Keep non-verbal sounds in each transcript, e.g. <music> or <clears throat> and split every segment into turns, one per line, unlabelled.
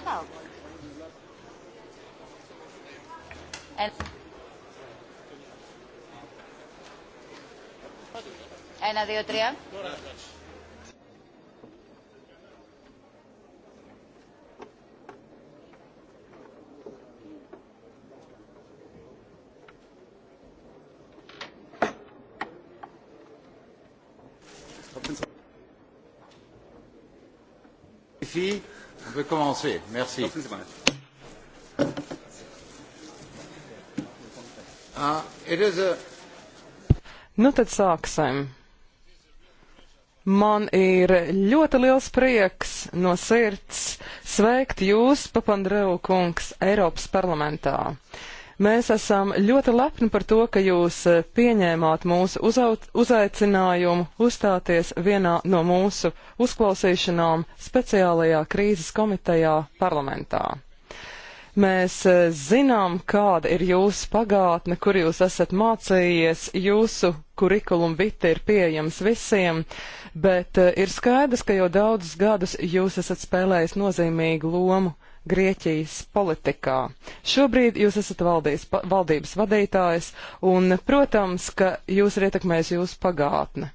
пропадал. And,
ένα, δύο, τρία.
peut commencer. Merci. Uh, a...
Nu tad sāksim. Man ir ļoti liels prieks no sirds sveikt jūs, Papandreu kungs, Eiropas parlamentā. Mēs esam ļoti lepni par to, ka jūs e, pieņēmāt mūsu uzaicinājumu uzstāties vienā no mūsu uzklausīšanām speciālajā krīzes komitejā parlamentā. Mēs e, zinām, kāda ir jūsu pagātne, kur jūs esat mācījies, jūsu kurikulum vite ir pieejams visiem, bet e, ir skaidrs, ka jau daudzus gadus jūs esat spēlējis nozīmīgu lomu Grieķijas politikā. Šobrīd jūs esat valdīs, pa, valdības vadītājs, un, protams, ka jūs ir ietekmējis jūsu pagātne.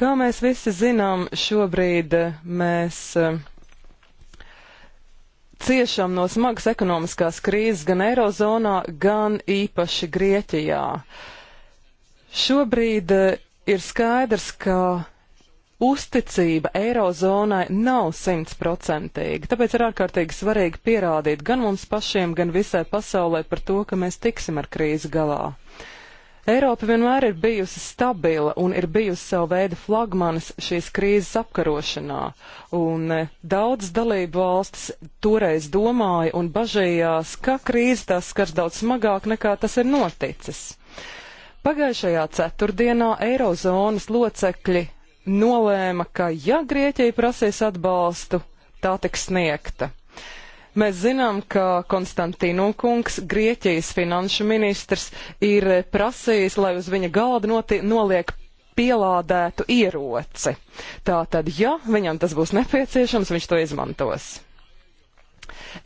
Kā mēs visi zinām, šobrīd eh, mēs eh, ciešam no smagas ekonomiskās krīzes gan Eirozonā, gan īpaši Grieķijā. Šobrīd eh, ir skaidrs, ka uzticība Eirozonai nav simtprocentīga, tāpēc ir ārkārtīgi svarīgi pierādīt gan mums pašiem, gan visai pasaulē par to, ka mēs tiksim ar krīzi galā. Eiropa vienmēr ir bijusi stabila un ir bijusi savu veidu flagmanis šīs krīzes apkarošanā, un e, daudz dalību valstis toreiz domāja un bažījās, ka krīze tās skars daudz smagāk nekā tas ir noticis. Pagājušajā ceturtdienā Eirozonas locekļi nolēma, ka ja Grieķija prasīs atbalstu, tā tiks sniegta. Mēs zinām, ka Konstantīnu kungs, Grieķijas finanšu ministrs, ir prasījis, lai uz viņa galda noti, noliek pielādētu ieroci. Tātad, ja viņam tas būs nepieciešams, viņš to izmantos.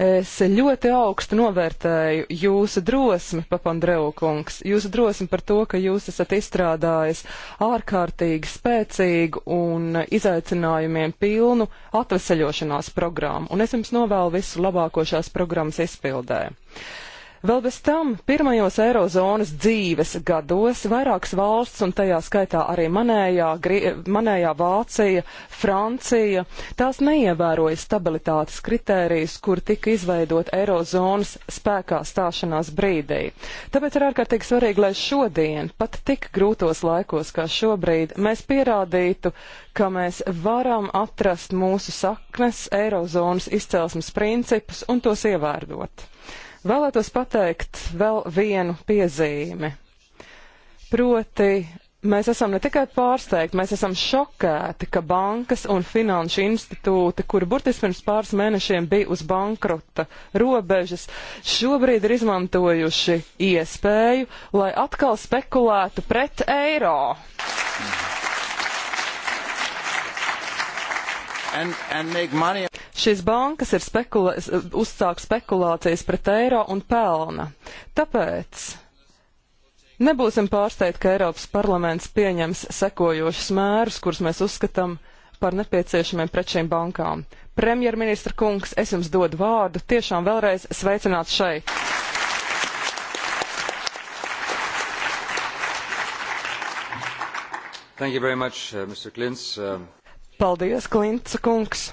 Es ļoti augstu novērtēju jūsu drosmi, papandreu kungs, jūsu drosmi par to, ka jūs esat izstrādājis ārkārtīgi spēcīgu un izaicinājumiem pilnu atveseļošanās programmu, un es jums novēlu visu labāko šās programmas izpildē. Uh, Vēl bez tam pirmajos eirozonas dzīves gados vairākas valsts, un tajā skaitā arī manējā, manējā Vācija, Francija, tās neievēroja stabilitātes kritērijas, kur tika izveidot eirozonas spēkā stāšanās brīdī. Tāpēc ir ārkārtīgi svarīgi, lai šodien, pat tik grūtos laikos kā šobrīd, mēs pierādītu, ka mēs varam atrast mūsu saknes, eirozonas izcelsmes principus un tos ievērot. Vēlētos pateikt vēl vienu piezīmi. Proti, mēs esam ne tikai pārsteigti, mēs esam šokēti, ka bankas un finanšu institūti, kuri burtiski pirms pāris mēnešiem bija uz bankrota robežas, šobrīd ir izmantojuši iespēju, lai atkal spekulētu pret eiro. Mhm.
and, and make money.
Šīs bankas ir spekulē, uzsāk spekulācijas pret eiro un pelna. Tāpēc nebūsim pārsteigti, ka Eiropas parlaments pieņems sekojošus mērus, kurus mēs uzskatām par nepieciešamiem pret šīm bankām. Premjerministra kungs, es jums dodu vārdu. Tiešām vēlreiz sveicināt šeit. Thank you very much, uh, Mr. Klintz. Um... Paldies, Klints kungs!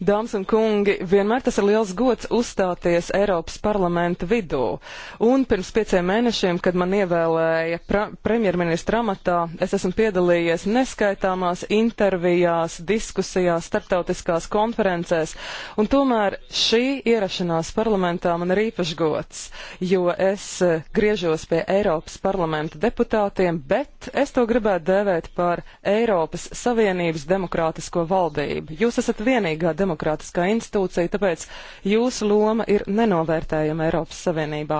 Dāmas un kungi, vienmēr tas ir liels gods uzstāties Eiropas parlamenta vidū. Un pirms pieciem mēnešiem, kad man ievēlēja premjerministra amatā, es esmu piedalījies neskaitāmās intervijās, diskusijās, starptautiskās konferencēs, un tomēr šī ierašanās parlamentā man ir īpašs gods, jo es eh, griežos pie Eiropas parlamenta deputātiem, bet es to gribētu dēvēt par Eiropas Savienības demokrātisko valdību. Jūs esat vienīgā demokrātiskā demokrātiskā institūcija, tāpēc jūsu loma ir nenovērtējama Eiropas Savienībā.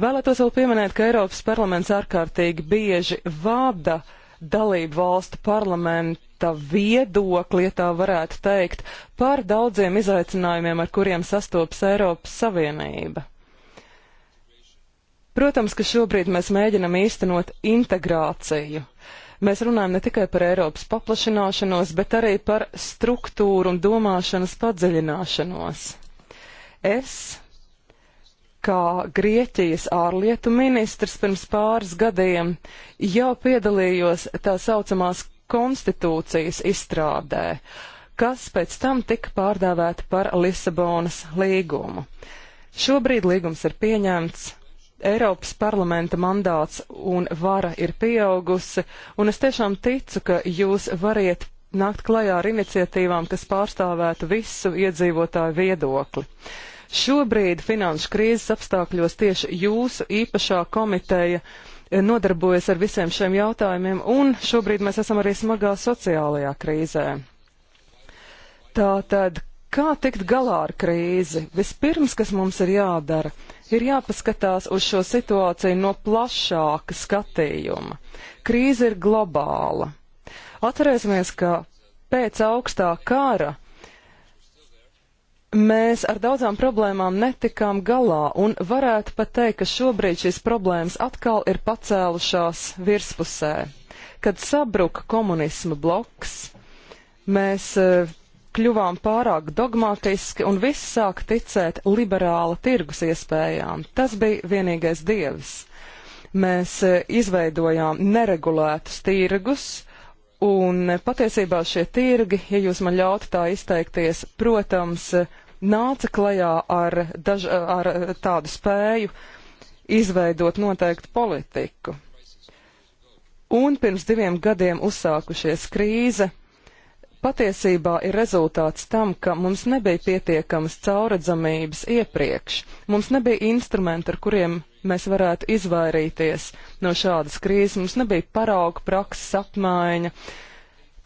Vēlētos vēl pieminēt, ka Eiropas parlaments ārkārtīgi bieži vada dalību valstu parlamenta viedokli, ja tā varētu teikt, par daudziem izaicinājumiem, ar kuriem sastopas Eiropas Savienība. Protams, ka šobrīd mēs mēģinam īstenot integrāciju. Uh, Mēs runājam ne tikai par Eiropas paplašināšanos, bet arī par struktūru un domāšanas padziļināšanos. Es kā Grieķijas ārlietu ministrs pirms pāris gadiem jau piedalījos tā saucamās konstitūcijas izstrādē, kas pēc tam tika pārdēvēta par Lisabonas līgumu. Šobrīd līgums ir pieņemts, Eiropas parlamenta mandāts un vara ir pieaugusi, un es tiešām ticu, ka jūs variet nākt klajā ar iniciatīvām, kas pārstāvētu visu iedzīvotāju viedokli. Šobrīd finanšu krīzes apstākļos tieši jūsu īpašā komiteja eh, nodarbojas ar visiem šiem jautājumiem, un šobrīd mēs esam arī smagā sociālajā krīzē. Tātad, kā tikt galā ar krīzi? Vispirms, kas mums ir jādara, Ir jāpaskatās uz šo situāciju no plašāka skatījuma. Krīze ir globāla. Atcerēsimies, ka pēc augstā kara mēs ar daudzām problēmām netikām galā, un varētu pat teikt, ka šobrīd šīs problēmas atkal ir pacēlušās virspusē. Kad sabruka komunisma bloks, mēs eh, kļuvām pārāk dogmatiski un viss sāk ticēt liberāla tirgus iespējām. Tas bija vienīgais dievs. Mēs e, izveidojām neregulētus tirgus, un e, patiesībā šie tirgi, ja jūs man ļautu tā izteikties, protams, e, nāca klajā ar, daž, ar tādu spēju izveidot noteiktu politiku. Un pirms diviem gadiem uzsākušies krīze patiesībā ir rezultāts tam, ka mums nebija pietiekamas cauradzamības iepriekš. Mums nebija instrumenti, ar kuriem mēs varētu izvairīties no šādas krīzes. Mums nebija parauga prakses apmaiņa.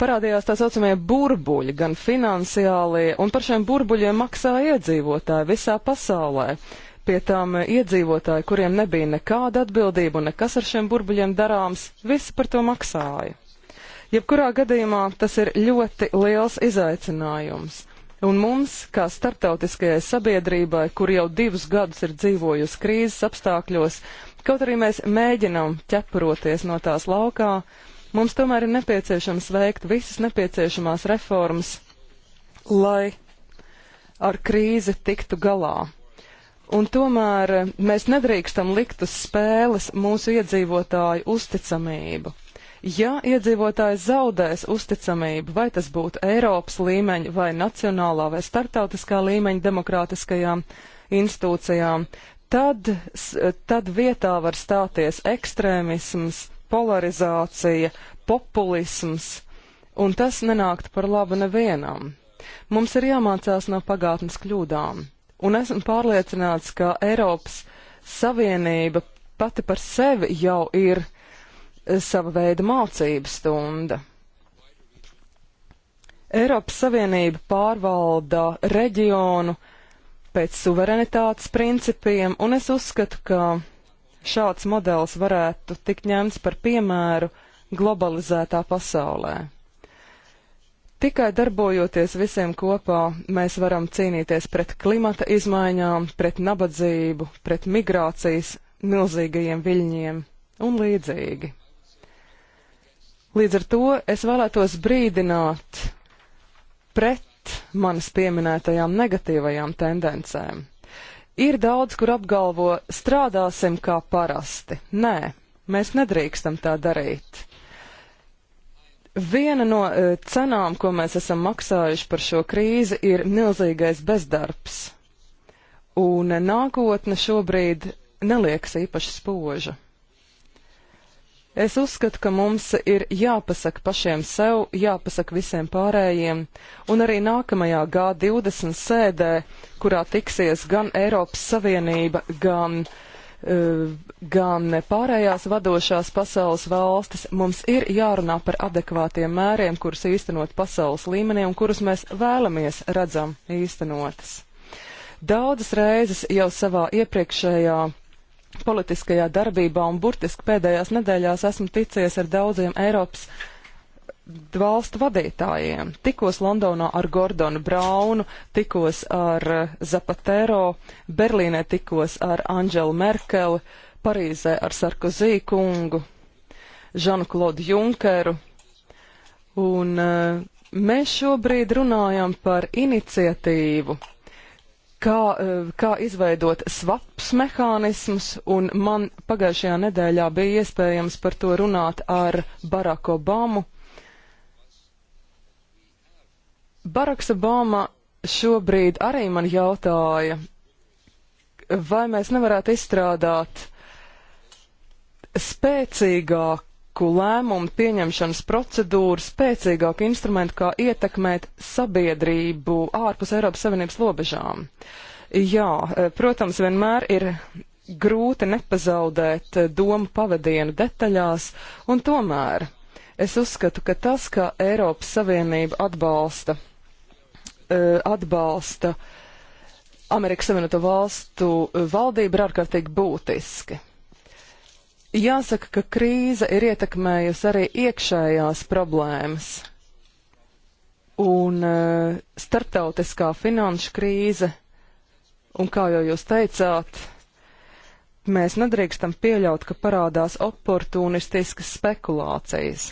Parādījās tā saucamie burbuļi, gan finansiālie, un par šiem burbuļiem maksā iedzīvotāji visā pasaulē. Pie tām iedzīvotāji, kuriem nebija nekāda atbildība un nekas ar šiem burbuļiem darāms, visi par to maksāja. Jebkurā gadījumā tas ir ļoti liels izaicinājums. Un mums, kā starptautiskajai sabiedrībai, kur jau divus gadus ir dzīvojusi krīzes apstākļos, kaut arī mēs mēģinām ķepuroties no tās laukā, mums tomēr ir nepieciešams veikt visas nepieciešamās reformas, lai ar krīzi tiktu galā. Un tomēr mēs nedrīkstam likt uz spēles mūsu iedzīvotāju uzticamību. Ja iedzīvotājs zaudēs uzticamību, vai tas būtu Eiropas līmeņa vai nacionālā vai startautiskā līmeņa demokrātiskajām institūcijām, tad, tad vietā var stāties ekstrēmisms, polarizācija, populisms, un tas nenākt par labu nevienam. Mums ir jāmācās no pagātnes kļūdām, un esmu pārliecināts, ka Eiropas Savienība pati par sevi jau ir sava veida mācības stunda. Eiropas Savienība pārvalda reģionu pēc suverenitātes principiem, un es uzskatu, ka šāds modelis varētu tikt ņemts par piemēru globalizētā pasaulē. Tikai darbojoties visiem kopā, mēs varam cīnīties pret klimata izmaiņām, pret nabadzību, pret migrācijas milzīgajiem viļņiem un līdzīgi. Līdz ar to es vēlētos brīdināt pret manis pieminētajām negatīvajām tendencēm. Ir daudz, kur apgalvo, strādāsim kā parasti. Nē, mēs nedrīkstam tā darīt. Viena no uh, cenām, ko mēs esam maksājuši par šo krīzi, ir milzīgais bezdarbs. Un nākotne šobrīd neliekas īpaši spoža. Es uzskatu, ka mums ir jāpasaka pašiem sev, jāpasaka visiem pārējiem, un arī nākamajā G20 sēdē, kurā tiksies gan Eiropas Savienība, gan, uh, gan pārējās vadošās pasaules valstis, mums ir jārunā par adekvātiem mēriem, kurus īstenot pasaules līmenī un kurus mēs vēlamies redzam īstenotas. Daudzas reizes jau savā iepriekšējā politiskajā darbībā un burtiski pēdējās nedēļās esmu ticies ar daudziem Eiropas valstu vadītājiem. Tikos Londonā ar Gordonu Braunu, tikos ar eh, Zapatero, Berlīnē tikos ar Angelu Merkeli, Parīzē ar Sarkozī kungu, Žanu-Klodu Junkeru. Un eh, mēs šobrīd runājam par iniciatīvu, kā, e, kā izveidot svaps mehānismus, un man pagājušajā nedēļā bija iespējams par to runāt ar Baraku Obamu. Baraks Obama šobrīd arī man jautāja, vai mēs nevarētu izstrādāt spēcīgāku politiku lēmumu pieņemšanas procedūru spēcīgāku instrumentu, kā ietekmēt sabiedrību ārpus Eiropas Savienības robežām. Jā, e, protams, vienmēr ir grūti nepazaudēt e, domu pavadienu detaļās, un tomēr es uzskatu, ka tas, ka Eiropas Savienība atbalsta, e, atbalsta Amerikas Savienoto Valstu valdību, ir ārkārtīgi būtiski. Jāsaka, ka krīze ir ietekmējusi arī iekšējās problēmas. Un uh, starptautiskā finanšu krīze, un kā jau jūs teicāt, mēs nedrīkstam pieļaut, ka parādās oportunistiskas spekulācijas.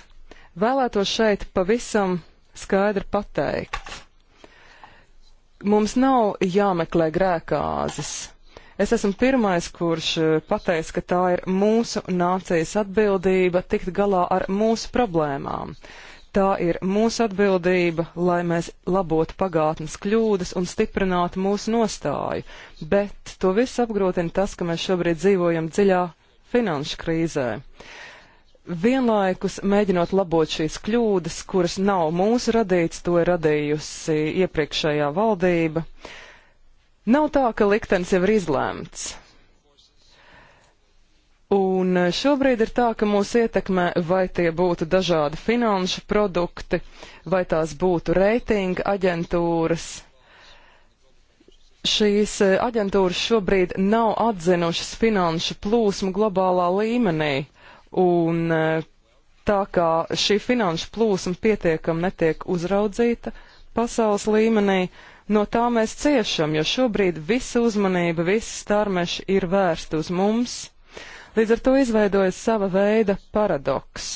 Vēlētos šeit pavisam skaidri pateikt. Mums nav jāmeklē grēkāzes Es esmu pirmais, kurš eh, pateica, ka tā ir mūsu nācijas atbildība tikt galā ar mūsu problēmām. Tā ir mūsu atbildība, lai mēs labotu pagātnes kļūdas un stiprinātu mūsu nostāju, bet to viss apgrotina tas, ka mēs šobrīd dzīvojam dziļā finanšu krīzē. Vienlaikus mēģinot labot šīs kļūdas, kuras nav mūsu radīts, to ir radījusi iepriekšējā valdība. Uh, Nav tā, ka liktenis jau ir izlēmts. Un eh, šobrīd ir tā, ka mūs ietekmē, vai tie būtu dažādi finanšu produkti, vai tās būtu reitinga aģentūras. Šīs eh, aģentūras šobrīd nav atzinušas finanšu plūsmu globālā līmenī, un eh, tā kā šī finanšu plūsma pietiekam netiek uzraudzīta pasaules līmenī, No tā mēs ciešam, jo šobrīd visa uzmanība, visi starmeši ir vērsti uz mums. Līdz ar to izveidojas sava veida paradoks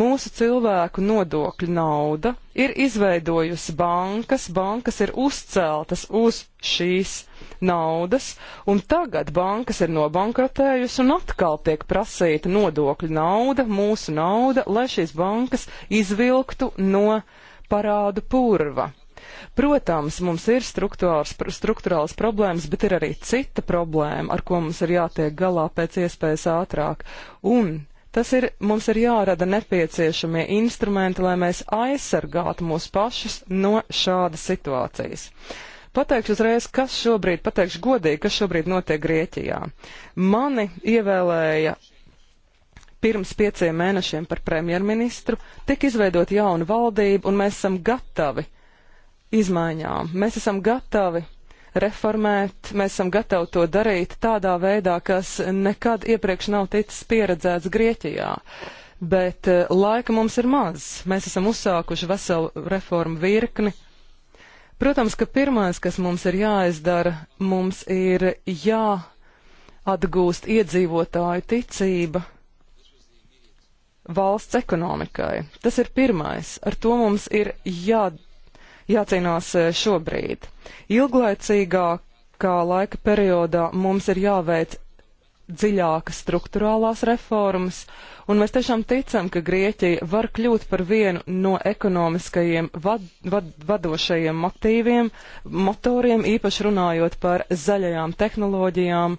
mūsu cilvēku nodokļu nauda ir izveidojusi bankas, bankas ir uzceltas uz šīs naudas, un tagad bankas ir nobankrotējusi un atkal tiek prasīta nodokļu nauda, mūsu nauda, lai šīs bankas izvilktu no parādu purva. Protams, mums ir struktūrāls problēmas, bet ir arī cita problēma, ar ko mums ir jātiek galā pēc iespējas ātrāk. Un Tas ir, mums ir jārada nepieciešamie instrumenti, lai mēs aizsargātu mūs pašus no šādas situācijas. Pateikšu uzreiz, kas šobrīd, pateikšu godīgi, kas šobrīd notiek Grieķijā. Mani ievēlēja pirms pieciem mēnešiem par premjerministru, tika izveidot jauna valdība, un mēs esam gatavi izmaiņām. Mēs esam gatavi reformēt, mēs esam gatavi to darīt tādā veidā, kas nekad iepriekš nav ticis pieredzēts Grieķijā. Bet eh, laika mums ir maz. Mēs esam uzsākuši veselu reformu virkni. Protams, ka pirmais, kas mums ir jāizdara, mums ir jāatgūst iedzīvotāju ticība valsts ekonomikai. Tas ir pirmais. Ar to mums ir jāatgūst jācīnās e, šobrīd. Ilglaicīgākā laika periodā mums ir jāveic dziļākas struktūrālās reformas, un mēs tiešām ticam, ka Grieķija var kļūt par vienu no ekonomiskajiem vad, vad, vadošajiem motīviem, motoriem, īpaši runājot par zaļajām tehnoloģijām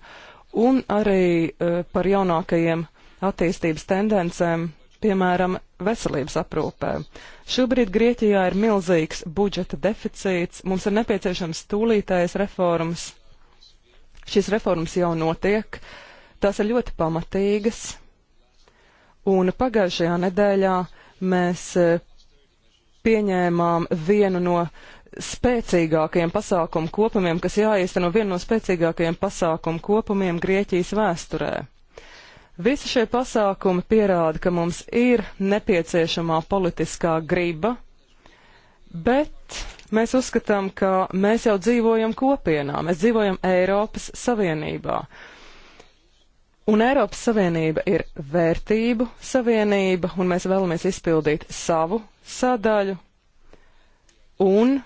un arī uh, par jaunākajiem attīstības tendencēm piemēram, veselības aprūpē. Šobrīd Grieķijā ir milzīgs budžeta deficīts, mums ir nepieciešams tūlītējas reformas. Šīs reformas jau notiek, tās ir ļoti pamatīgas, un pagājušajā nedēļā mēs e, pieņēmām vienu no spēcīgākajiem pasākumu kopumiem, kas jāīsteno vienu no spēcīgākajiem pasākumu kopumiem Grieķijas vēsturē. Visi šie pasākumi pierāda, ka mums ir nepieciešamā politiskā griba, bet mēs uzskatām, ka mēs jau dzīvojam kopienā, mēs dzīvojam Eiropas Savienībā. Un Eiropas Savienība ir vērtību savienība, un mēs vēlamies izpildīt savu sadaļu. Un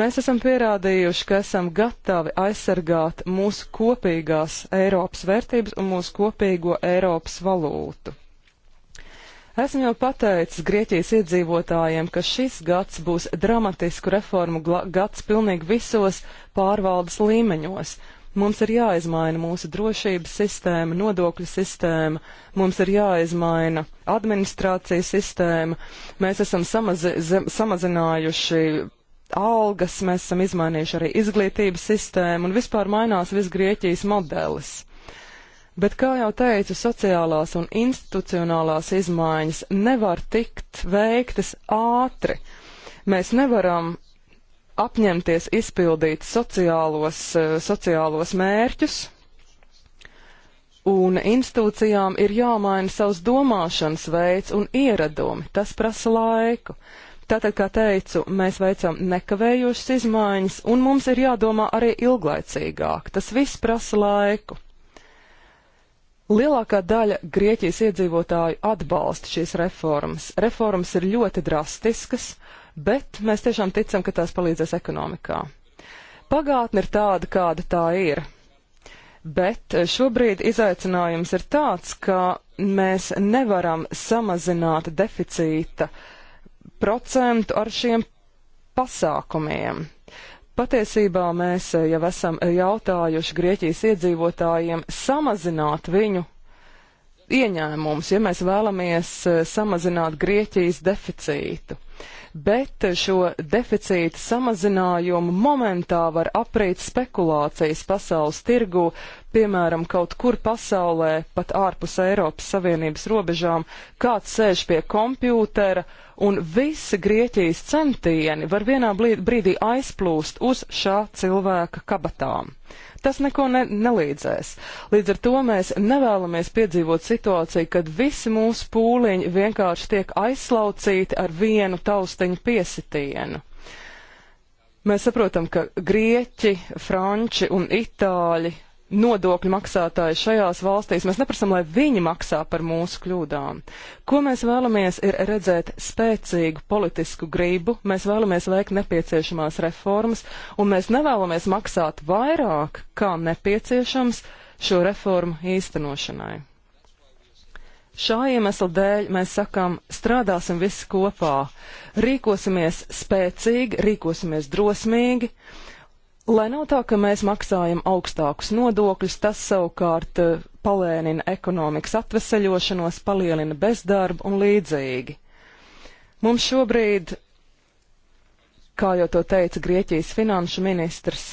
Mēs esam pierādījuši, ka esam gatavi aizsargāt mūsu kopīgās Eiropas vērtības un mūsu kopīgo Eiropas valūtu. Esmu jau pateicis Grieķijas iedzīvotājiem, ka šis gads būs dramatisku reformu gads pilnīgi visos pārvaldes līmeņos. Mums ir jāizmaina mūsu drošības sistēma, nodokļu sistēma, mums ir jāizmaina administrācijas sistēma. Mēs esam samazi, zem, samazinājuši algas, mēs esam izmainījuši arī izglītības sistēmu un vispār mainās viss Grieķijas modelis. Bet, kā jau teicu, sociālās un institucionālās izmaiņas nevar tikt veiktas ātri. Mēs nevaram apņemties izpildīt sociālos, eh, sociālos mērķus, un institūcijām ir jāmaina savs domāšanas veids un ieradumi. Tas prasa laiku. Uh, Tātad, kā teicu, mēs veicam nekavējošas izmaiņas, un mums ir jādomā arī ilglaicīgāk. Tas viss prasa laiku. Lielākā daļa Grieķijas iedzīvotāju atbalsta šīs reformas. Reformas ir ļoti drastiskas, bet mēs tiešām ticam, ka tās palīdzēs ekonomikā. Pagātne ir tāda, kāda tā ir. Bet šobrīd izaicinājums ir tāds, ka mēs nevaram samazināt deficīta uh, procentu ar šiem pasākumiem. Patiesībā mēs jau esam jautājuši Grieķijas iedzīvotājiem samazināt viņu ieņēmumus, ja mēs vēlamies eh, samazināt Grieķijas deficītu. Bet eh, šo deficīta samazinājumu momentā var aprīt spekulācijas pasaules tirgu, piemēram, kaut kur pasaulē, pat ārpus Eiropas Savienības robežām, kāds sēž pie kompjūtera un visi Grieķijas centieni var vienā brīdī aizplūst uz šā cilvēka kabatām tas neko ne, nelīdzēs. Līdz ar to mēs nevēlamies piedzīvot situāciju, kad visi mūsu pūliņi vienkārši tiek aizslaucīti ar vienu taustiņu piesitienu. Mēs saprotam, ka grieķi, franči un itāļi nodokļu maksātāji šajās valstīs. Mēs neprasam, lai viņi maksā par mūsu kļūdām. Ko mēs vēlamies ir redzēt spēcīgu politisku gribu, mēs vēlamies veikt nepieciešamās reformas, un mēs nevēlamies maksāt vairāk, kā nepieciešams, šo reformu īstenošanai. Šā iemesla dēļ mēs sakam, strādāsim visi kopā, rīkosimies spēcīgi, rīkosimies drosmīgi, Lai nav tā, ka mēs maksājam augstākus nodokļus, tas savukārt eh, palēnina ekonomikas atveseļošanos, palielina bezdarbu un līdzīgi. Mums šobrīd, kā jau to teica Grieķijas finanšu ministrs,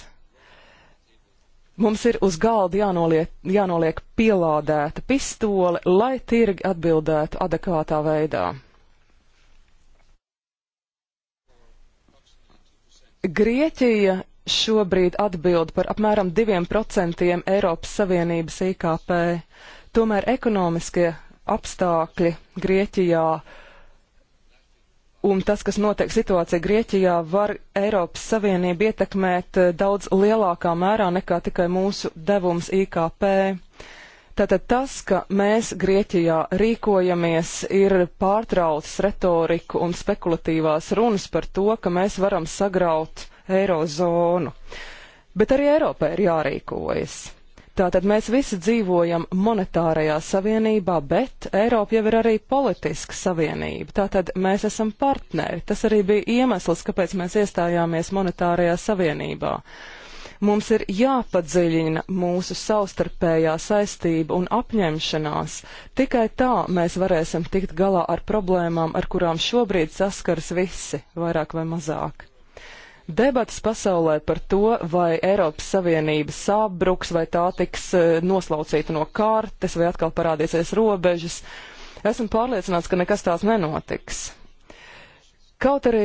mums ir uz galda jānoliek, jānoliek pielādēta pistole, lai tirgi atbildētu adekvātā veidā. Grieķija šobrīd atbild par apmēram 2% Eiropas Savienības IKP. Tomēr ekonomiskie apstākļi Grieķijā un tas, kas notiek situācija Grieķijā, var Eiropas Savienību ietekmēt eh, daudz lielākā mērā nekā tikai mūsu devums IKP. Tātad tas, ka mēs Grieķijā rīkojamies, ir pārtraucis retoriku un spekulatīvās runas par to, ka mēs varam sagraut uh, eirozonu. Bet arī Eiropai ir jārīkojas. Tātad mēs visi dzīvojam monetārajā savienībā, bet Eiropa jau ir arī politiska savienība. Tātad mēs esam partneri. Tas arī bija iemesls, kāpēc mēs iestājāmies monetārajā savienībā. Mums ir jāpadziļina mūsu savstarpējā saistība un apņemšanās. Tikai tā mēs varēsim tikt galā ar problēmām, ar kurām šobrīd saskaras visi, vairāk vai mazāk. Debatas pasaulē par to, vai Eiropas Savienība sabruks, vai tā tiks e, noslaucīta no kartes, vai atkal parādīsies robežas, esmu pārliecināts, ka nekas tās nenotiks. Kaut arī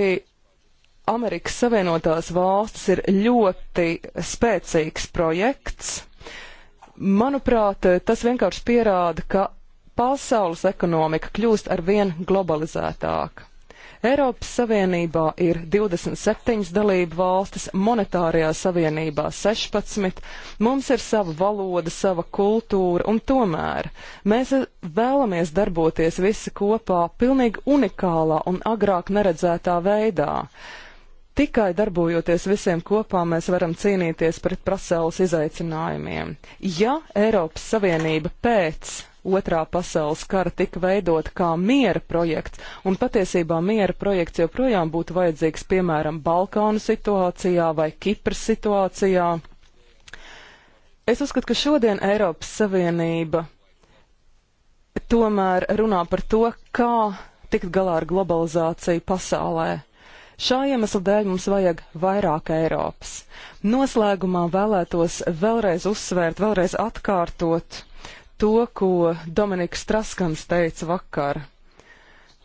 Amerikas Savienotās valstis ir ļoti spēcīgs projekts, manuprāt, tas vienkārši pierāda, ka pasaules ekonomika kļūst ar vien globalizētāka. Eiropas Savienībā ir 27 dalību valstis, monetārajā savienībā 16, mums ir sava valoda, sava kultūra, un tomēr mēs vēlamies darboties visi kopā pilnīgi unikālā un agrāk neredzētā veidā. Tikai darbojoties visiem kopā, mēs varam cīnīties pret pasaules izaicinājumiem. Ja Eiropas Savienība pēc otrā pasaules kara tika veidot kā miera projekts, un patiesībā miera projekts joprojām būtu vajadzīgs, piemēram, Balkānu situācijā vai Kipras situācijā. Es uzskatu, ka šodien Eiropas Savienība tomēr runā par to, kā tikt galā ar globalizāciju pasaulē. Šā iemesla dēļ mums vajag vairāk Eiropas. Noslēgumā vēlētos vēlreiz uzsvērt, vēlreiz atkārtot to, ko Dominiks Straskans teica vakar.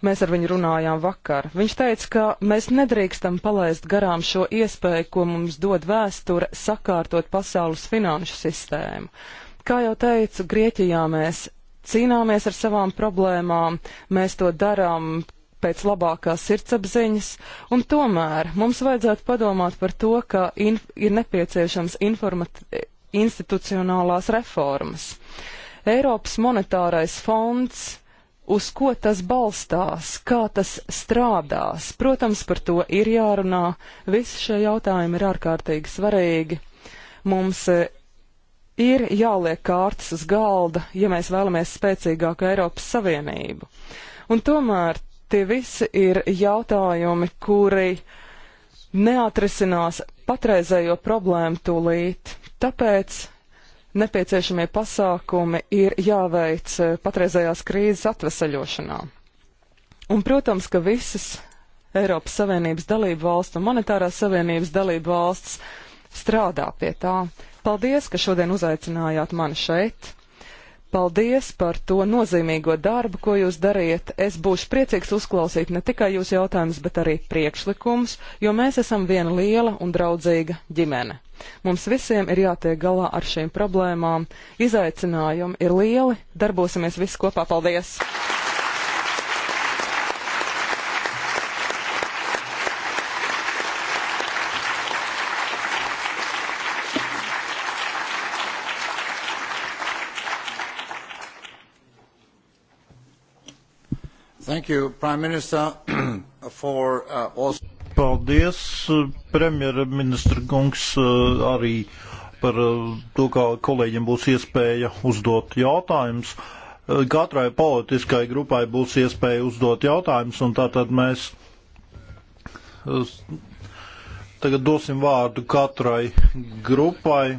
Mēs ar viņu runājām vakar. Viņš teica, ka mēs nedrīkstam palaist garām šo iespēju, ko mums dod vēsture sakārtot pasaules finanšu sistēmu. Kā jau teicu, Grieķijā mēs cīnāmies ar savām problēmām, mēs to darām pēc labākās sirdsapziņas, un tomēr mums vajadzētu padomāt par to, ka inf ir nepieciešams informat institucionālās reformas. Uh, Eiropas monetārais fonds, uz ko tas balstās, kā tas strādās. Protams, par to ir jārunā. Visi šie jautājumi ir ārkārtīgi svarīgi. Mums e, ir jāliek kārtas uz galda, ja mēs vēlamies spēcīgāku Eiropas Savienību. Un tomēr tie visi ir jautājumi, kuri neatrisinās patreizējo problēmu tūlīt. Tāpēc nepieciešamie pasākumi ir jāveic eh, patreizējās krīzes atvesaļošanā. Un, protams, ka visas Eiropas Savienības dalību valsts un Monetārās Savienības dalību valsts strādā pie tā. Paldies, ka šodien uzaicinājāt mani šeit. Paldies par to nozīmīgo darbu, ko jūs dariet. Es būšu priecīgs uzklausīt ne tikai jūsu jautājumus, bet arī priekšlikumus, jo mēs esam viena liela un draudzīga ģimene. Mums visiem ir jātiek galā ar šīm problēmām. Izaicinājumi ir lieli. Darbosimies visi kopā. Paldies!
Thank you, Prime Minister, <clears throat> for uh, also. Paldies, premjerministra kungs, uh, arī par uh, to, kā kolēģiem būs iespēja uzdot jautājumus. Uh, katrai politiskai grupai būs iespēja uzdot jautājumus, un tātad mēs tagad dosim vārdu katrai grupai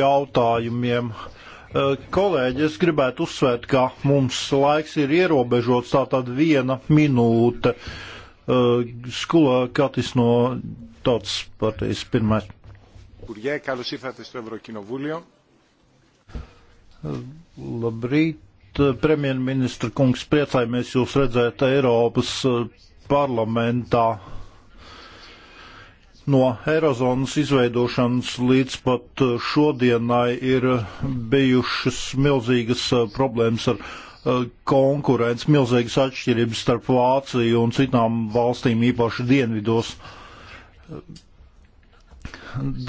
jautājumiem. Uh, Eh, kolēģi, es gribētu uzsvērt, ka mums laiks ir ierobežots, tātad viena minūte. Eh, Skulā Katis no Tautas partijas pirmais. Υπουργέ, καλώς ήρθατε στο Ευρωκοινοβούλιο. Eh, labrīt, premjerministra kungs, priecājamies jūs redzēt Eiropas parlamentā. No Eirozonas izveidošanas līdz pat šodienai ir bijušas milzīgas uh, problēmas ar uh, konkurence, milzīgas atšķirības starp Vāciju un citām valstīm, īpaši dienvidos.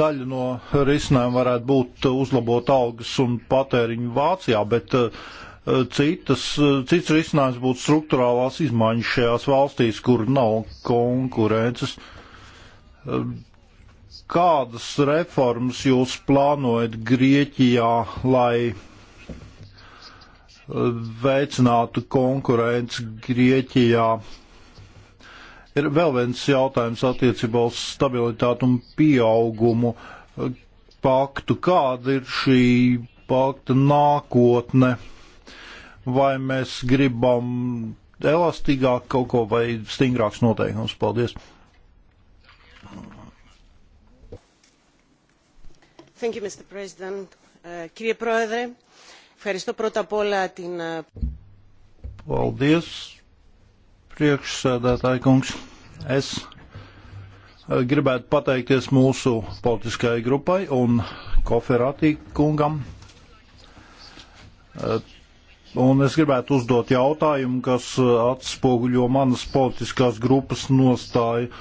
Daļa no risinājuma varētu būt uzlabot algas un patēriņu Vācijā, bet uh, citas, cits risinājums būtu struktūrālās izmaiņas šajās valstīs, kur nav konkurences. Uh, Kādas reformas jūs plānojat Grieķijā, lai veicinātu konkurenci Grieķijā? Ir vēl viens jautājums attiecībā uz stabilitātu un pieaugumu paktu. Kāda ir šī pakta nākotne? Vai mēs gribam elastīgāk kaut ko vai stingrāks noteikums? Paldies!
Thank you, Mr. President. Uh, Κύριε Πρόεδρε, ευχαριστώ πρώτα απ' όλα την...
Uh, Paldies, priekšsēdētāji kungs. Es uh, gribētu pateikties mūsu politiskajai grupai un koferatī kungam. Uh, un es gribētu uzdot jautājumu, kas atspoguļo manas politiskās grupas nostāju.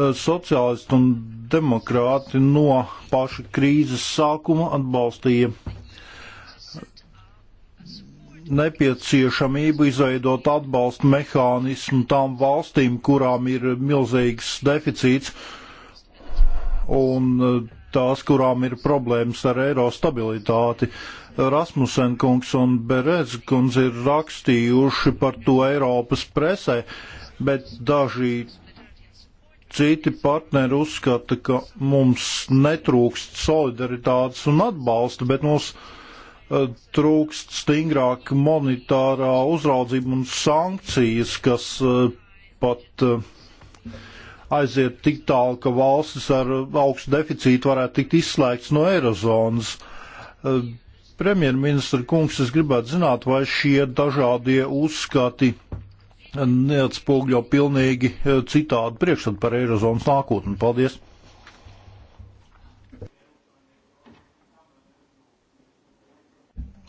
Sociālistu un demokrāti no paša krīzes sākuma atbalstīja nepieciešamību izveidot atbalstu mehānismu tām valstīm, kurām ir milzīgs deficīts un eh, tās, kurām ir problēmas ar eiro stabilitāti. Rasmussen kungs un Berez kungs ir rakstījuši par to Eiropas presē, bet daži Citi partneri uzskata, ka mums netrūkst solidaritātes un atbalsta, bet mums eh, trūkst stingrāk monetārā uzraudzība un sankcijas, kas eh, pat eh, aiziet tik tālu, ka valstis ar augstu deficītu varētu tikt izslēgts no Eirozonas. Premjerministra kungs, es gribētu zināt, vai šie dažādie uzskati neatspūgļo pilnīgi e, citādu priekšstatu par Eirozonas nākotni. Paldies!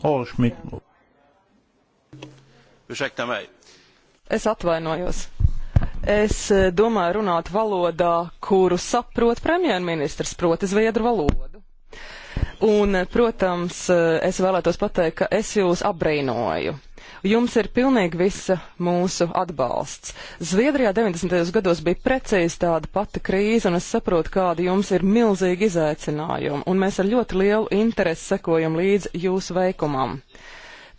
Olšmit. Es
atvainojos. Es e, domāju runāt valodā, kuru saprot premjerministrs, proti zviedru valodu. Un, protams, es vēlētos pateikt, ka es jūs apbrīnoju. Jums ir pilnīgi visa mūsu atbalsts. Zviedrijā 90. gados bija precīzi tāda pati krīze, un es saprotu, kāda jums ir milzīga izaicinājuma, un mēs ar ļoti lielu interesi sekojam līdz jūsu veikumam.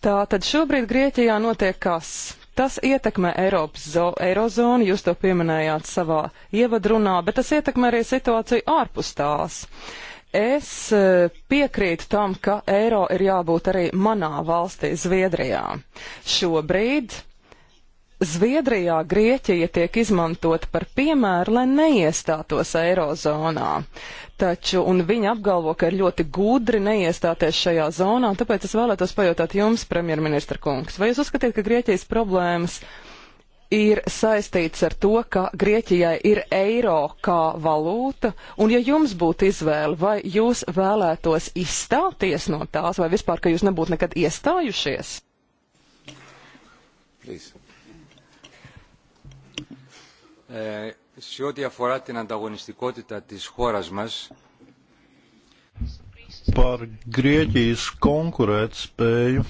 Tātad šobrīd Grieķijā notiek kas? Tas ietekmē Eiropas eirozonu, jūs to pieminējāt savā ievadrunā, bet tas ietekmē arī situāciju ārpus tās. Uh, Es eh, piekrītu tam, ka eiro ir jābūt arī manā valstī, Zviedrijā. Šobrīd Zviedrijā Grieķija tiek izmantota par piemēru, lai neiestātos eirozonā. Taču, un viņi apgalvo, ka ir ļoti gudri neiestāties šajā zonā, tāpēc es vēlētos pajautāt jums, premjerministra kungs, vai jūs uzskatiet, ka Grieķijas problēmas ir saistīts ar to, ka Grieķijai ir eiro kā valūta, un ja jums būtu izvēle, vai jūs vēlētos izstāties no tās, vai vispār, ka jūs nebūtu nekad iestājušies? Ε, σε ό,τι αφορά την ανταγωνιστικότητα της χώρας μας,
Par Grieķijas konkurētspēju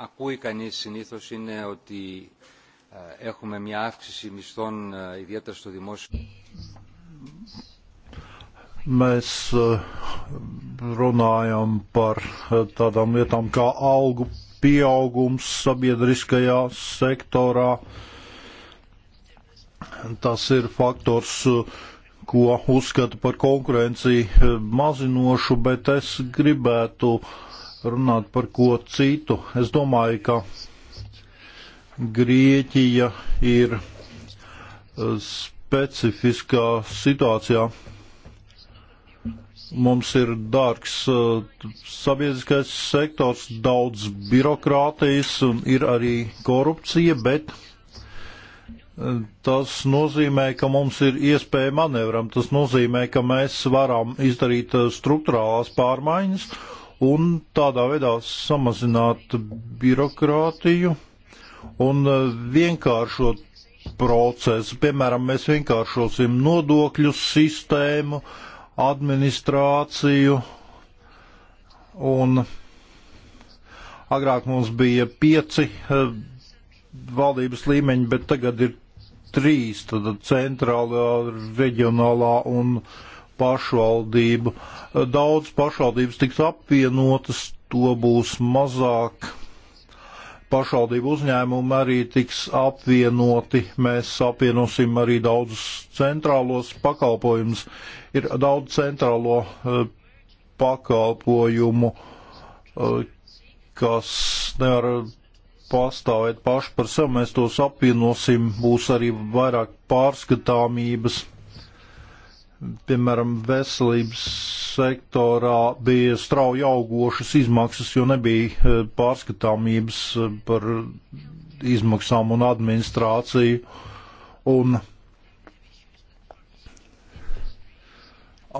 ακούει κανείς συνήθως είναι ότι έχουμε μια αύξηση μισθών ιδιαίτερα στο δημόσιο.
Mēs runājam par tādām lietām kā algu pieaugums sabiedriskajā sektorā. Tas ir faktors, e, ko uzskata par konkurenciju e, mazinošu, bet es gribētu uh, runāt par ko citu. Es domāju, ka Grieķija ir e, specifiskā situācijā. Mums ir dārgs e, sabiedriskais sektors, daudz birokrātijas un ir arī korupcija, bet e, tas nozīmē, ka mums ir iespēja manevram. Tas nozīmē, ka mēs varam izdarīt struktūrālās pārmaiņas un tādā veidā samazināt birokrātiju un uh, vienkāršot procesu. Piemēram, mēs vienkāršosim nodokļu sistēmu, administrāciju un agrāk mums bija pieci uh, valdības līmeņi, bet tagad ir trīs, tad centrālā, reģionālā un uh, pašvaldību. Daudz pašvaldības tiks apvienotas, to būs mazāk. Pašvaldību uzņēmumi arī tiks apvienoti. Mēs apvienosim arī daudzus centrālos pakalpojumus. Ir daudz centrālo eh, pakalpojumu, eh, kas nevar pastāvēt paši par sevi. Mēs tos apvienosim, būs arī vairāk pārskatāmības Piemēram, veselības sektorā bija strauji augošas izmaksas, jo nebija e, pārskatāmības e, par izmaksām un administrāciju. Un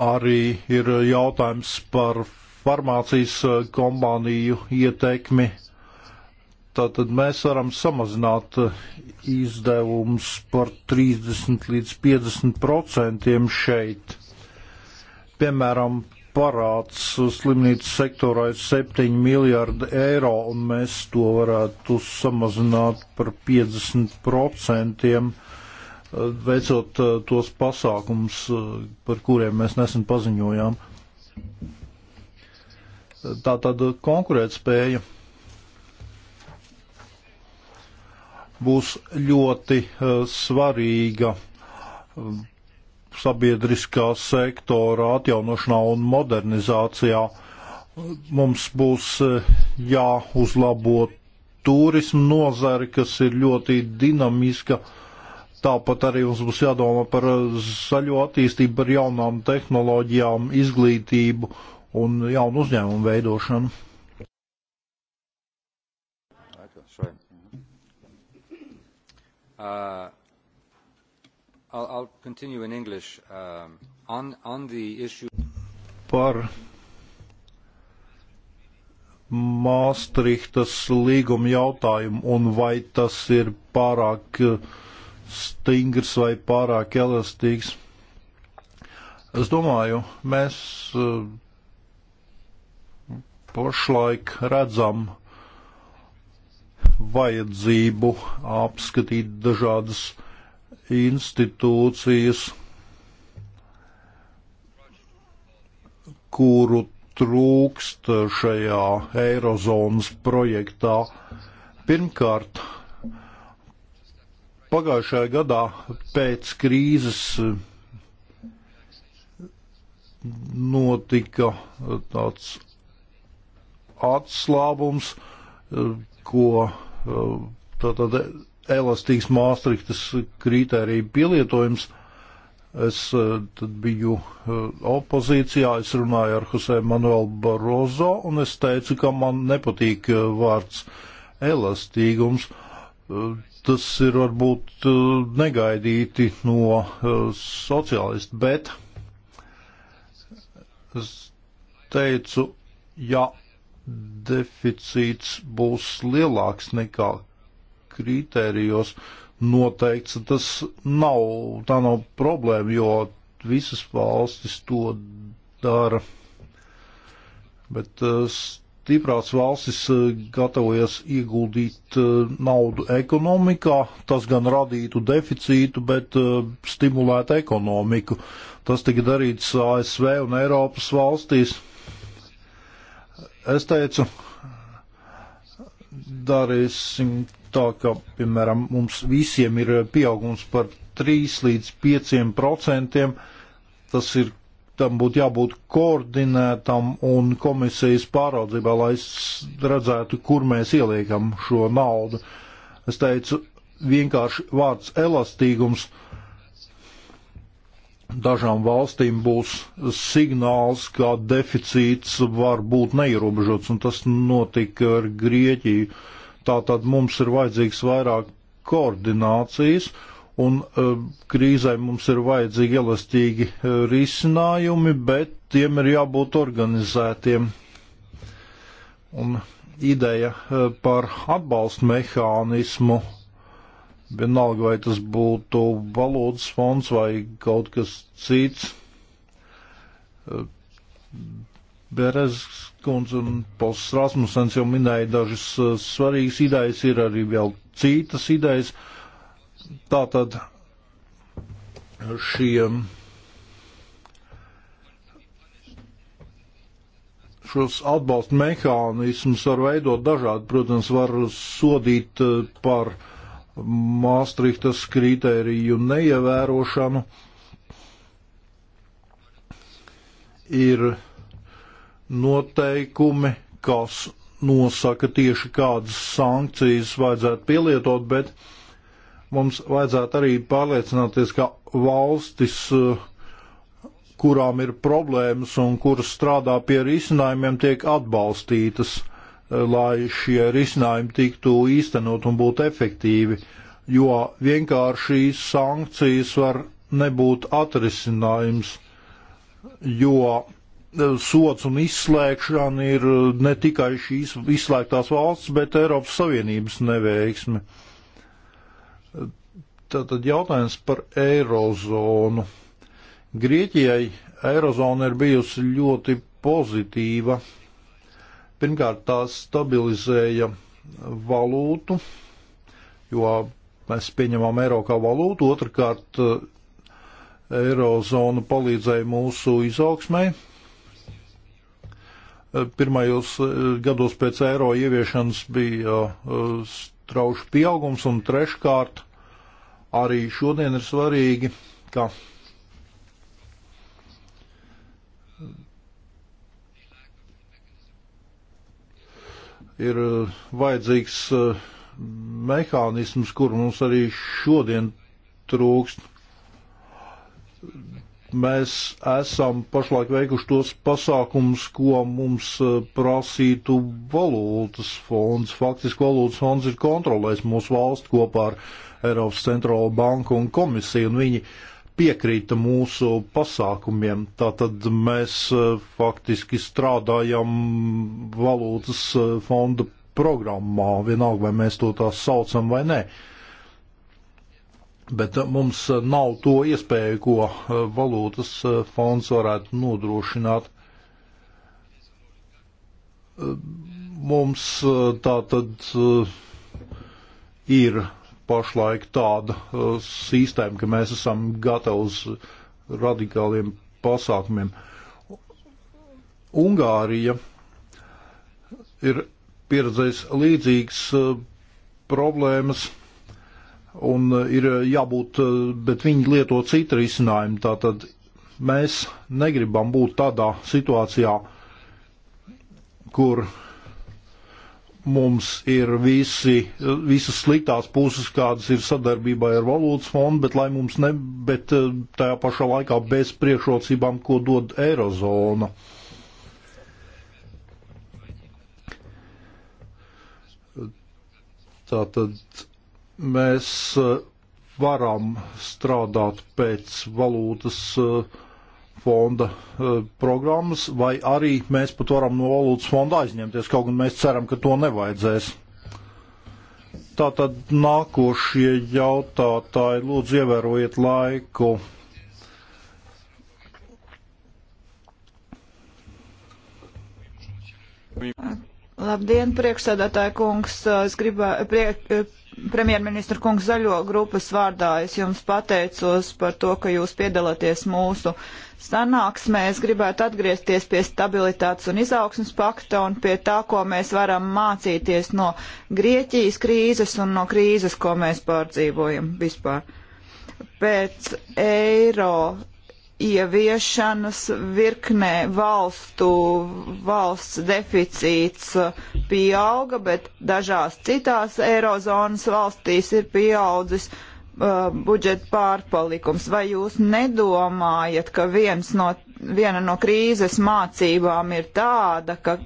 arī ir jautājums par farmācijas e, kompāniju ietekmi Tātad mēs varam samazināt izdevumus par 30 līdz 50 procentiem šeit. Piemēram, parāds slimnīcas sektorā ir 7 miljardi eiro, un mēs to varētu samazināt par 50 procentiem, veicot eh, tos pasākums, eh, par kuriem mēs nesen paziņojām. Tātad konkurētspēja. spēja būs ļoti eh, svarīga eh, sabiedriskā sektora atjaunošanā un modernizācijā. Mums būs eh, jāuzlabo turismu nozari, kas ir ļoti dinamiska. Tāpat arī mums būs jādomā par zaļo attīstību, par jaunām tehnoloģijām, izglītību un jaunu uzņēmumu veidošanu.
Uh, I'll, I'll continue in English. Um, on, on the issue...
Par Māstrihtas līguma jautājumu un vai tas ir pārāk stingrs vai pārāk elastīgs. Es domāju, mēs uh, pašlaik redzam vajadzību apskatīt dažādas institūcijas, kuru trūkst šajā Eirozonas projektā. Pirmkārt, pagājušajā gadā pēc krīzes notika tāds atslābums, ko uh, tātad elastīgs māstriktas kriterija pielietojums. Es uh, tad biju uh, opozīcijā, es runāju ar Jose Manuelu Barozo un es teicu, ka man nepatīk vārds elastīgums. Tas ir varbūt negaidīti no sociālista, bet es teicu, ja deficīts būs lielāks nekā kritērijos noteikts. Tas nav, tā nav problēma, jo visas valstis to dara. Bet uh, stiprās valstis uh, gatavojas ieguldīt uh, naudu ekonomikā, tas gan radītu deficītu, bet stimulētu ekonomiku. Tas tika darīts ASV un Eiropas valstīs. Es teicu, darīsim tā, ka, piemēram, mums visiem ir pieaugums par 3 līdz 5 procentiem. Tas ir, tam būtu jābūt koordinētam un komisijas pāraudzībā, lai redzētu, kur mēs ieliekam šo naudu. Es teicu, vienkārši vārds elastīgums. Uh, dažām valstīm būs signāls, ka deficīts var būt neierobežots, un tas notika ar Grieķiju. Tātad mums ir vajadzīgs vairāk koordinācijas, un uh, e, krīzai mums ir vajadzīgi elastīgi uh, risinājumi, bet tiem ir jābūt organizētiem. Un ideja uh, par atbalstu mehānismu uh, Vienalga, vai tas būtu valūtas fonds vai kaut kas cits. Eh, Berez kundze un Pols Rasmusens jau minēja dažas eh, svarīgas idejas, ir arī vēl citas idejas. Tātad šiem šos atbalstu mehānismus var veidot dažādi, protams, var sodīt eh, par uh, Māstrihtas kritēriju neievērošanu, ir noteikumi, kas nosaka tieši kādas sankcijas vajadzētu pielietot, bet mums vajadzētu arī pārliecināties, ka valstis, kurām ir problēmas un kuras strādā pie risinājumiem, tiek atbalstītas. Uh, lai šie risinājumi tiktu īstenot un būtu efektīvi, jo vienkārši sankcijas var nebūt atrisinājums, jo e, sots un izslēgšana ir ne tikai šīs izslēgtās valsts, bet Eiropas Savienības neveiksme. Tātad jautājums par eirozonu. Grieķijai eirozona ir bijusi ļoti pozitīva Pirmkārt, tās stabilizēja valūtu, jo mēs pieņemam eiro kā valūtu. Otrakārt, eirozona palīdzēja mūsu izaugsmai. Pirmajos eh, gados pēc eiro ieviešanas bija eh, strauši pieaugums, un treškārt, arī šodien ir svarīgi, ka ir e, vajadzīgs e, mehānisms, kur mums arī šodien trūkst. Mēs esam pašlaik veikuši tos pasākums, ko mums e, prasītu valūtas fonds. Faktiski valūtas fonds ir kontrolējis mūsu valsts kopā ar Eiropas centrālo banku un komisiju, un viņi uh, piekrīta mūsu pasākumiem. Tātad mēs e, faktiski strādājam valūtas e, fonda programmā, vienalga vai mēs to tā saucam vai nē. Bet e, mums nav to iespēju, ko valūtas fonds varētu nodrošināt. Mums tā tad ir pašlaik tāda uh, sistēma, ka mēs esam gatavi uz radikāliem pasākumiem. Ungārija ir pieredzējis līdzīgas uh, problēmas un uh, ir jābūt, bet viņi lieto citu risinājumu. Tātad mēs negribam būt tādā situācijā, kur mums ir visi, visas sliktās puses, kādas ir sadarbībā ar valūtas fondu, bet lai mums ne, bet eh, tajā pašā laikā bez priekšrocībām, ko dod Eirozona. Tātad mēs eh, varam strādāt pēc valūtas uh, fonda eh, programmas, vai arī mēs pat varam no valūtas fonda aizņemties, kaut gan mēs ceram, ka to nevajadzēs. Tātad nākošie jautātāji, lūdzu, ievērojiet laiku.
Labdien, priekšsēdētāja kungs. Es gribēju, prie, premjerministra kungs, zaļo grupas vārdā es jums pateicos par to, ka jūs piedalāties mūsu sanāksmē es gribētu atgriezties pie stabilitātes un izaugsmas pakta un pie tā, ko mēs varam mācīties no Grieķijas krīzes un no krīzes, ko mēs pārdzīvojam vispār. Pēc eiro ieviešanas virknē valstu valsts deficīts uh, pieauga, bet dažās citās eirozonas valstīs ir pieaudzis. Uh, uh, budžeta pārpalikums. Vai jūs nedomājat, ka no, viena no krīzes mācībām ir tāda, ka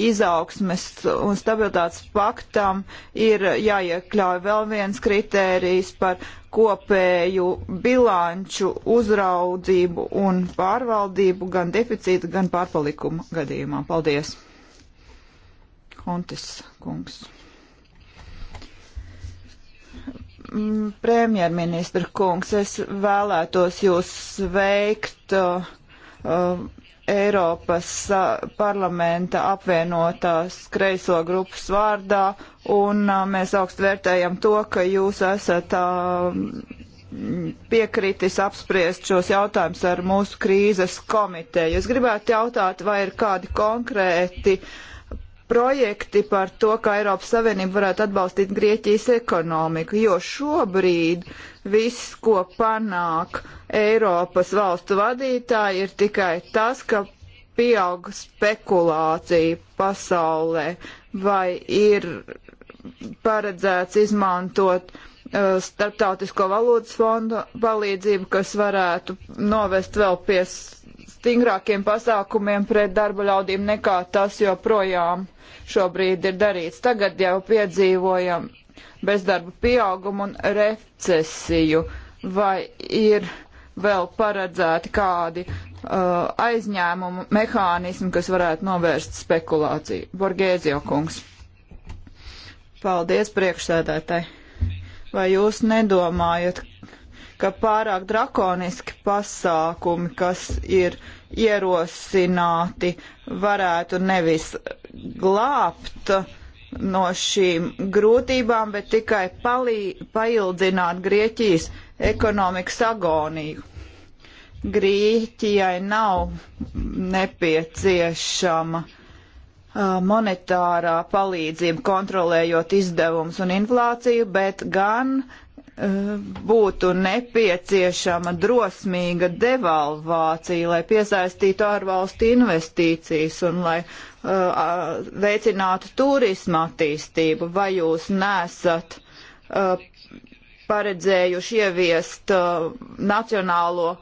izaugsmes un stabilitātes paktam ir jāiekļauj vēl viens kritērijs par kopēju bilanču uzraudzību un pārvaldību gan deficīta, gan pārpalikuma gadījumā. Paldies! Hontis kungs. Mm, premjerministra kungs, es vēlētos jūs sveikt uh, uh Eiropas uh, parlamenta apvienotās kreiso grupas vārdā, un uh, mēs augstu vērtējam to, ka jūs esat uh, piekritis apspriest šos jautājumus ar mūsu krīzes komiteju. Es gribētu jautāt, vai ir kādi konkrēti uh, projekti par to, kā Eiropas Savienība varētu atbalstīt Grieķijas ekonomiku, jo šobrīd viss, ko panāk Eiropas valstu vadītāji, ir tikai tas, ka pieaug spekulācija pasaulē vai ir paredzēts izmantot uh, Startautisko valūtas fondu palīdzību, kas varētu novest vēl pie stingrākiem pasākumiem pret darba ļaudīm nekā tas joprojām šobrīd ir darīts. Tagad jau piedzīvojam bezdarba pieaugumu un recesiju. Vai ir vēl paredzēti kādi uh, aizņēmumu mehānismi, kas varētu novērst spekulāciju? Borgēzio kungs. Paldies priekšsēdētāji. Vai jūs nedomājat, ka pārāk drakoniski pasākumi, kas ir ierosināti, varētu nevis glābt no šīm grūtībām, bet tikai palī, paildzināt Grieķijas ekonomikas agoniju. Grieķijai nav nepieciešama monetārā palīdzība kontrolējot izdevumus un inflāciju, bet gan būtu nepieciešama drosmīga devalvācija, lai piesaistītu ārvalstu investīcijas un lai uh, veicinātu turismu attīstību, vai jūs nesat uh, paredzējuši ieviest uh, nacionālo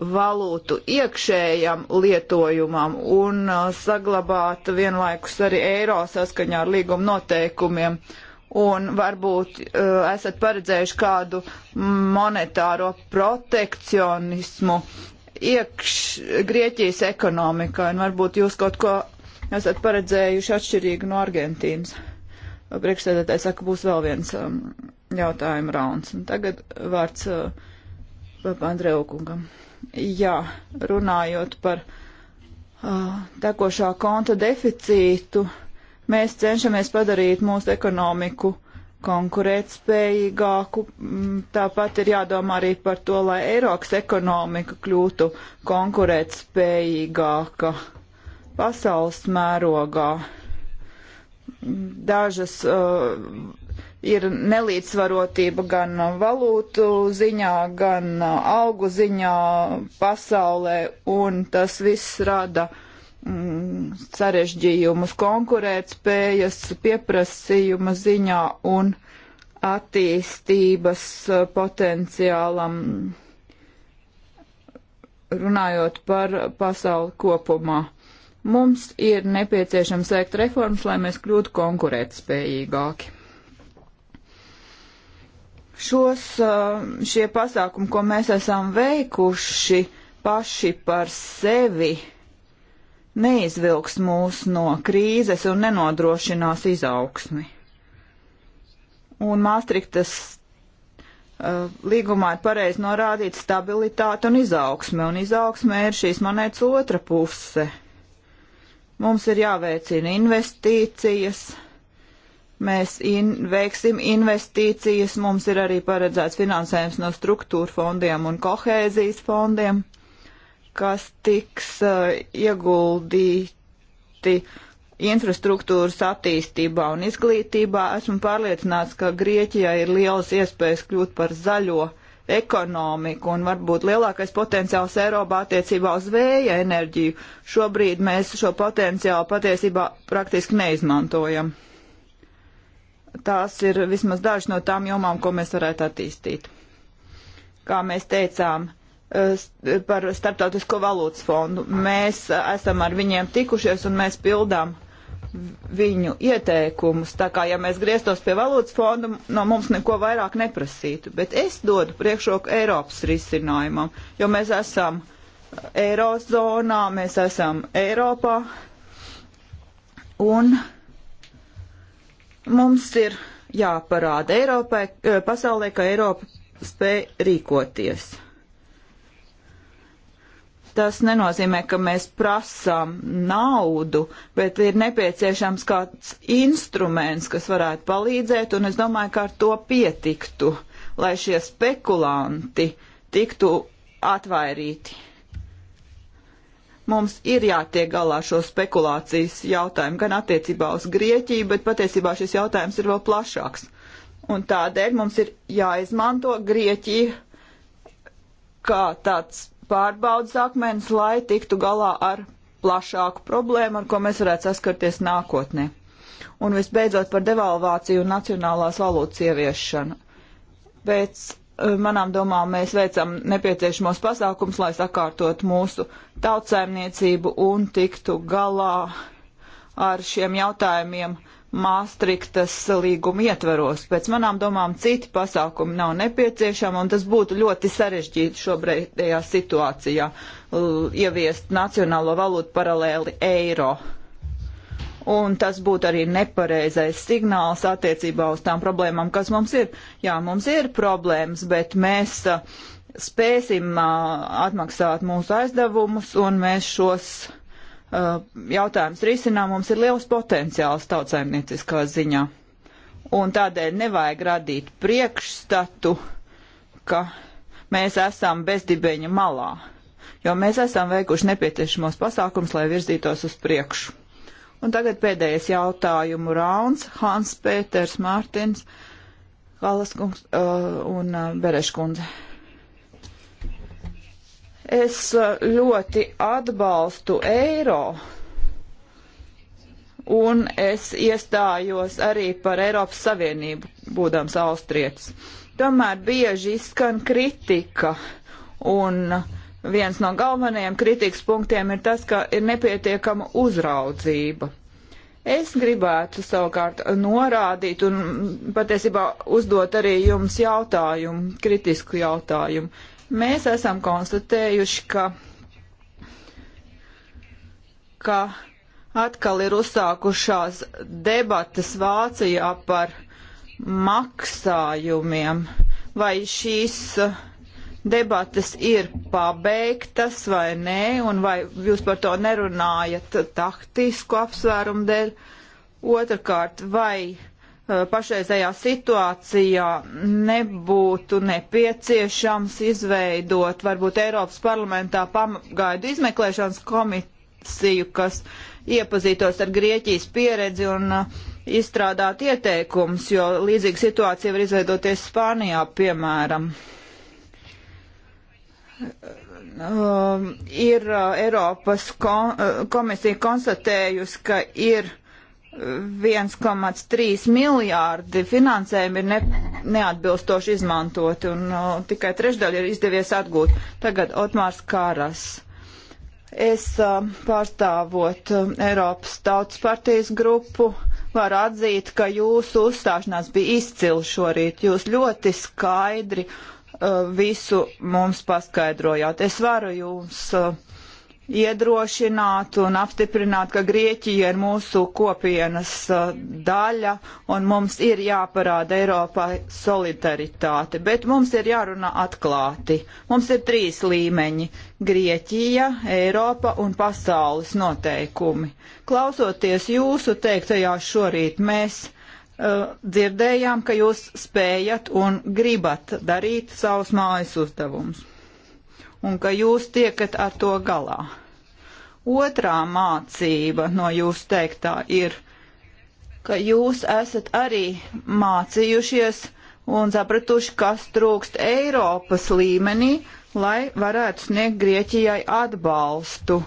valūtu iekšējam lietojumam un uh, saglabāt vienlaikus arī eiro saskaņā ar līguma noteikumiem. Uh, un varbūt uh, esat paredzējuši kādu monetāro protekcionismu iekš Grieķijas ekonomikā, un varbūt jūs kaut ko esat paredzējuši atšķirīgu no Argentīnas. Priekšsēdētāji saka, būs vēl viens um, jautājuma rauns. Un tagad vārds uh, Papa Andreukungam. Jā, runājot par uh, tekošā konta deficītu. Uh, Mēs cenšamies padarīt mūsu ekonomiku konkurētspējīgāku. Mm, tāpat ir jādomā arī par to, lai Eiropas ekonomika kļūtu konkurētspējīgāka pasaules mērogā. Dažas uh, ir nelīdzsvarotība gan valūtu ziņā, gan uh, augu ziņā pasaulē, un tas viss rada uh, Mm, sarežģījumus konkurētspējas pieprasījuma ziņā un attīstības eh, potenciālam, runājot par pasauli kopumā. Mums ir nepieciešams veikt reformas, lai mēs kļūtu konkurētspējīgāki. Šos, eh, šie pasākumi, ko mēs esam veikuši paši par sevi, uh, neizvilks mūs no krīzes un nenodrošinās izaugsmi. Un Māstriktas uh, līgumā ir pareizi norādīt stabilitāte un izaugsme, un izaugsme ir šīs monētas otra puse. Mums ir jāveicina investīcijas, mēs in, veiksim investīcijas, mums ir arī paredzēts finansējums no struktūra fondiem un kohēzijas fondiem kas tiks eh, ieguldīti infrastruktūras attīstībā un izglītībā. Esmu pārliecināts, ka Grieķijai ir lielas iespējas kļūt par zaļo ekonomiku un varbūt lielākais potenciāls Eiropā attiecībā uz vēja enerģiju. Šobrīd mēs šo potenciālu patiesībā praktiski neizmantojam. Tās ir vismaz dažas no tām jomām, ko mēs varētu attīstīt. Kā mēs teicām, uh, Eh, par Startautisko valūtas fondu. Mēs eh, esam ar viņiem tikušies un mēs pildām viņu ieteikumus. Tā kā, ja mēs grieztos pie valūtas fonda, no mums neko vairāk neprasītu. Bet es dodu priekšroku Eiropas risinājumam, jo mēs esam Eirozonā, mēs esam Eiropā. Un mums ir jāparāda Eiropai, eh, pasaulē, ka Eiropa spēj rīkoties. Tas nenozīmē, ka mēs prasām naudu, bet ir nepieciešams kāds instruments, kas varētu palīdzēt, un es domāju, ka ar to pietiktu, lai šie spekulanti tiktu atvairīti. Mums ir jātiek galā šo spekulācijas jautājumu gan attiecībā uz Grieķiju, bet patiesībā šis jautājums ir vēl plašāks. Un tādēļ mums ir jāizmanto Grieķija kā tāds pārbaudas akmens, lai tiktu galā ar plašāku problēmu, ar ko mēs varētu saskarties nākotnē. Un visbeidzot par devalvāciju un nacionālās valūtas ieviešanu. Pēc eh, manām domām mēs veicam nepieciešamos pasākums, lai sakārtot mūsu tautsēmniecību un tiktu galā ar šiem jautājumiem Māstriktas līguma ietveros. Pēc manām domām citi pasākumi nav nepieciešami, un tas būtu ļoti sarežģīti šobrīdējā situācijā ieviest nacionālo valūtu paralēli eiro. Un tas būtu arī nepareizais signāls attiecībā uz tām problēmām, kas mums ir. Jā, mums ir problēmas, bet mēs spēsim atmaksāt mūsu aizdevumus, un mēs šos Uh, jautājums risinām, mums ir liels potenciāls tautsaimnieciskā ziņā. Un tādēļ nevajag radīt priekšstatu, ka mēs esam bezdibeņa malā, jo mēs esam veikuši nepieciešamos pasākums, lai virzītos uz priekšu. Un tagad pēdējais jautājumu rauns. Hans Pēters Mārtins, Kalas kungs uh, un uh, Bereškundze. Es uh, ļoti atbalstu eiro. Un es iestājos arī par Eiropas Savienību, būdams austrietis. Tomēr bieži izskan kritika, un viens no galvenajiem kritikas punktiem ir tas, ka ir nepietiekama uzraudzība. Es gribētu savukārt norādīt un patiesībā uzdot arī jums jautājumu, kritisku jautājumu. Mēs esam konstatējuši, ka, ka atkal ir uzsākušās debatas Vācijā par maksājumiem. Vai šīs eh, debatas ir pabeigtas vai nē, un vai jūs par to nerunājat taktisku apsvērumu dēļ? Otrakārt, vai Eh, pašreizējā situācijā nebūtu nepieciešams izveidot varbūt Eiropas parlamentā pamagaidu izmeklēšanas komisiju, kas iepazītos ar Grieķijas pieredzi un eh, izstrādāt ieteikumus, jo līdzīga situācija var izveidoties Spānijā, piemēram. Um, ir Eiropas ko komisija konstatējusi, ka ir 1,3 miljārdi finansējumi ir ne, neatbilstoši izmantoti un uh, tikai trešdaļa ir izdevies atgūt. Tagad Otmārs Kāras. Es uh, pārstāvot uh, Eiropas Tautas partijas grupu varu atzīt, ka jūsu uzstāšanās bija izcila šorīt. Jūs ļoti skaidri uh, visu mums paskaidrojāt. Es varu jums. Uh, iedrošināt un apstiprināt, ka Grieķija ir mūsu kopienas uh, daļa un mums ir jāparāda Eiropai solidaritāte, bet mums ir jārunā atklāti. Mums ir trīs līmeņi - Grieķija, Eiropa un pasaules noteikumi. Klausoties jūsu teiktajā šorīt, mēs uh, dzirdējām, ka jūs spējat un gribat darīt savus mājas uzdevumus un ka jūs tiekat ar to galā. Otrā mācība no jūs teiktā ir, ka jūs esat arī mācījušies un sapratuši, kas trūkst Eiropas līmenī, lai varētu sniegt Grieķijai atbalstu.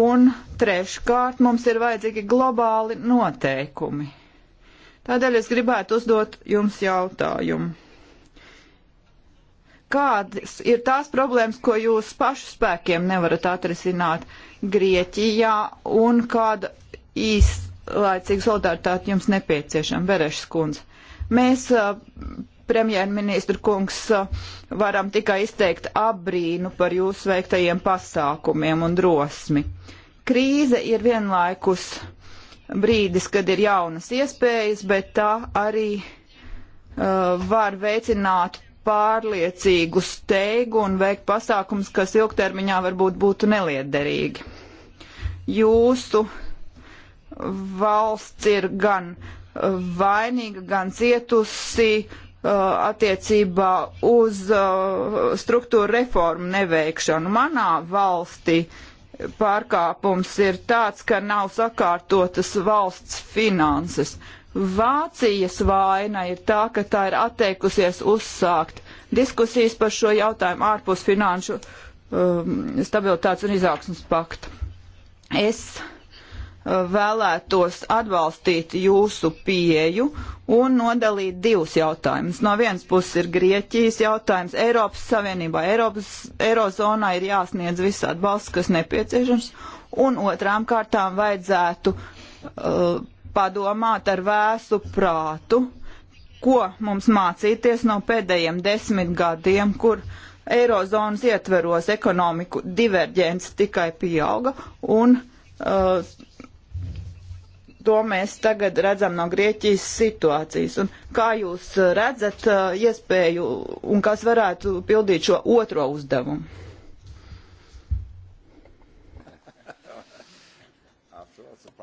Un treškārt mums ir vajadzīgi globāli noteikumi. Tādēļ es gribētu uzdot jums jautājumu kādas ir tās problēmas, ko jūs pašu spēkiem nevarat atrisināt Grieķijā un kāda īslaicīga solidaritāte jums nepieciešama, Verešas kundze? Mēs, premjerministru kungs, varam tikai izteikt abrīnu par jūsu veiktajiem pasākumiem un drosmi. Krīze ir vienlaikus brīdis, kad ir jaunas iespējas, bet tā arī uh, var veicināt pārliecīgu steigu un veikt pasākums, kas ilgtermiņā varbūt būtu neliederīgi. Jūsu valsts ir gan vainīga, gan cietusi uh, attiecībā uz uh, struktūra reformu neveikšanu. Manā valstī pārkāpums ir tāds, ka nav sakārtotas valsts finanses Vācijas vaina ir tā, ka tā ir atteikusies uzsākt diskusijas par šo jautājumu ārpus finanšu um, stabilitātes un izaugsmas pakta. Es uh, vēlētos atbalstīt jūsu pieju un nodalīt divus jautājumus. No vienas puses ir Grieķijas jautājums. Eiropas Savienībā, Eiropas, Eirozonā ir jāsniedz viss atbalsts, kas nepieciešams, un otrām kārtām vajadzētu uh, padomāt ar vēsu prātu, ko mums mācīties no pēdējiem desmit gadiem, kur Eirozonas ietveros ekonomiku diverģence tikai pieauga, un uh, to mēs tagad redzam no Grieķijas situācijas. Un kā jūs redzat uh, iespēju un kas varētu pildīt šo otro uzdevumu?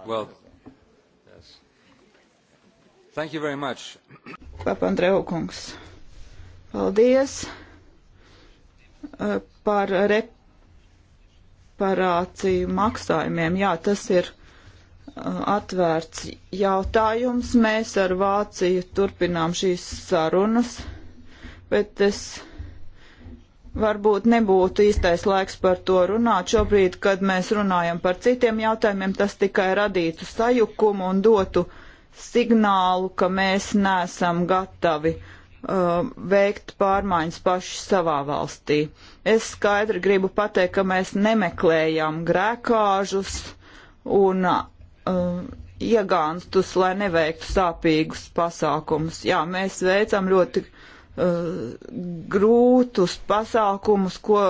Well, Thank you very much.
Papandreou kungs. Paldies eh, par reparāciju maksājumiem. Jā, tas ir eh, atvērts jautājums. Mēs ar Vāciju turpinām šīs sarunas, bet es varbūt nebūtu īstais laiks par to runāt. Šobrīd, kad mēs runājam par citiem jautājumiem, tas tikai radītu sajukumu un dotu uh, signālu, ka mēs nesam gatavi uh, veikt pārmaiņas paši savā valstī. Es skaidri gribu pateikt, ka mēs nemeklējam grēkāžus un uh, iegānstus, lai neveiktu sāpīgus pasākumus. Jā, mēs veicam ļoti uh, grūtus pasākumus, ko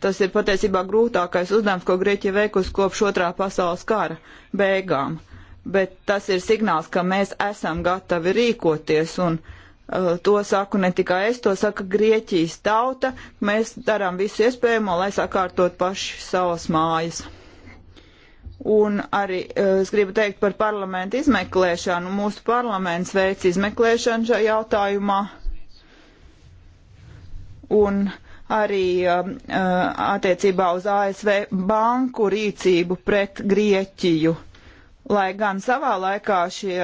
tas ir patiesībā grūtākais uzdevums, ko Grieķija veikusi kopš otrā pasaules kara beigām. Uh, bet tas ir signāls, ka mēs esam gatavi rīkoties un uh, to saku ne tikai es, to saka Grieķijas tauta. Mēs darām visu iespējamo, lai sakārtot paši savas mājas. Un arī uh, es gribu teikt par parlamentu izmeklēšanu. Mūsu parlaments veic izmeklēšanu šajā jautājumā. Un arī um, uh, attiecībā uz ASV banku rīcību pret Grieķiju. Uh, Lai gan savā laikā šie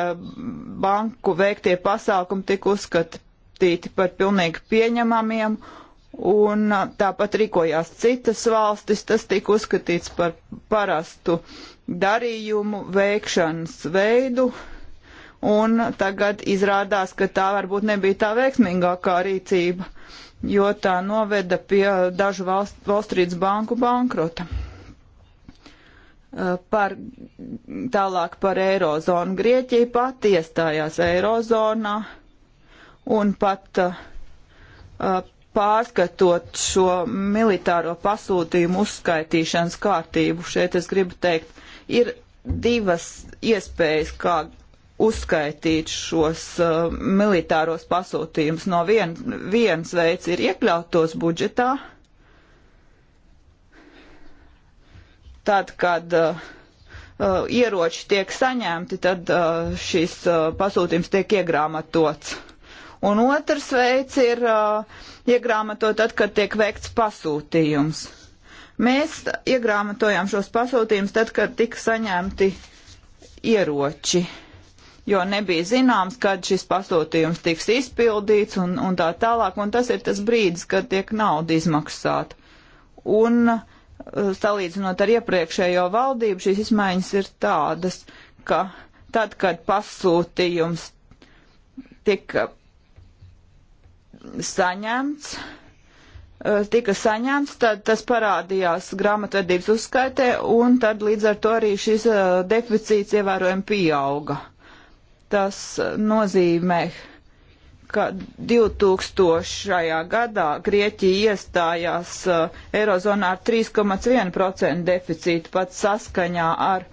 banku veiktie pasākumi tika uzskatīti par pilnīgi pieņemamiem, un tāpat rīkojās citas valstis, tas tika uzskatīts par parastu darījumu veikšanas veidu, un tagad izrādās, ka tā varbūt nebija tā veiksmīgākā rīcība, jo tā noveda pie dažu valst, valstrītas banku bankrota. Eh, par, tālāk par Eirozonu. Grieķija pat iestājās Eirozonā un pat uh, pārskatot šo militāro pasūtījumu uzskaitīšanas kārtību, šeit es gribu teikt, ir divas iespējas, kā uzskaitīt šos uh, militāros pasūtījumus. No vien, viens veids ir iekļautos budžetā, uh, tad, kad uh, uh, ieroči tiek saņemti, tad uh, šis uh, pasūtījums tiek iegrāmatots. Un otrs veids ir uh, iegrāmatot tad, kad tiek veikts pasūtījums. Mēs iegrāmatojām šos pasūtījumus tad, kad tika saņemti ieroči, jo nebija zināms, kad šis pasūtījums tiks izpildīts un, un tā tālāk, un tas ir tas brīdis, kad tiek nauda izmaksāta. Un uh, Eh, salīdzinot ar iepriekšējo valdību, šīs izmaiņas ir tādas, ka tad, kad pasūtījums tika saņemts, eh, tika saņemts, tad tas parādījās grāmatvedības uzskaitē, un tad līdz ar to arī šis eh, deficīts ievērojami pieauga. Tas nozīmē, ka 2000. gadā Grieķija iestājās uh, Eirozonā ar 3,1% deficītu pat saskaņā ar uh,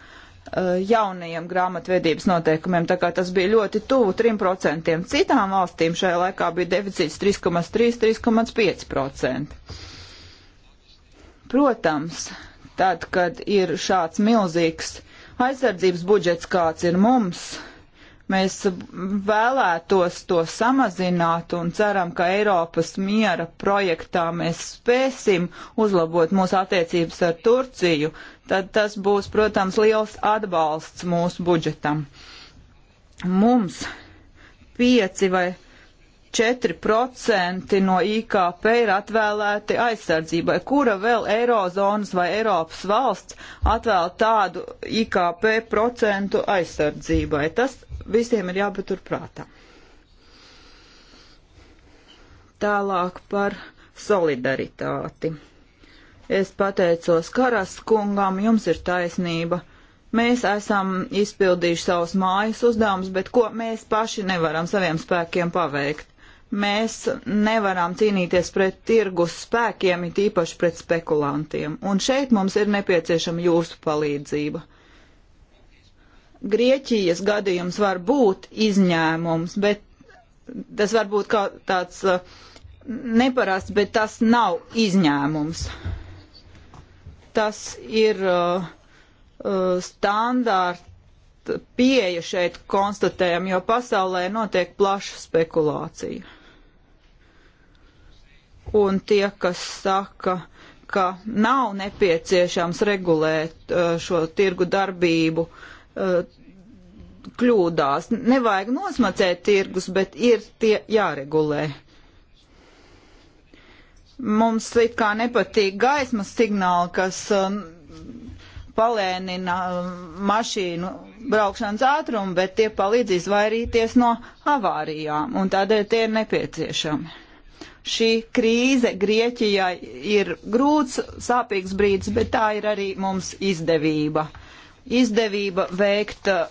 jaunajiem grāmatvedības noteikumiem, tā kā tas bija ļoti tuvu 3%. Citām valstīm šajā laikā bija deficīts 3,3-3,5%. Protams, tad, kad ir šāds milzīgs aizsardzības budžets, kāds ir mums, uh, Mēs vēlētos to samazināt un ceram, ka Eiropas miera projektā mēs spēsim uzlabot mūsu attiecības ar Turciju. Tad tas būs, protams, liels atbalsts mūsu budžetam. Mums pieci vai 4% no IKP ir atvēlēti aizsardzībai. Kura vēl Eirozonas vai Eiropas valsts atvēl tādu IKP procentu aizsardzībai? Tas visiem ir jāpatur prātā. Tālāk par solidaritāti. Es pateicos Karas kungam, jums ir taisnība. Mēs esam izpildījuši savus mājas uzdevumus, bet ko mēs paši nevaram saviem spēkiem paveikt? Mēs nevaram cīnīties pret tirgus spēkiem, it īpaši pret spekulantiem. Un šeit mums ir nepieciešama jūsu palīdzība Grieķijas gadījums var būt izņēmums, bet tas var būt kā tāds uh, neparasts, bet tas nav izņēmums. Tas ir uh, uh standārta pieeja šeit konstatējam, jo pasaulē notiek plaša spekulācija. Un tie, kas saka, ka nav nepieciešams regulēt uh, šo tirgu darbību, uh, Uh, kļūdās. Nevajag nosmacēt tirgus, bet ir tie jāregulē. Mums it kā nepatīk gaismas signāli, kas um, palēnina uh, mašīnu braukšanas ātrumu, bet tie palīdzīs vairīties no avārijām, un tādēļ tie ir nepieciešami. Šī krīze Grieķijai ir grūts, sāpīgs brīdis, bet tā ir arī mums izdevība. Uh, izdevība veikt uh,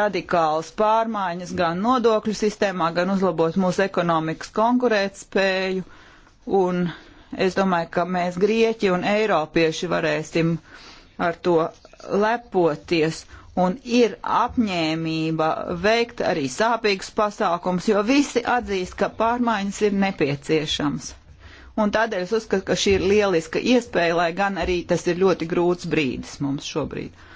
radikālas pārmaiņas gan nodokļu sistēmā, gan uzlabot mūsu ekonomikas konkurētspēju. Un es domāju, ka mēs grieķi un eiropieši varēsim ar to lepoties. Un ir apņēmība veikt arī sāpīgus pasākums, jo visi atzīst, ka pārmaiņas ir nepieciešams. Un tādēļ es uzskatu, ka šī ir lieliska iespēja, lai gan arī tas ir ļoti grūts brīdis mums šobrīd.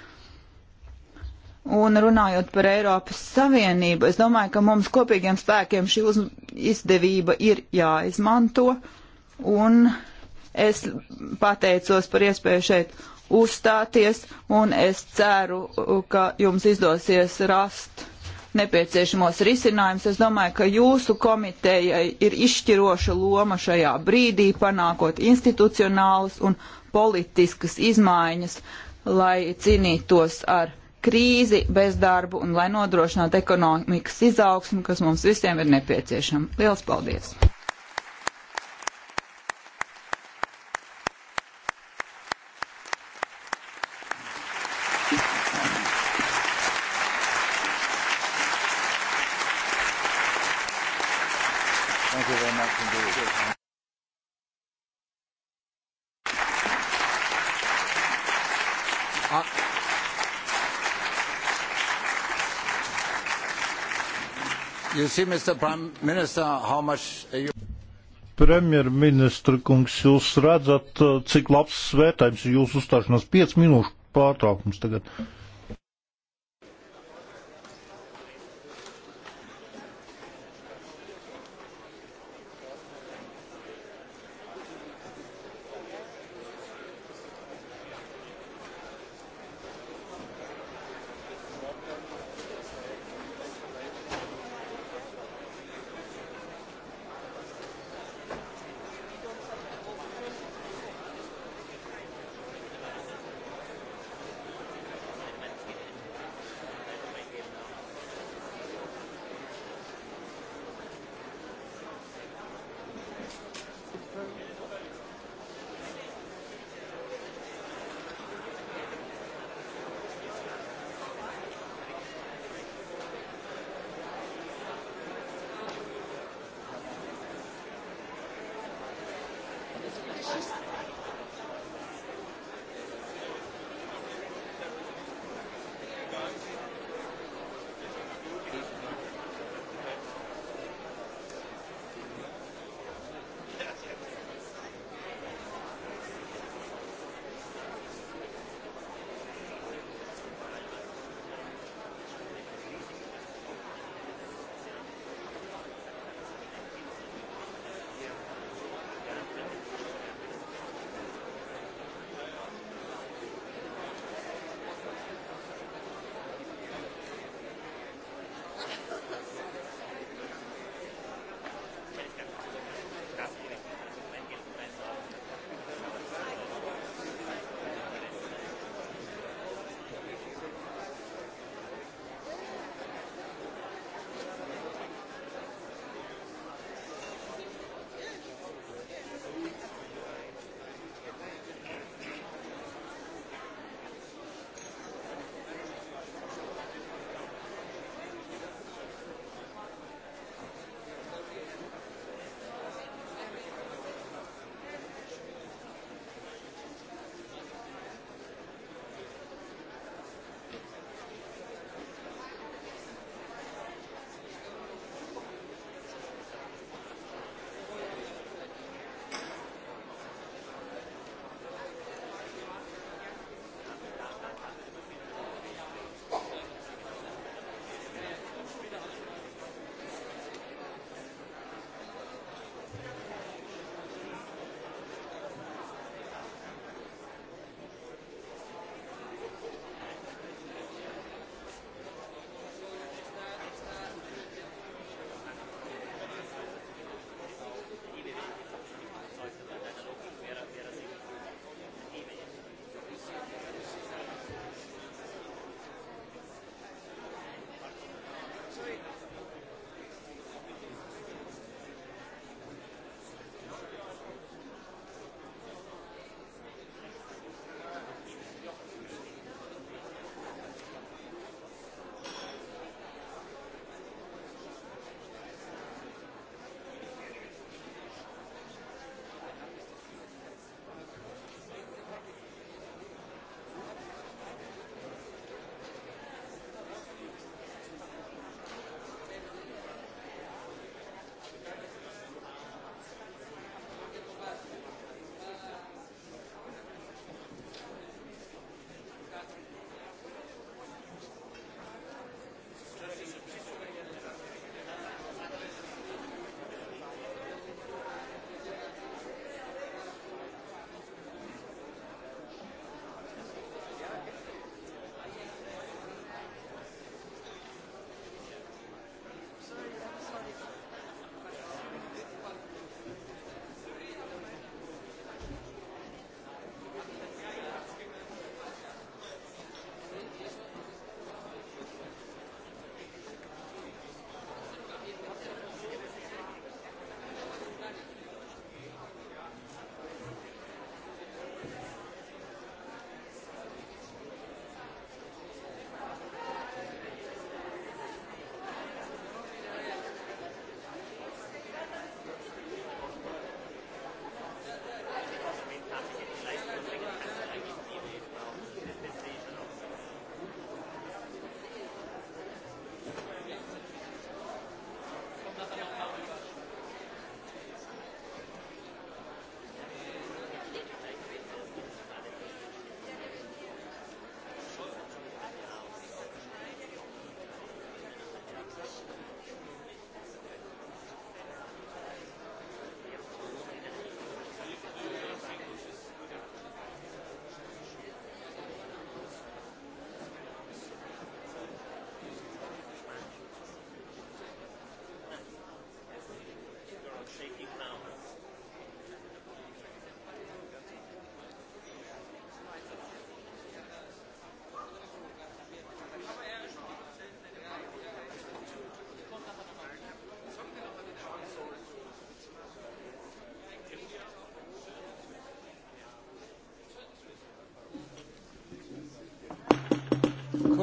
Un runājot par Eiropas Savienību, es domāju, ka mums kopīgiem spēkiem šī uz, izdevība ir jāizmanto. Un es pateicos par iespēju šeit uzstāties, un es ceru, ka jums izdosies rast nepieciešamos risinājumus. Es domāju, ka jūsu komitejai ir izšķiroša loma šajā brīdī, panākot institucionālas un politiskas izmaiņas, lai cīnītos ar krīzi, bezdarbu un lai nodrošinātu ekonomikas izaugsmu, kas mums visiem ir nepieciešama. Lielas paldies!
see, Mr. Prime Minister, how much uh, you... Premjerministra kungs, jūs redzat, uh, cik labs svērtājums jūsu uzstāšanās 5 minūšu pārtraukums tagad.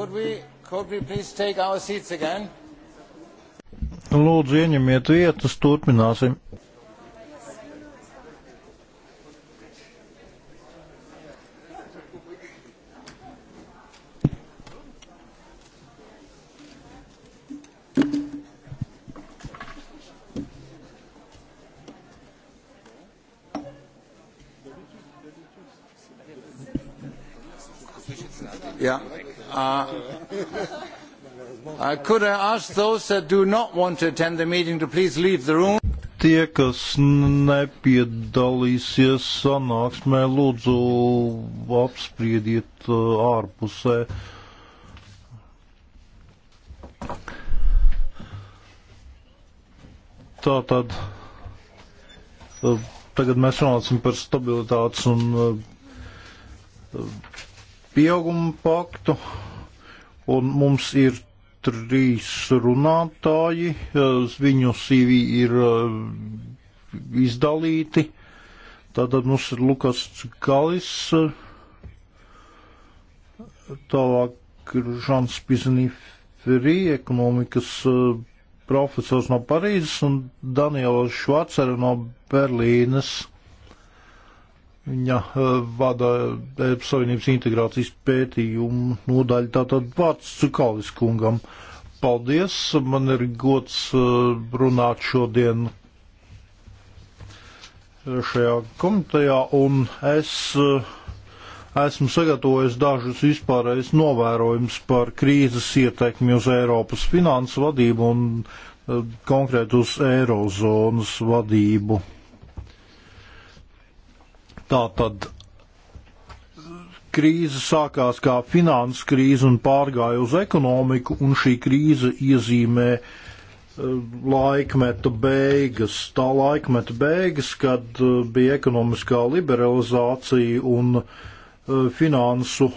Could we, could we please take our seats again? Lūdzu, ieņemiet vietas, turpināsim. could I ask those that do not want to attend the meeting to please leave the room? Tie, kas nepiedalīsies sanāksmē, lūdzu apspriediet uh, ārpusē. Tātad uh, tagad mēs runāsim par stabilitātes un uh, pieauguma paktu, un mums ir trīs runātāji, eh, viņu CV ir eh, izdalīti. Tātad mums ir Lukas Galis, eh, tālāk ir Žans Pizniferi, ekonomikas profesors no Parīzes un Daniela Švacera no Berlīnes. Viņa eh, vada Eiropas Savienības integrācijas pētījumu nodaļu. Tātad vārds Cukalis kungam. Paldies, man ir gods eh, runāt šodien šajā komitejā, un es eh, esmu sagatavojis dažus vispārējus novērojumus par krīzes ietekmi uz Eiropas finansu vadību un konkrēt uz Eirozonas vadību. Tā tad krīze sākās kā finanses krīze un pārgāja uz ekonomiku, un šī krīze iezīmē eh, laikmeta beigas, tā laikmeta beigas, kad eh, bija ekonomiskā liberalizācija un eh, finansu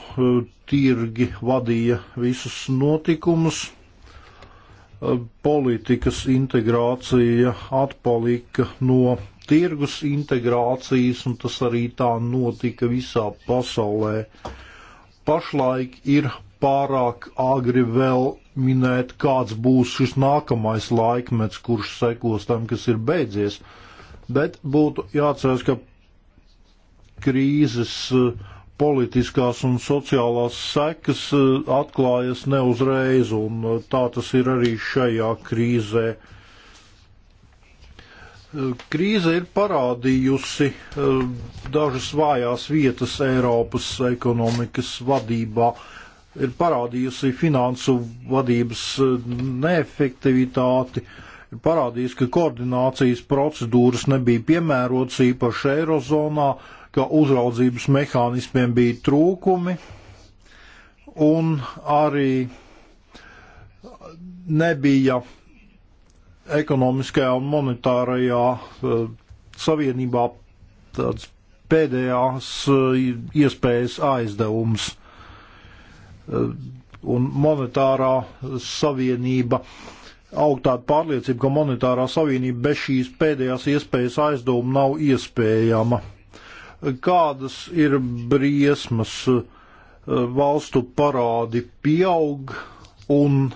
tirgi vadīja visus notikumus politikas integrācija atpalika no tirgus integrācijas, un tas arī tā notika visā pasaulē. Pašlaik ir pārāk agri vēl minēt, kāds būs šis nākamais laikmets, kurš sekos tam, kas ir beidzies, bet būtu jāatcerās, ka krīzes politiskās un sociālās sekas eh, atklājas neuzreiz, un eh, tā tas ir arī šajā krīzē. Krīze ir parādījusi eh, dažas vājās vietas Eiropas ekonomikas vadībā, ir parādījusi finansu vadības eh, neefektivitāti, ir parādījusi, ka koordinācijas procedūras nebija piemērotas īpaši Eirozonā, ka uzraudzības mehānismiem bija trūkumi un arī nebija ekonomiskajā un monetārajā e, savienībā tāds pēdējās e, iespējas aizdevums. E, un monetārā savienība aug tāda pārliecība, ka monetārā savienība bez šīs pēdējās iespējas aizdevuma nav iespējama. Kādas ir briesmas? Valstu parādi pieaug un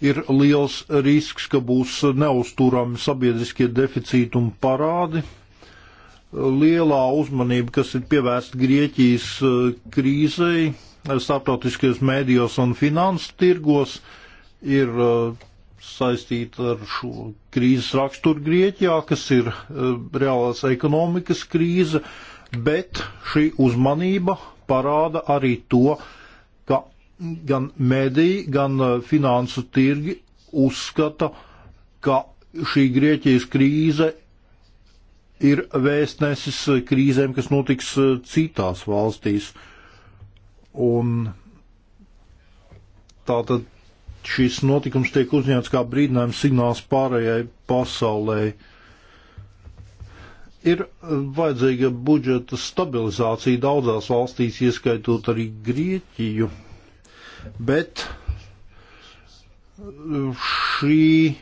ir liels risks, ka būs neusturami sabiedriskie deficīti un parādi. Lielā uzmanība, kas ir pievērsta Grieķijas eh, krīzei, eh, starptautiskajos mēdījos un finansu tirgos, ir eh, saistīta ar šo krīzes raksturu Grieķijā, kas ir reālās ekonomikas krīze, bet šī uzmanība parāda arī to, gan mediji, gan uh, finansu tirgi uzskata, ka šī Grieķijas krīze ir vēstnesis uh, krīzēm, kas notiks uh, citās valstīs. Un tātad šis notikums tiek uzņemts kā brīdinājums signāls pārējai pasaulē. Ir vajadzīga budžeta stabilizācija daudzās valstīs, ieskaitot arī Grieķiju bet šī e,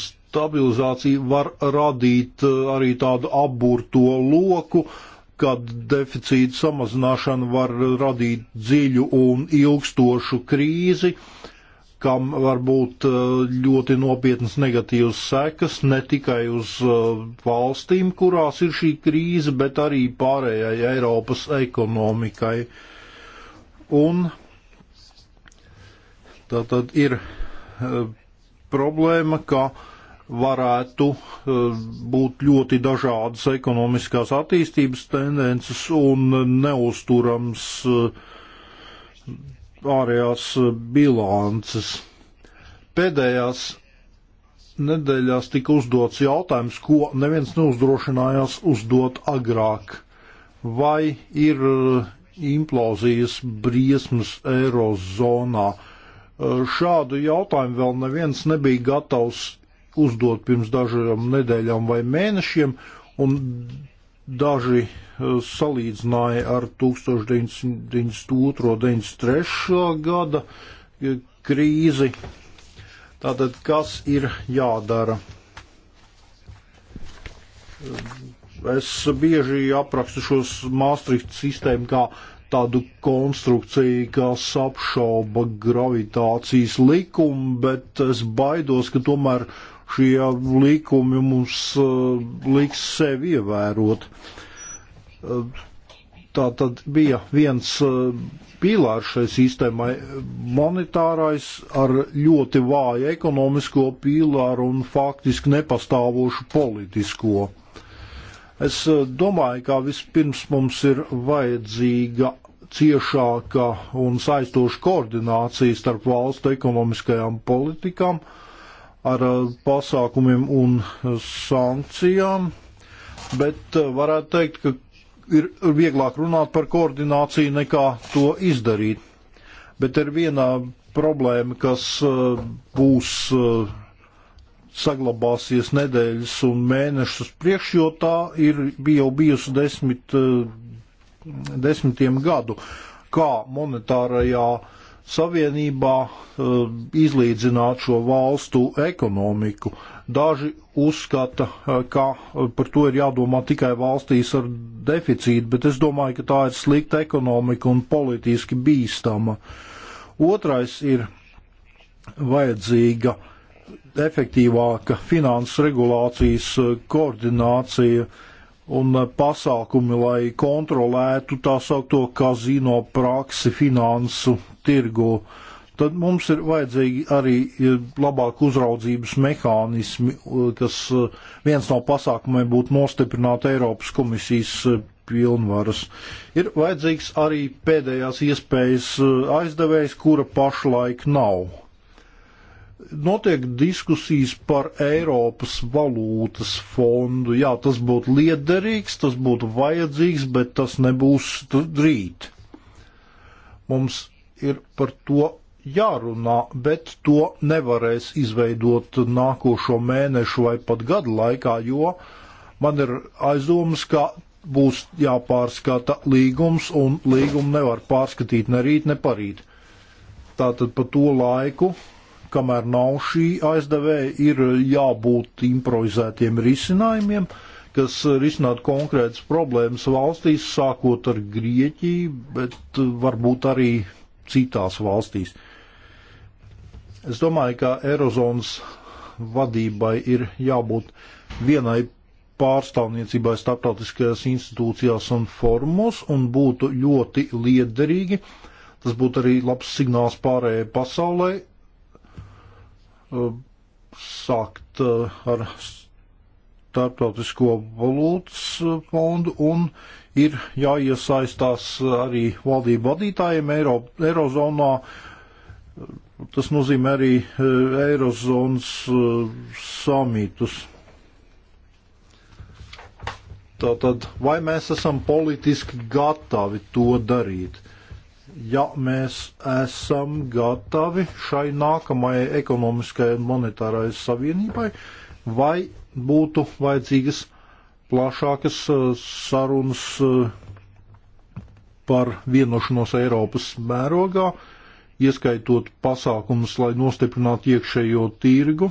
stabilizācija var radīt e, arī tādu apburto loku, kad deficīta samazināšana var radīt dziļu un ilgstošu krīzi, kam var būt e, ļoti nopietnas negatīvas sekas ne tikai uz valstīm, kurās ir šī krīze, bet arī pārējai Eiropas ekonomikai. Un Tā tad ir e, problēma, ka varētu e, būt ļoti dažādas ekonomiskās attīstības tendences un neusturams e, ārējās bilances. Pēdējās nedēļās tika uzdots jautājums, ko neviens neuzdrošinājās uzdot agrāk. Vai ir implozijas briesmas Eirozonā? Šādu jautājumu vēl neviens nebija gatavs uzdot pirms dažām nedēļām vai mēnešiem, un daži e, salīdzināja ar 1992. un 1993. gada e, krīzi. Tātad, kas ir jādara? E, es bieži aprakstu šos Maastrichtas sistēmu kā uh, tādu konstrukciju, kas apšauba gravitācijas likumu, bet es baidos, ka tomēr šie likumi mums uh, liks sevi ievērot. Uh, tā tad bija viens uh, pīlārs šai sistēmai - monetārais ar ļoti vāju ekonomisko pīlāru un faktiski nepastāvošu politisko pīlāru Es eh, domāju, ka vispirms mums ir vajadzīga ciešāka un saistoša koordinācija starp valstu ekonomiskajām politikām ar eh, pasākumiem un eh, sankcijām, bet varētu teikt, ka ir vieglāk runāt par koordināciju nekā to izdarīt. Bet ir viena problēma, kas būs saglabāsies nedēļas un mēnešus priekš, jo tā ir jau bijusi desmit, eh, desmitiem gadu, kā monetārajā savienībā eh, izlīdzināt šo valstu ekonomiku. Daži uzskata, eh, ka par to ir jādomā tikai valstīs ar deficītu, bet es domāju, ka tā ir slikta ekonomika un politiski bīstama. Otrais ir vajadzīga uh, efektīvāka finanses regulācijas eh, koordinācija un eh, pasākumi, lai kontrolētu tā saukto kazino praksi finansu tirgu, tad mums ir vajadzīgi arī eh, labāk uzraudzības mehānismi, kas viens no pasākumiem būtu nostiprināt Eiropas komisijas pilnvaras. Ir vajadzīgs arī pēdējās iespējas aizdevējs, kura pašlaik nav notiek diskusijas par Eiropas valūtas fondu. Jā, tas būtu liederīgs, tas būtu vajadzīgs, bet tas nebūs drīt. Mums ir par to jārunā, bet to nevarēs izveidot nākošo mēnešu vai pat gadu laikā, jo man ir aizdomas, ka būs jāpārskata līgums, un līgumu nevar pārskatīt ne rīt, ne parīt. Tātad pa to laiku kamēr nav šī aizdevēja, ir jābūt improvizētiem risinājumiem, kas risinātu konkrētas problēmas valstīs, sākot ar Grieķiju, bet varbūt arī citās valstīs. Es domāju, ka Eirozonas vadībai ir jābūt vienai pārstāvniecībai starptautiskajās institūcijās un formos un būtu ļoti liederīgi. Tas būtu arī labs signāls pārējai pasaulē sākt eh, ar Startautisko valūtas eh, fondu un ir jāiesaistās arī valdību vadītājiem Eiro, Eirozonā. Tas nozīmē arī eh, Eirozonas samītus. Tātad, vai mēs esam politiski gatavi to darīt? ja mēs esam gatavi šai nākamajai ekonomiskajai un monetārai savienībai, vai būtu vajadzīgas plašākas eh, sarunas eh, par vienošanos Eiropas mērogā, ieskaitot pasākumus, lai nostiprinātu iekšējo tirgu,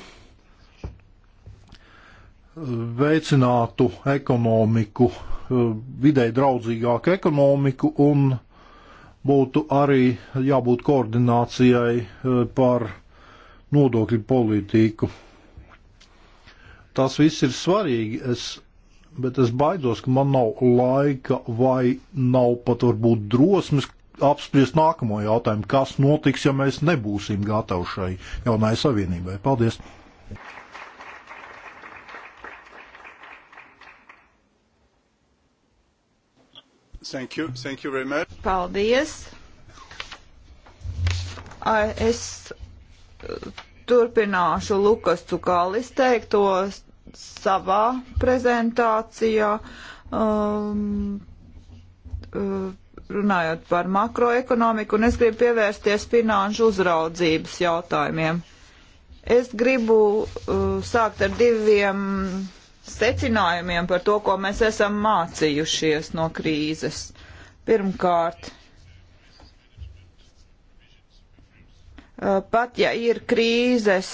veicinātu ekonomiku, eh, videi draudzīgāku ekonomiku un būtu arī jābūt koordinācijai e, par nodokļu politiku. Tas viss ir svarīgi, es, bet es baidos, ka man nav laika vai nav pat varbūt drosmes apspriest nākamo jautājumu, kas notiks, ja mēs nebūsim gatavi šai jaunai savienībai. Paldies! Thank you. Thank you very much.
Paldies. Es uh, turpināšu Lukas Cukālis teikto savā prezentācijā, um, uh, runājot par makroekonomiku, un es gribu pievērsties finanšu uzraudzības jautājumiem. Es gribu uh, sākt ar diviem secinājumiem par to, ko mēs esam mācījušies no krīzes. Pirmkārt, pat ja ir krīzes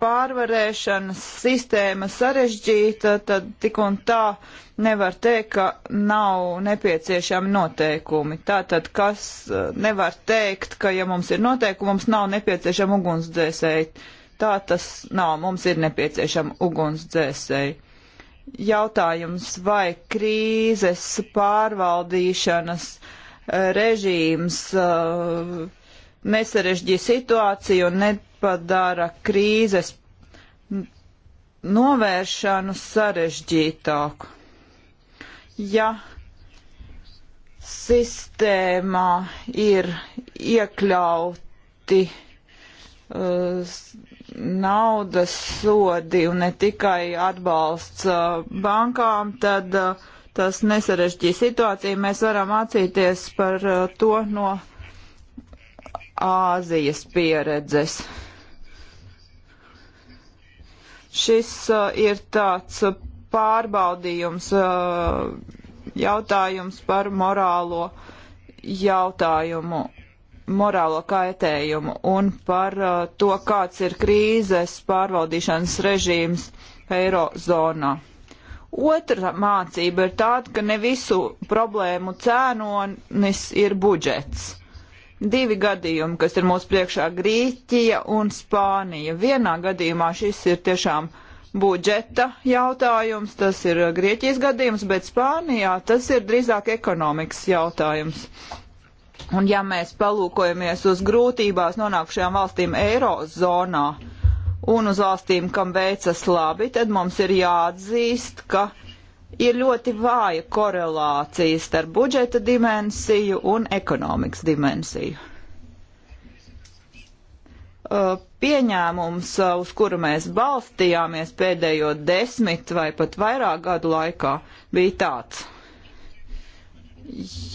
pārvarēšanas sistēma sarežģīta, tad tik un tā nevar teikt, ka nav nepieciešami noteikumi. Tātad, kas nevar teikt, ka ja mums ir noteikumi, mums nav nepieciešama ugunsdzēsēji Tā tas nav. Mums ir nepieciešama ugunsdzēsēji. Jautājums, vai krīzes pārvaldīšanas eh, režīms eh, nesarežģīja situāciju un nepadara krīzes novēršanu sarežģītāku. Ja sistēmā ir iekļauti uh, naudas sodi un ne tikai atbalsts uh, bankām, tad uh, tas nesarežģīja situāciju. Mēs varam mācīties par uh, to no Āzijas pieredzes. Šis ir tāds pārbaudījums, jautājums par morālo jautājumu morālo kaitējumu un par uh, to, kāds ir krīzes pārvaldīšanas režīms eirozonā. Otra mācība ir tāda, ka ne visu problēmu cēnonis ir budžets. Divi gadījumi, kas ir mūsu priekšā - Grīķija un Spānija. Vienā gadījumā šis ir tiešām budžeta jautājums, tas ir Grieķijas gadījums, bet Spānijā tas ir drīzāk ekonomikas jautājums. Un ja mēs palūkojamies uz grūtībās nonākušajām valstīm Eirozonā un uz valstīm, kam veicas labi, tad mums ir jāatzīst, ka ir ļoti vāja korelācija starp budžeta dimensiju un ekonomikas dimensiju. Pieņēmums, uz kuru mēs balstījāmies pēdējo desmit vai pat vairāk gadu laikā, bija tāds.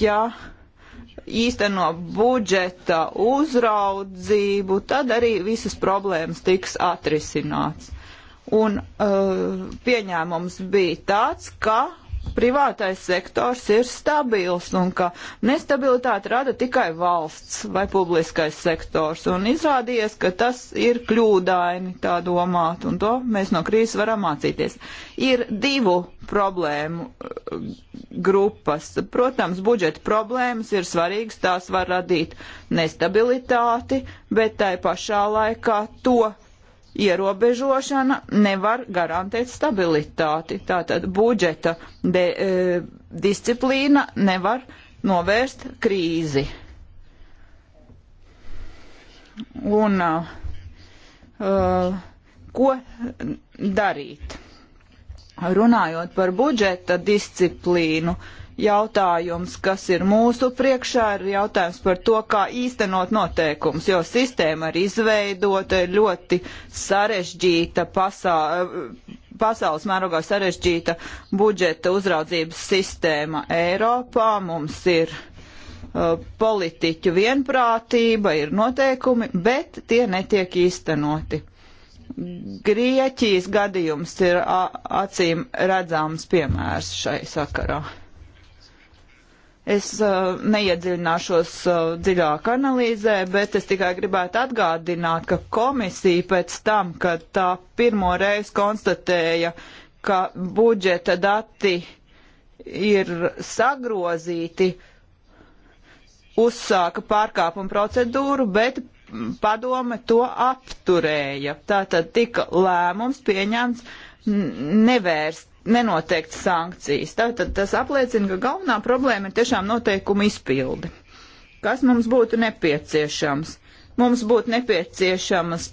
Ja īsteno budžeta uzraudzību, tad arī visas problēmas tiks atrisināts. Un uh, pieņēmums bija tāds, ka privātais sektors ir stabils un ka nestabilitāti rada tikai valsts vai publiskais sektors. Un izrādījies, ka tas ir kļūdaini tā domāt, un to mēs no krīzes varam mācīties. Ir divu problēmu eh, grupas. Protams, budžeta problēmas ir svarīgas, tās var radīt nestabilitāti, bet tai pašā laikā to ierobežošana nevar garantēt stabilitāti. Tātad budžeta de, e, disciplīna nevar novērst krīzi. Un uh, ko darīt? Runājot par budžeta disciplīnu, uh, jautājums, kas ir mūsu priekšā, ir jautājums par to, kā īstenot noteikumus, jo sistēma ir izveidota ļoti sarežģīta pasā, pasaules mērogā sarežģīta budžeta uzraudzības sistēma Eiropā. Mums ir uh, politiķu vienprātība, ir noteikumi, bet tie netiek īstenoti. Grieķijas gadījums ir acīm redzams piemērs šai sakarā. Es uh, neiedziļināšos uh, dziļāk analīzē, bet es tikai gribētu atgādināt, ka komisija pēc tam, kad tā pirmo reizi konstatēja, ka budžeta dati ir sagrozīti, uzsāka pārkāpumu procedūru, bet padome to apturēja. Tātad tika lēmums pieņemts nevērst nenoteikt sankcijas. Tātad tas apliecina, ka galvenā problēma ir tiešām noteikuma izpildi. Kas mums būtu nepieciešams? Mums būtu nepieciešamas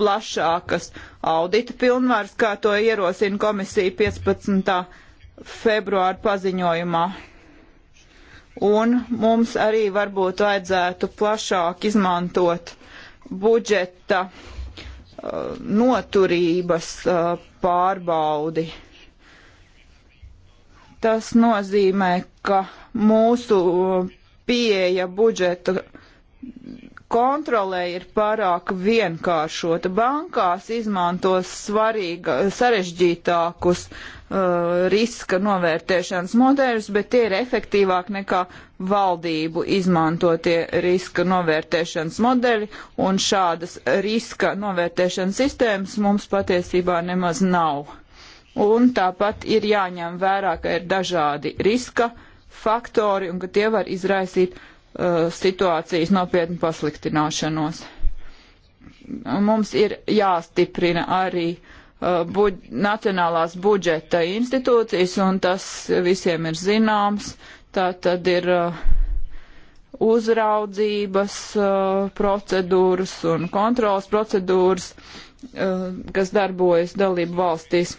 plašākas audita pilnvaras, kā to ierosina komisija 15. februāra paziņojumā. Un mums arī varbūt vajadzētu plašāk izmantot budžeta uh, noturības uh, pārbaudi. Uh, Tas nozīmē, ka mūsu pieeja budžeta kontrolē ir pārāk vienkāršota. Bankās izmantos svarīga, sarežģītākus uh, riska novērtēšanas modeļus, bet tie ir efektīvāk nekā valdību izmantotie riska novērtēšanas modeļi, un šādas riska novērtēšanas sistēmas mums patiesībā nemaz nav. Un tāpat ir jāņem vērā, ka ir dažādi riska faktori un ka tie var izraisīt uh, situācijas nopietnu pasliktināšanos. Mums ir jāstiprina arī uh, buģ nacionālās budžeta institūcijas, un tas visiem ir zināms. Tā tad ir uh, uzraudzības uh, procedūras un kontrolas procedūras, uh, kas darbojas dalību valstīs.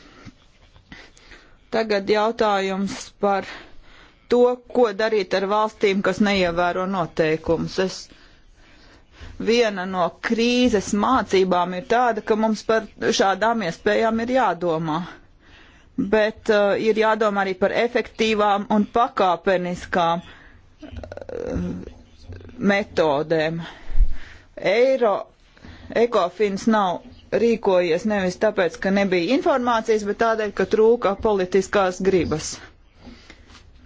Tagad jautājums par to, ko darīt ar valstīm, kas neievēro noteikumus. Es Viena no krīzes mācībām ir tāda, ka mums par šādām iespējām ir jādomā. Bet uh, ir jādomā arī par efektīvām un pakāpeniskām uh, metodēm. Eiro ekofins nav rīkojies nevis tāpēc, ka nebija informācijas, bet tādēļ, ka trūka politiskās gribas.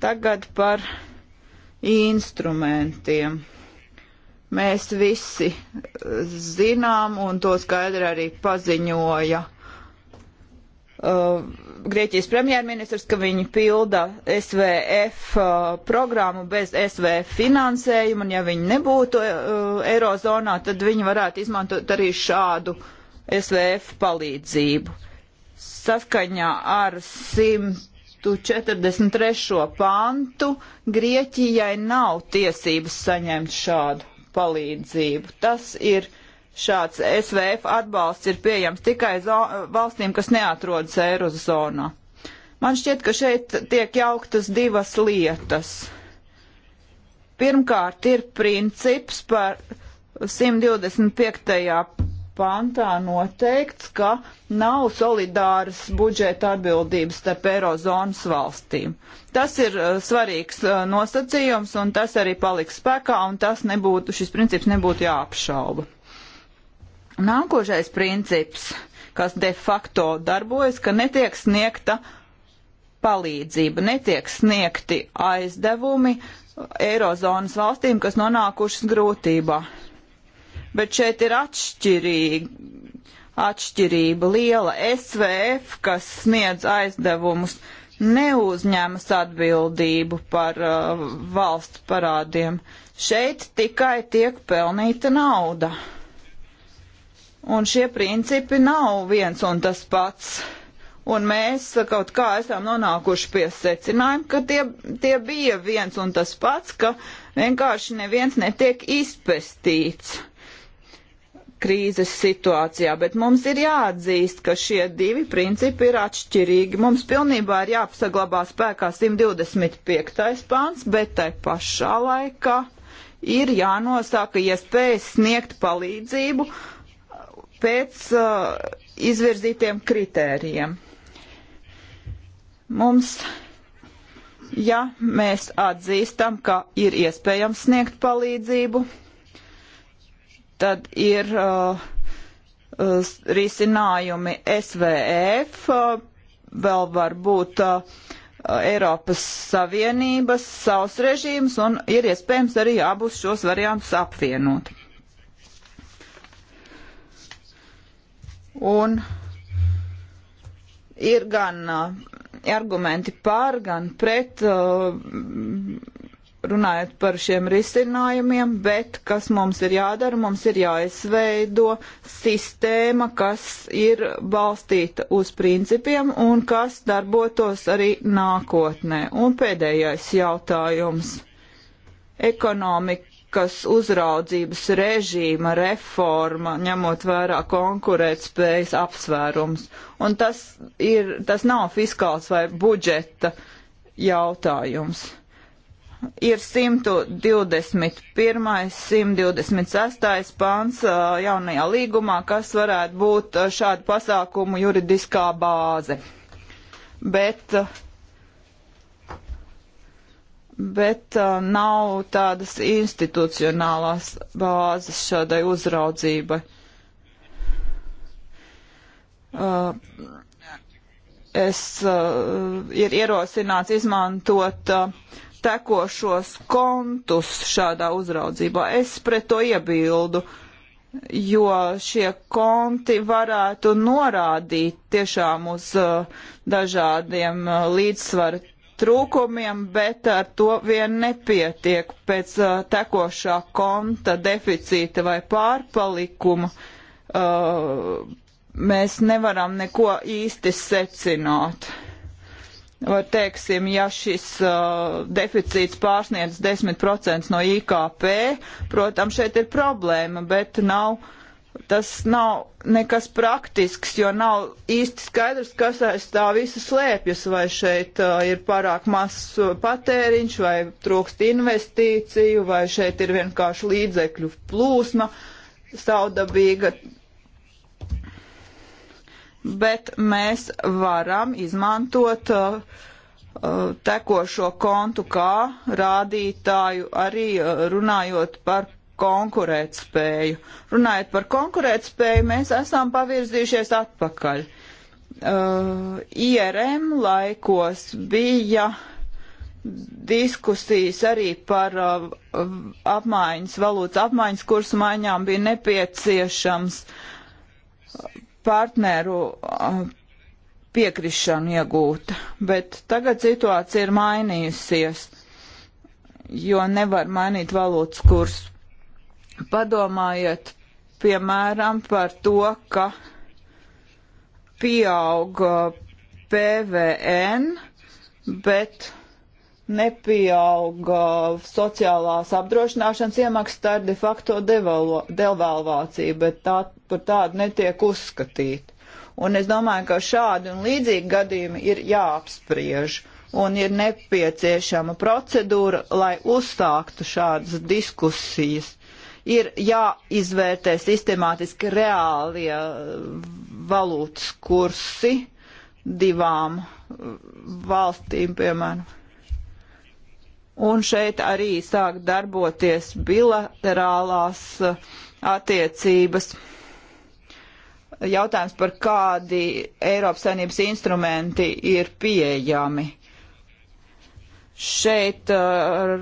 Tagad par instrumentiem. Mēs visi zinām, un to skaidri arī paziņoja uh, Grieķijas premjerministrs, ka viņi pilda SVF uh, programmu bez SVF finansējuma, un ja viņi nebūtu uh, Eirozonā, tad viņi varētu izmantot arī šādu uh, SVF palīdzību. Saskaņā ar 143. pantu Grieķijai nav tiesības saņemt šādu palīdzību. Tas ir šāds SVF atbalsts ir pieejams tikai valstīm, kas neatrodas Eirozonā. Man šķiet, ka šeit tiek jauktas divas lietas. Pirmkārt, ir princips par 125 pantā noteikts, ka nav solidāras budžeta atbildības starp Eirozonas valstīm. Tas ir uh, svarīgs uh, nosacījums, un tas arī paliks spēkā, un tas nebūtu, šis princips nebūtu jāapšauba. Nākošais princips, kas de facto darbojas, ka netiek sniegta palīdzība, netiek sniegti aizdevumi Eirozonas valstīm, kas nonākušas grūtībā. Uh, bet šeit ir atšķirīga, atšķirība liela. SVF, kas sniedz aizdevumus, neuzņemas atbildību par uh, valsts parādiem. Šeit tikai tiek pelnīta nauda. Un šie principi nav viens un tas pats. Un mēs kaut kā esam nonākuši pie secinājuma, ka tie, tie bija viens un tas pats, ka vienkārši neviens netiek izpestīts. Uh, krīzes situācijā, bet mums ir jāatzīst, ka šie divi principi ir atšķirīgi. Mums pilnībā ir jāpasaglabā spēkā 125. pāns, bet tai pašā laikā ir jānosaka iespējas sniegt palīdzību pēc uh, izvirzītiem kritērijiem. Mums, ja mēs atzīstam, ka ir iespējams sniegt palīdzību, tad ir uh, risinājumi SVF, uh, vēl var būt uh, Eiropas Savienības savs režīms un ir iespējams arī abus šos variantus apvienot. Un ir gan uh, argumenti pār, gan pret uh, runājot par šiem risinājumiem, bet kas mums ir jādara, mums ir jāizveido sistēma, kas ir balstīta uz principiem un kas darbotos arī nākotnē. Un pēdējais jautājums - ekonomikas uzraudzības režīma reforma, ņemot vērā konkurētspējas apsvērums. Un tas, ir, tas nav fiskāls vai budžeta jautājums ir 121. 126. pāns jaunajā līgumā, kas varētu būt šādu pasākumu juridiskā bāze. Bet, bet nav tādas institucionālās bāzes šādai uzraudzībai. Uh, es uh, ir ierosināts izmantot uh, tekošos kontus šādā uzraudzībā. Es pret to iebildu, jo šie konti varētu norādīt tiešām uz uh, dažādiem uh, līdzsvaru trūkumiem, bet ar to vien nepietiek pēc uh, tekošā konta deficīta vai pārpalikuma. Uh, mēs nevaram neko īsti secināt. Uh, Vai teiksim, ja šis uh, deficīts pārsniedz 10% no IKP, protams, šeit ir problēma, bet nav, tas nav nekas praktisks, jo nav īsti skaidrs, kas aiz tā visa slēpjas, vai šeit uh, ir pārāk mazs uh, patēriņš, vai trūkst investīciju, vai šeit ir vienkārši līdzekļu plūsma saudabīga bet mēs varam izmantot uh, uh, tekošo kontu kā rādītāju arī uh, runājot par konkurētspēju. Runājot par konkurētspēju, mēs esam pavirzījušies atpakaļ. Uh, IRM laikos bija diskusijas arī par uh, apmaiņas, valūtas apmaiņas kursu maiņām bija nepieciešams uh, partneru piekrišanu iegūta, bet tagad situācija ir mainījusies, jo nevar mainīt valūtas kursu. Padomājiet, piemēram, par to, ka pieauga PVN, bet nepieauga sociālās apdrošināšanas iemaksas, tā ir de facto devalo, devalvācija, bet tā par tādu netiek uzskatīta. Un es domāju, ka šādi un līdzīgi gadījumi ir jāapspriež un ir nepieciešama procedūra, lai uzsāktu šādas diskusijas. Ir jāizvērtē sistemātiski reālie uh, valūtas kursi divām uh, valstīm, piemēram un šeit arī sāk darboties bilaterālās uh, attiecības. Jautājums par kādi Eiropas saimnības instrumenti ir pieejami. Šeit uh,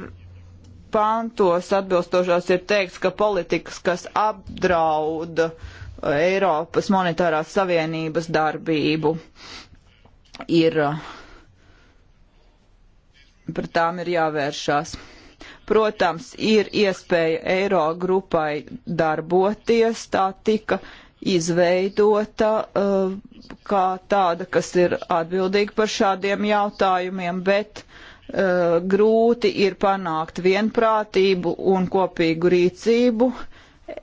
pantos atbilstošās ir teikts, ka politikas, kas apdrauda uh, Eiropas monetārās savienības darbību, ir pret tām ir jāvēršās. Protams, ir iespēja eiro grupai darboties, tā tika izveidota uh, kā tāda, kas ir atbildīga par šādiem jautājumiem, bet uh, grūti ir panākt vienprātību un kopīgu rīcību.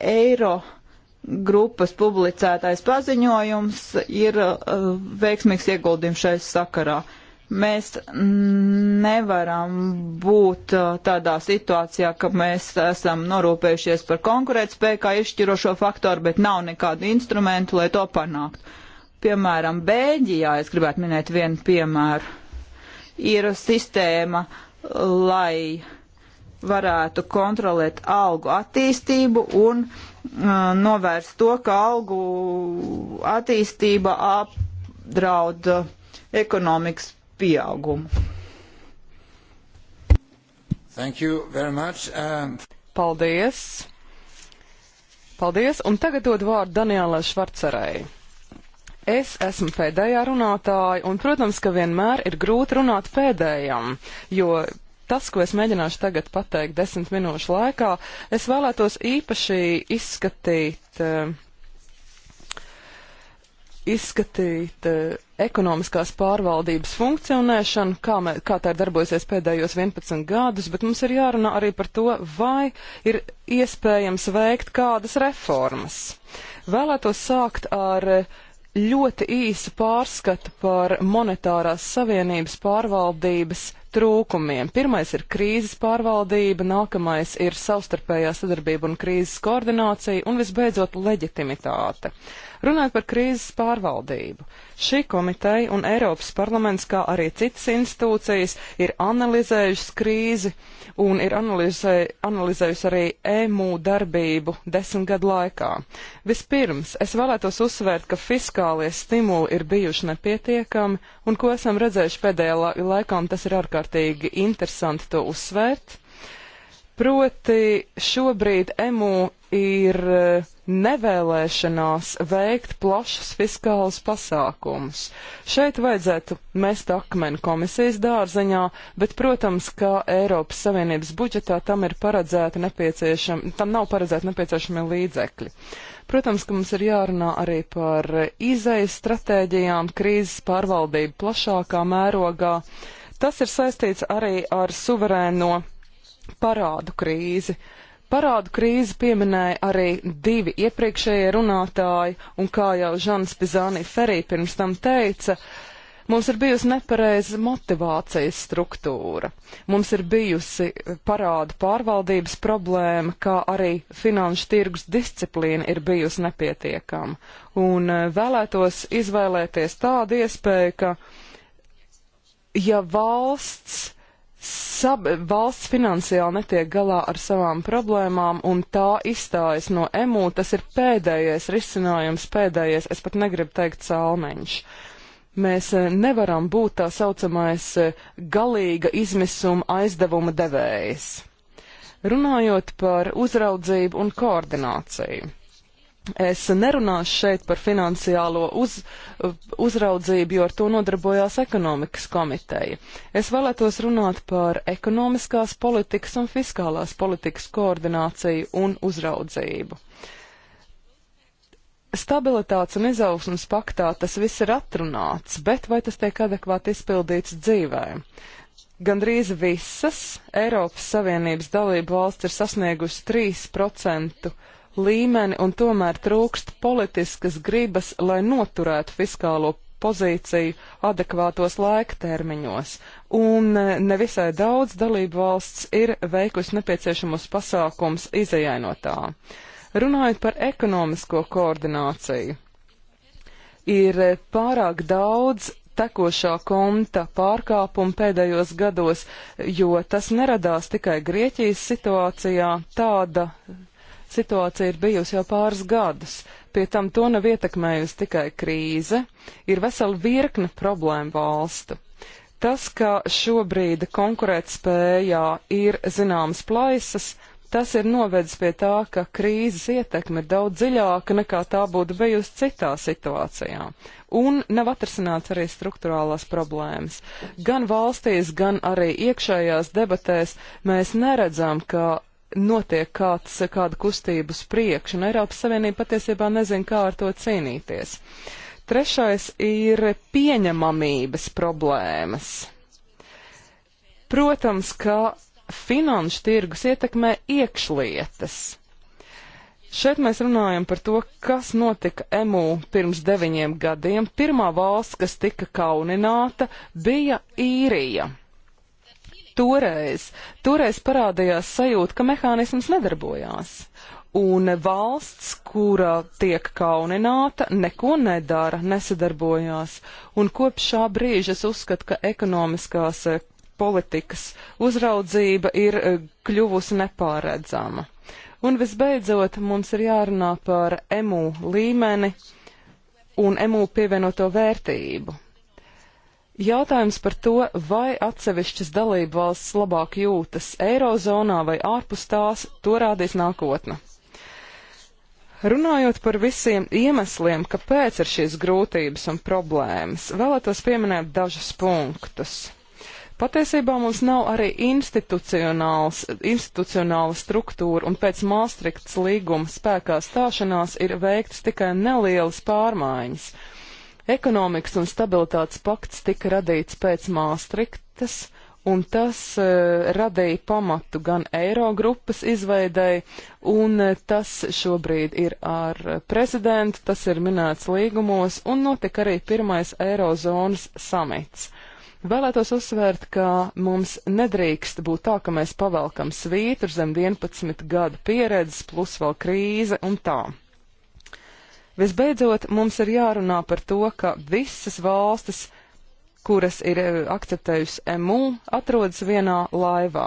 Eiro grupas publicētais paziņojums ir uh, veiksmīgs ieguldījums šai sakarā. Uh, Mēs nevaram būt uh, tādā situācijā, ka mēs esam norūpējušies par konkurētspēju kā izšķirošo faktoru, bet nav nekādu instrumentu, lai to panāktu. Piemēram, Bēļģijā, es gribētu minēt vienu piemēru, ir sistēma, lai varētu kontrolēt algu attīstību un uh, novērst to, ka algu attīstība apdraud ekonomikas pieaugumu.
Thank you very much. Um... Paldies. Paldies, un tagad dod vārdu Danielai Švarcerai. Es esmu pēdējā runātāja, un, protams, ka vienmēr ir grūti runāt pēdējam, jo tas, ko es mēģināšu tagad pateikt desmit minūšu laikā, es vēlētos īpaši izskatīt, eh, izskatīt eh, ekonomiskās pārvaldības funkcionēšanu, kā, mē, kā tā ir darbojusies pēdējos 11 gadus, bet mums ir jārunā arī par to, vai ir iespējams veikt kādas reformas. Vēlētos sākt ar ļoti īsu pārskatu par monetārās savienības pārvaldības trūkumiem. Pirmais ir krīzes pārvaldība, nākamais ir savstarpējā sadarbība un krīzes koordinācija, un visbeidzot leģitimitāte. Runājot par krīzes pārvaldību, šī komiteja un Eiropas parlaments, kā arī citas institūcijas, ir analizējušas krīzi un ir analizē, analizējusi arī EMU darbību desmit gadu laikā. Vispirms, es vēlētos uzsvērt, ka fiskālie stimuli ir bijuši nepietiekami, un ko esam redzējuši pēdējā laikā, un tas ir ārkārtīgi interesanti to uzsvērt Proti šobrīd EMU ir eh, nevēlēšanās veikt plašus fiskālus pasākumus. Šeit vajadzētu mest akmeni komisijas dārziņā, bet, protams, ka Eiropas Savienības budžetā tam, ir nepieciešam, tam nav paredzēti nepieciešami līdzekļi. Protams, ka mums ir jārunā arī par izejas stratēģijām, krīzes pārvaldību plašākā mērogā. Tas ir saistīts arī ar suverēno parādu krīzi. Parādu krīzi pieminēja arī divi iepriekšējie runātāji, un kā jau Žans Pizānī Ferī pirms tam teica, mums ir bijusi nepareiza motivācijas struktūra. Mums ir bijusi parādu pārvaldības problēma, kā arī finanšu tirgus disciplīna ir bijusi nepietiekama. Un eh, vēlētos izvēlēties tādu iespēju, ka ja valsts sab, valsts finansiāli netiek galā ar savām problēmām un tā izstājas no emū, tas ir pēdējais risinājums, pēdējais, es pat negribu teikt salmeņš. Mēs eh, nevaram būt tā saucamais eh, galīga izmisuma aizdevuma devējs. Runājot par uzraudzību un koordināciju. Es nerunāšu šeit par finansiālo uz, uzraudzību, jo ar to nodarbojās ekonomikas komiteja. Es vēlētos runāt par ekonomiskās politikas un fiskālās politikas koordināciju un uzraudzību. Stabilitātes un izaugsmas paktā tas viss ir atrunāts, bet vai tas tiek adekvāti izpildīts dzīvē? Gandrīz visas Eiropas Savienības dalību valsts ir sasniegusi 3% līmeni, un tomēr trūkst politiskas gribas, lai noturētu fiskālo pozīciju adekvātos laika termiņos, un e, nevisai daudz dalību valsts ir veikusi nepieciešamos pasākums izējai no tā. Runājot par ekonomisko koordināciju, ir e, pārāk daudz tekošā konta pārkāpumu pēdējos gados, jo tas neradās tikai Grieķijas situācijā, tāda situācija ir bijusi jau pāris gadus. Pie tam to nav ietekmējusi tikai krīze, ir vesela virkne problēmu valstu. Tas, ka šobrīd konkurētspējā ir zināmas plaisas, tas ir novedis pie tā, ka krīzes ietekme ir daudz dziļāka nekā tā būtu bijusi citā situācijā. Un nav atrasināts arī struktūrālās problēmas. Gan valstīs, gan arī iekšējās debatēs mēs neredzam, ka notiek kāds, kāda kustība uz priekšu, un Eiropas Savienība patiesībā nezin, kā ar to cīnīties. Trešais ir pieņemamības problēmas. Protams, ka finanšu tirgus ietekmē iekšlietas. Šeit mēs runājam par to, kas notika EMU pirms deviņiem gadiem. Pirmā valsts, kas tika kaunināta, bija īrija toreiz, toreiz parādījās sajūta, ka mehānisms nedarbojās. Un valsts, kura tiek kaunināta, neko nedara, nesadarbojās. Un kopš šā brīža es uzskatu, ka ekonomiskās eh, politikas uzraudzība ir eh, kļuvusi nepāredzama. Un visbeidzot, mums ir jārunā par emu līmeni un emu pievienoto vērtību. Jautājums par to, vai atsevišķas dalību valsts labāk jūtas eirozonā vai ārpus tās, to rādīs nākotne. Runājot par visiem iemesliem, kāpēc ir šīs grūtības un problēmas, vēlētos pieminēt dažus punktus. Patiesībā mums nav arī institucionāla struktūra, un pēc Maastrichtas līguma spēkā stāšanās ir veikts tikai nelielas pārmaiņas Ekonomikas un stabilitātes pakts tika radīts pēc Māstriktas, un tas uh, radīja pamatu gan Eirogrupas izveidai, un e, tas šobrīd ir ar prezidentu, tas ir minēts līgumos, un notika arī pirmais Eirozonas samits. Vēlētos uzsvērt, ka mums nedrīkst būt tā, ka mēs pavelkam svītru zem 11 gadu pieredzes, plus vēl krīze un tā. Visbeidzot, mums ir jārunā par to, ka visas valstis, kuras ir e, akceptējusi MU, atrodas vienā laivā.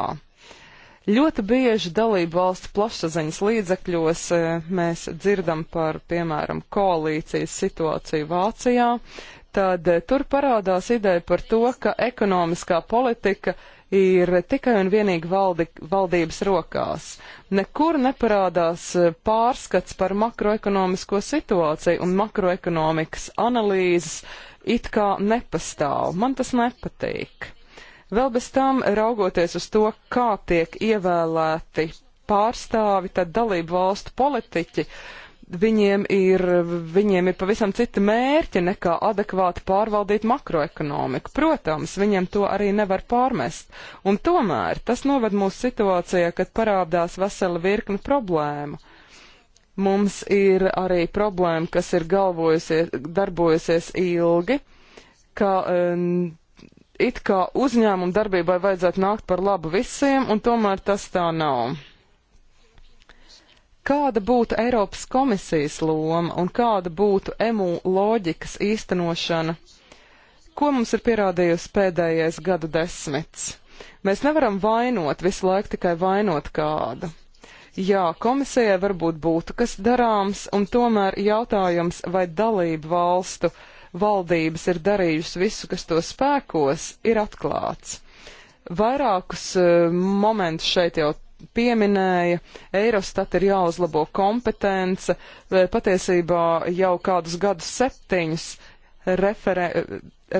Ļoti bieži dalību valstu plašsaziņas līdzekļos e, mēs dzirdam par, piemēram, koalīcijas situāciju Vācijā, tad e, tur parādās ideja par to, ka ekonomiskā politika uh, ir tikai un vienīgi valdi, valdības rokās. Nekur neparādās e, pārskats par makroekonomisko situāciju un makroekonomikas analīzes it kā nepastāv. Man tas nepatīk. Vēl bez tam, raugoties uz to, kā tiek ievēlēti pārstāvi, tad dalību valstu politiķi, uh, viņiem ir, viņiem ir pavisam citi mērķi nekā adekvāti pārvaldīt makroekonomiku. Protams, viņiem to arī nevar pārmest. Un tomēr tas noved mūsu situācijā, kad parādās vesela virkna problēmu. Mums ir arī problēma, kas ir galvojusies, darbojusies ilgi, ka um, it kā uzņēmumu darbībai vajadzētu nākt par labu visiem, un tomēr tas tā nav. Kāda būtu Eiropas komisijas loma un kāda būtu emu loģikas īstenošana? Ko mums ir pierādījusi pēdējais gadu desmits? Mēs nevaram vainot, visu laiku tikai vainot kādu. Jā, komisijai varbūt būtu kas darāms, un tomēr jautājums, vai dalību valstu valdības ir darījusi visu, kas to spēkos, ir atklāts. Vairākus uh, momentus šeit jau pieminēja, Eirostat ir jāuzlabo kompetence, patiesībā jau kādus gadus septiņus refere,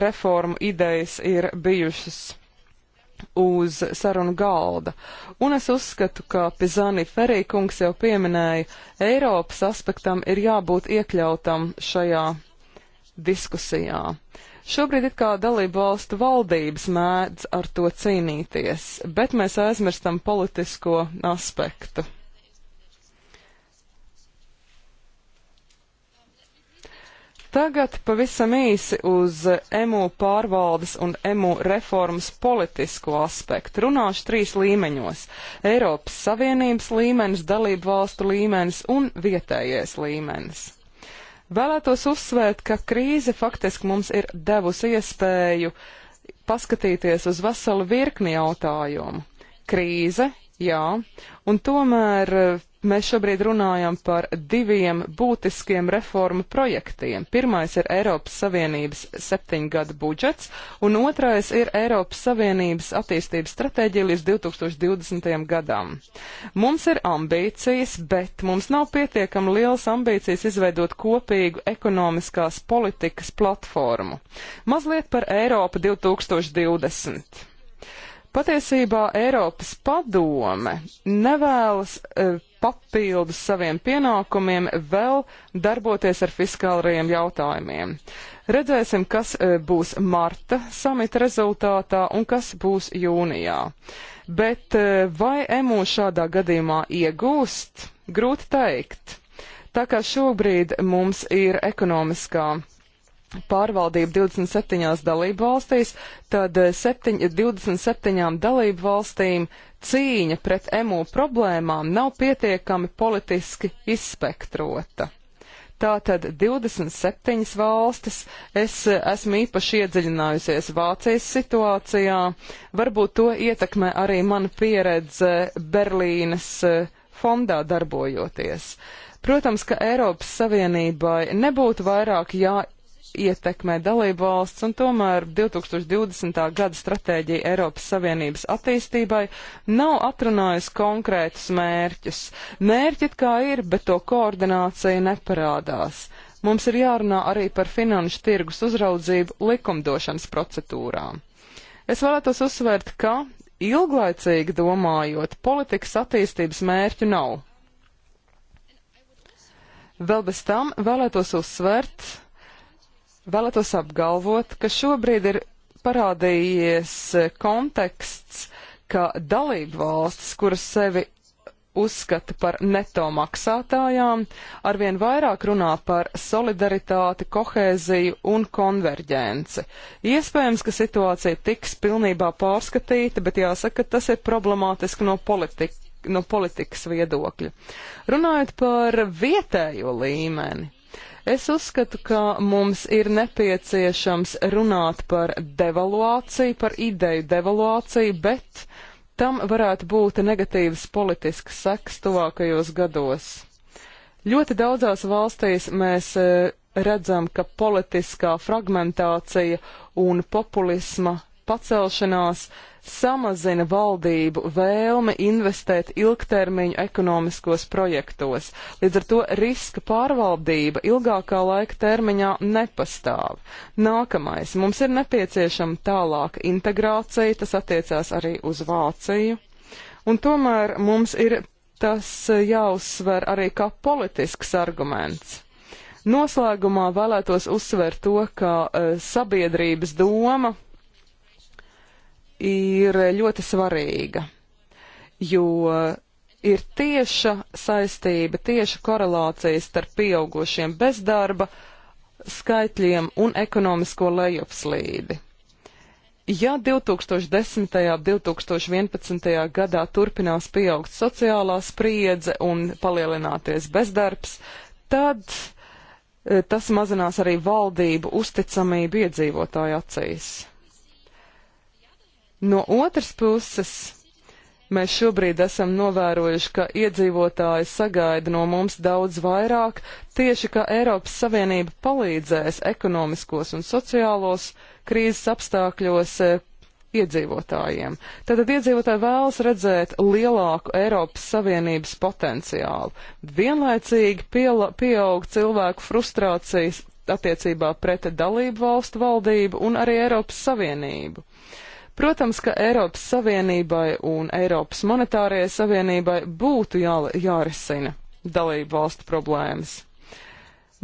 reformu idejas ir bijušas uz sarunu galda. Un es uzskatu, ka Pizani Ferīkungs jau pieminēja, Eiropas aspektam ir jābūt iekļautam šajā diskusijā. Uh, Šobrīd it kā dalību valstu valdības mēdz ar to cīnīties, bet mēs aizmirstam politisko aspektu. Tagad pavisam īsi uz emu pārvaldes un emu reformas politisko aspektu. Runāšu trīs līmeņos - Eiropas Savienības līmenis, dalību valstu līmenis un vietējais līmenis. Vēlētos uzsvērt, ka krīze faktiski mums ir devusi iespēju paskatīties uz veselu virkni jautājumu. Krīze, jā, un tomēr Mēs šobrīd runājam par diviem būtiskiem reformu projektiem. Pirmais ir Eiropas Savienības septiņgada budžets, un otrais ir Eiropas Savienības attīstības stratēģija līdz 2020. gadam. Mums ir ambīcijas, bet mums nav pietiekami liels ambīcijas izveidot kopīgu ekonomiskās politikas platformu. Mazliet par Eiropu 2020 patiesībā Eiropas padome nevēlas e, papildus saviem pienākumiem vēl darboties ar fiskālajiem jautājumiem. Redzēsim, kas e, būs marta samita rezultātā un kas būs jūnijā. Bet e, vai EMU šādā gadījumā iegūst? Grūti teikt. Tā kā šobrīd mums ir ekonomiskā pārvaldību 27 dalību valstīs, tad 7, e, 27 dalību valstīm cīņa pret emo problēmām nav pietiekami politiski izspektrota. Tātad 27 valstis, es esmu īpaši iedziļinājusies Vācijas situācijā, varbūt to ietekmē arī mana pieredze Berlīnas e, fondā darbojoties. Protams, ka Eiropas Savienībai nebūtu vairāk jā, ietekmē dalību valsts, un tomēr 2020. gada stratēģija Eiropas Savienības attīstībai nav atrunājusi konkrētus mērķus. Mērķi kā ir, bet to koordinācija neparādās. Mums ir jārunā arī par finanšu tirgus uzraudzību likumdošanas procedūrām. Es vēlētos uzsvērt, ka ilglaicīgi domājot, politikas attīstības mērķu nav. Vēl bez tam vēlētos uzsvērt, Vēlētos apgalvot, ka šobrīd ir parādījies konteksts, ka dalību valstis, kuras sevi uzskata par neto maksātājām, arvien vairāk runā par solidaritāti, kohēziju un konverģenci. Iespējams, ka situācija tiks pilnībā pārskatīta, bet jāsaka, ka tas ir problemātiski no politika no politikas viedokļa. Runājot par vietējo līmeni, Es uzskatu, ka mums ir nepieciešams runāt par devaluāciju, par ideju devaluāciju, bet tam varētu būt negatīvas politiskas sekas tuvākajos gados. Ļoti daudzās valstīs mēs eh, redzam, ka politiskā fragmentācija un populisma pacelšanās samazina valdību vēlme investēt ilgtermiņu ekonomiskos projektos. Līdz ar to riska pārvaldība ilgākā laika termiņā nepastāv. Nākamais. Mums ir nepieciešama tālāka integrācija, tas attiecās arī uz Vāciju. Un tomēr mums ir tas jāuzsver arī kā politisks arguments. Noslēgumā vēlētos uzsvērt to, ka e, sabiedrības doma ir ļoti svarīga, jo ir tieša saistība, tieša korelācija starp pieaugušiem bezdarba skaitļiem un ekonomisko lejupslīdi. Ja 2010. un 2011. gadā turpinās pieaugt sociālā spriedze un palielināties bezdarbs, tad eh, tas mazinās arī valdību uzticamību iedzīvotāju acīs. No otras puses, mēs šobrīd esam novērojuši, ka iedzīvotāji sagaida no mums daudz vairāk, tieši ka Eiropas Savienība palīdzēs ekonomiskos un sociālos krīzes apstākļos eh, iedzīvotājiem. Tātad iedzīvotāji vēlas redzēt lielāku Eiropas Savienības potenciālu. Vienlaicīgi piela, pieaug cilvēku frustrācijas attiecībā pret dalību valstu valdību un arī Eiropas Savienību. Protams, ka Eiropas Savienībai un Eiropas monetārajai savienībai būtu jā, jārisina dalību valstu problēmas.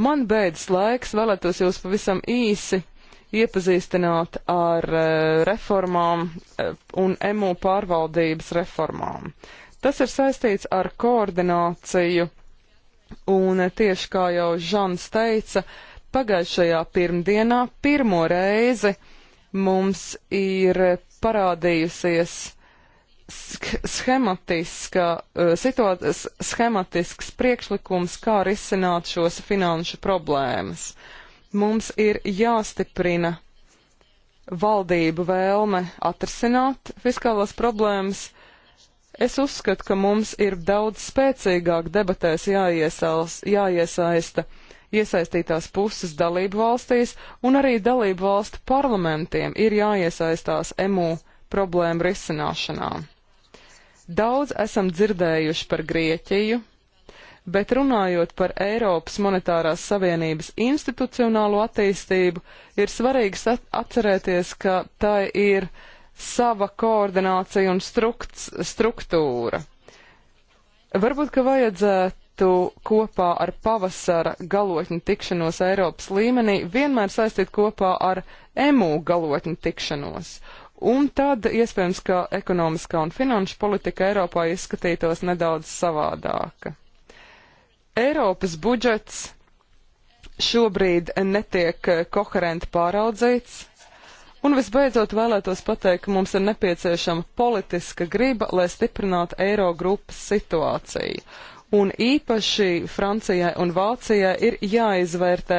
Man beidzas laiks, vēlētos jūs pavisam īsi iepazīstināt ar eh, reformām eh, un emu pārvaldības reformām. Tas ir saistīts ar koordināciju, un tieši kā jau Žans teica, pagājušajā pirmdienā pirmo reizi uh, mums ir parādījusies schematiska, uh, situācijas, schematisks priekšlikums, kā risināt šos finanšu problēmas. Mums ir jāstiprina valdību vēlme atrisināt fiskālās problēmas. Es uzskatu, ka mums ir daudz spēcīgāk debatēs jāiesaista iesaistītās puses dalību valstīs, un arī dalību valstu parlamentiem ir jāiesaistās EMU problēmu risināšanā. Daudz esam dzirdējuši par Grieķiju, bet runājot par Eiropas monetārās savienības institucionālo attīstību, ir svarīgi atcerēties, ka tai ir sava koordinācija un strukt, struktūra. Varbūt, ka vajadzētu lietu kopā ar pavasara galotņu tikšanos Eiropas līmenī vienmēr saistīt kopā ar emu galotņu tikšanos. Un tad iespējams, ka ekonomiskā un finanšu politika Eiropā izskatītos nedaudz savādāka. Eiropas budžets šobrīd netiek eh, koherenti pāraudzīts, Un visbeidzot vēlētos pateikt, ka mums ir nepieciešama politiska griba, lai stiprinātu eiro grupas situāciju un īpaši Francijai un Vācijai ir jāizvērtē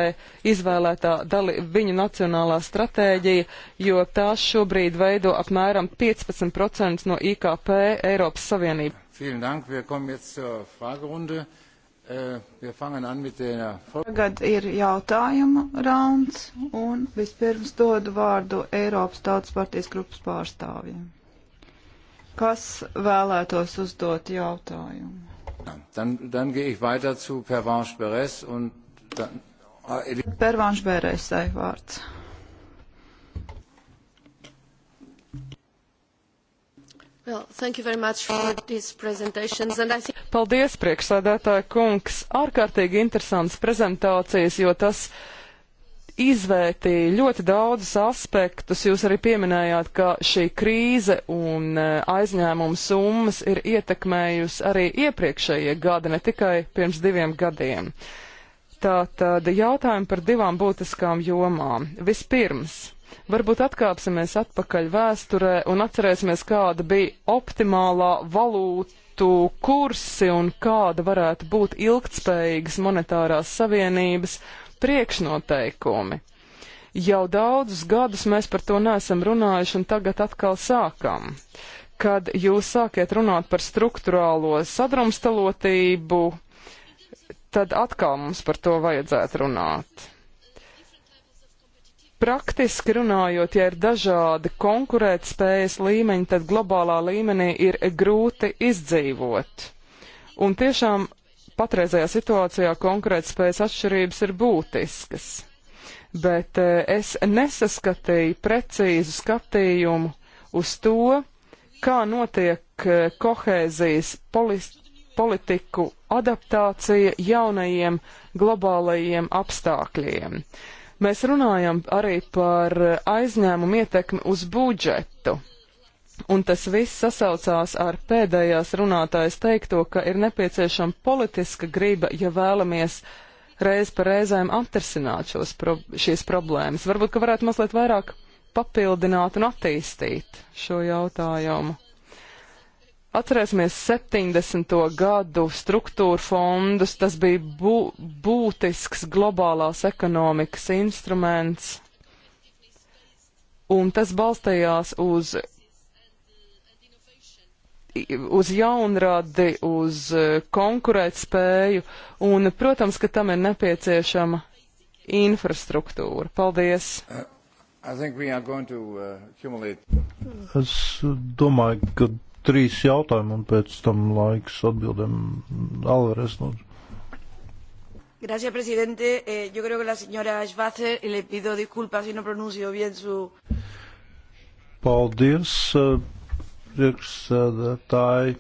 izvēlētā dali, viņu nacionālā stratēģija, jo tās šobrīd veido apmēram 15% no
IKP Eiropas Savienībā. Äh,
Tagad ir jautājuma rauns, un vispirms dodu vārdu Eiropas Tautas partijas grupas pārstāvjiem. Kas vēlētos uzdot jautājumu?
Dann, dann gehe ich weiter zu
Pervanche Beres und dann... Ah, Pervanche Beresai vārds.
Well, think... Paldies, priekšsēdētāja kungs. Ārkārtīgi interesants prezentācijas, jo tas uh, izvērtīja ļoti daudzus aspektus. Jūs arī pieminējāt, ka šī krīze un e, aizņēmuma summas ir ietekmējusi arī iepriekšējie gadi, ne tikai pirms diviem gadiem. Tātad jautājumi par divām būtiskām jomām. Vispirms, varbūt atkāpsimies atpakaļ vēsturē un atcerēsimies, kāda bija optimālā valūta valūtu kursi un kāda varētu būt ilgtspējīgas monetārās savienības priekšnoteikumi. Jau daudzus gadus mēs par to neesam runājuši un tagad atkal sākam. Kad jūs sākiet runāt par struktūrālo sadrumstalotību, tad atkal mums par to vajadzētu runāt. Praktiski runājot, ja ir dažādi konkurētspējas līmeņi, tad globālā līmenī ir grūti izdzīvot. Un tiešām patreizajā situācijā konkurētspējas atšķirības ir būtiskas, bet eh, es nesaskatīju precīzu skatījumu uz to, kā notiek eh, kohēzijas politiku adaptācija jaunajiem globālajiem apstākļiem. Mēs runājam arī par eh, aizņēmumu ietekmi uz budžetu. Un tas viss sasaucās ar pēdējās runātājas teikto, ka ir nepieciešama politiska griba, ja vēlamies reiz par reizēm atrisināt pro šīs problēmas. Varbūt, ka varētu mazliet vairāk papildināt un attīstīt šo jautājumu. Atcerēsimies 70. gadu struktūru fondus, tas bija bū būtisks globālās ekonomikas instruments, un tas balstījās uz uz jaunradi, uz eh, konkurētspēju, un, protams, ka tam ir nepieciešama infrastruktūra. Paldies! Uh,
uh, es domāju, ka trīs jautājumi un pēc tam laiks atbildēm Alvarez lūdzu. Gracias, presidente. Eh, yo creo que la señora Schwarzer, y le pido disculpas si no pronuncio bien su. Paldies, eh, priekšsēdētāji.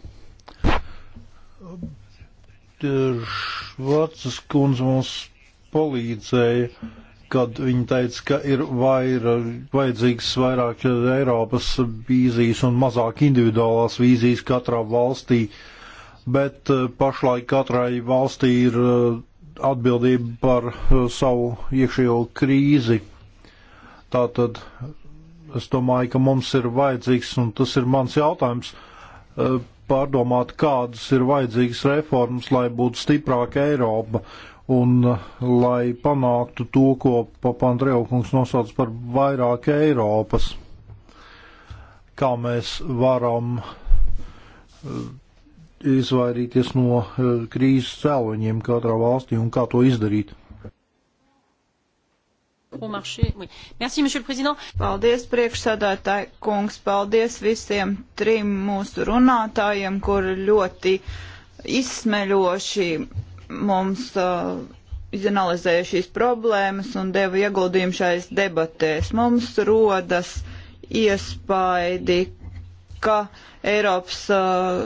Švarcas kundze mums palīdzēja, kad viņa teica, ka ir vaira, vajadzīgs vairāk Eiropas vīzijas un mazāk individuālās vīzijas katrā valstī, bet eh, pašlaik katrai valstī ir eh, atbildība par eh, savu iekšējo krīzi. Tātad es domāju, ka mums ir vajadzīgs, un tas ir mans jautājums, eh, pārdomāt, kādas ir vajadzīgas reformas, lai būtu stiprāka Eiropa un eh, lai panāktu to, ko Papandreukungs nosauc par vairāk Eiropas. Kā mēs varam eh, izvairīties no krīzes cēloņiem katrā valstī un kā to izdarīt.
Paldies, priekšsādātāji kungs, paldies visiem trim mūsu runātājiem, kur ļoti izsmeļoši mums uh, izanalizēja šīs problēmas un deva ieguldījumu šais debatēs. Mums rodas iespaidi, ka Eiropas. Uh,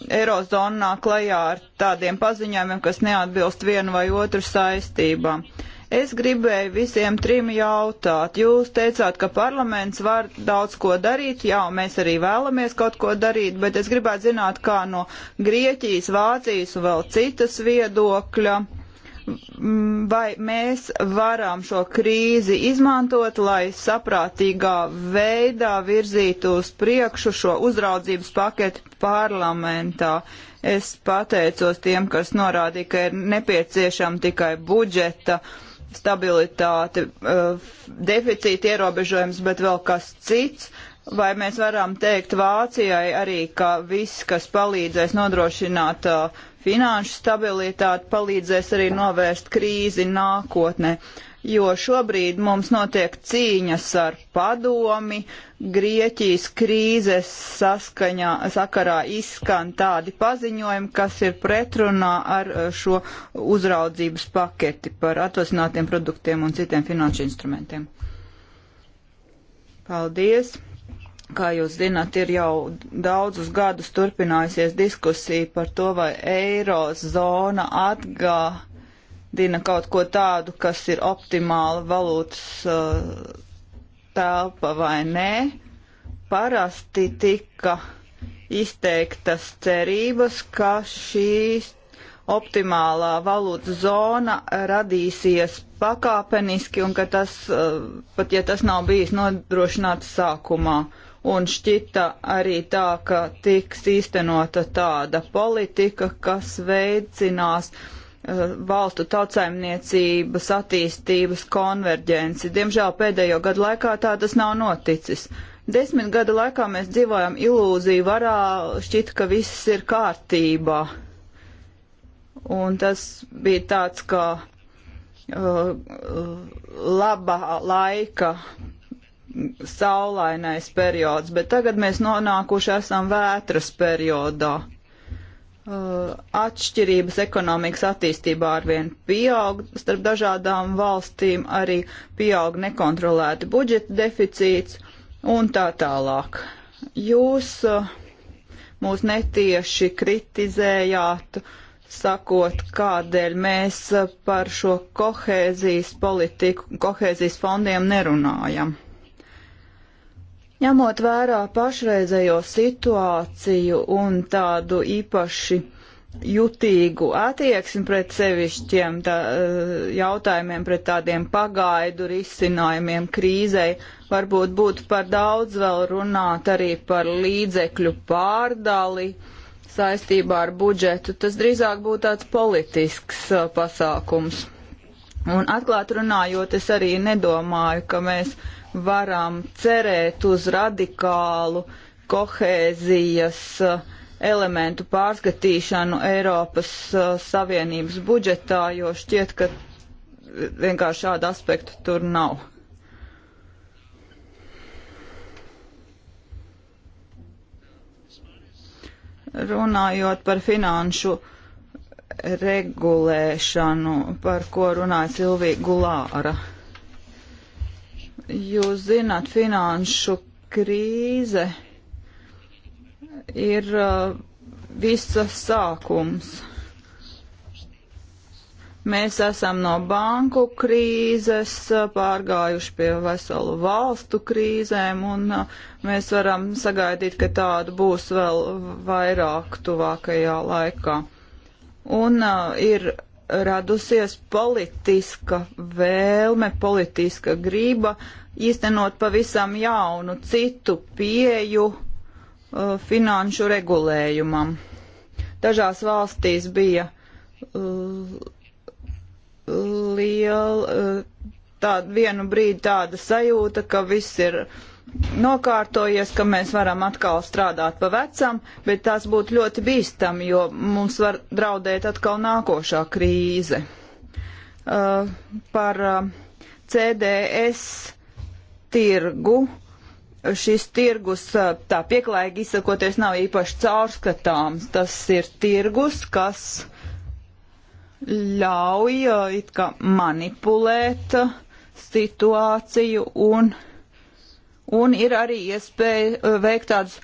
Eirozonā klajā ar tādiem paziņojumiem, kas neatbilst vienu vai otru saistībām. Uh, Es gribēju visiem trim jautāt. Jūs teicāt, ka parlaments var daudz ko darīt. Jā, mēs arī vēlamies kaut ko darīt, bet es gribētu zināt, kā no Grieķijas, Vācijas un vēl citas viedokļa. Vai mēs varam šo krīzi izmantot, lai saprātīgā veidā virzītu uz priekšu šo uzraudzības paketi parlamentā? Es pateicos tiem, kas norādīja, ka ir nepieciešama tikai budžeta uh, stabilitāti, uh, deficīta ierobežojums, bet vēl kas cits. Vai mēs varam teikt Vācijai arī, ka viss, kas palīdzēs nodrošināt uh, finanšu stabilitāti, palīdzēs arī novērst krīzi nākotnē? Uh, jo šobrīd mums notiek cīņas ar padomi, Grieķijas krīzes saskaņā, sakarā izskan tādi paziņojumi, kas ir pretrunā ar eh, šo uzraudzības paketi par atvasinātiem produktiem un citiem finanšu instrumentiem. Paldies! Kā jūs zināt, ir jau daudzus gadus turpinājusies diskusija par to, vai eirozona atgā dina kaut ko tādu, kas ir optimāla valūtas uh, telpa vai nē, parasti tika izteiktas cerības, ka šī optimālā valūtas zona radīsies pakāpeniski un ka tas, uh, pat ja tas nav bijis nodrošināts sākumā, un šķita arī tā, ka tiks īstenota tāda politika, kas veicinās uh, Eh, valstu tautsaimniecības attīstības konverģenci. Diemžēl pēdējo gadu laikā tā tas nav noticis. Desmit gadu laikā mēs dzīvojam ilūziju varā, šķita, ka viss ir kārtībā. Un tas bija tāds, ka uh, eh, laba laika saulainais periods, bet tagad mēs nonākuši esam vētras periodā. Uh, Uh, atšķirības ekonomikas attīstībā arvien pieaug, starp dažādām valstīm arī pieaug nekontrolēti budžeta deficīts un tā tālāk. Jūs uh, mūs netieši kritizējāt, sakot, kādēļ mēs uh, par šo kohēzijas politiku, kohēzijas fondiem nerunājam. Ņemot vērā pašreizējo situāciju un tādu īpaši jutīgu attieksmi pret sevišķiem tā, eh, jautājumiem, pret tādiem pagaidu risinājumiem krīzei. Varbūt būtu par daudz vēl runāt arī par līdzekļu pārdali saistībā ar budžetu. Tas drīzāk būtu tāds politisks eh, pasākums. Un atklāt runājot, es arī nedomāju, ka mēs varam cerēt uz radikālu kohēzijas eh, elementu pārskatīšanu Eiropas eh, Savienības budžetā, jo šķiet, ka eh, vienkārši šādu aspektu tur nav. Runājot par finanšu regulēšanu, par ko runāja Silvija Gulāra jūs zināt, finanšu krīze ir uh, visa sākums. Mēs esam no banku krīzes uh, pārgājuši pie veselu valstu krīzēm, un uh, mēs varam sagaidīt, ka tādu būs vēl vairāk tuvākajā laikā. Un uh, ir radusies politiska vēlme, politiska grība īstenot pavisam jaunu citu pieju uh, finanšu regulējumam. Dažās valstīs bija uh, liela, uh, tāda vienu brīdi tāda sajūta, ka viss ir uh, nokārtojies, ka mēs varam atkal strādāt pa vecam, bet tas būtu ļoti bīstami, jo mums var draudēt atkal nākošā krīze. Uh, par uh, CDS tirgu. Šis tirgus, uh, tā pieklājīgi izsakoties, nav īpaši caurskatāms. Tas ir tirgus, kas ļauj uh, it kā manipulēt situāciju un uh, un ir arī iespēja uh, veikt tādas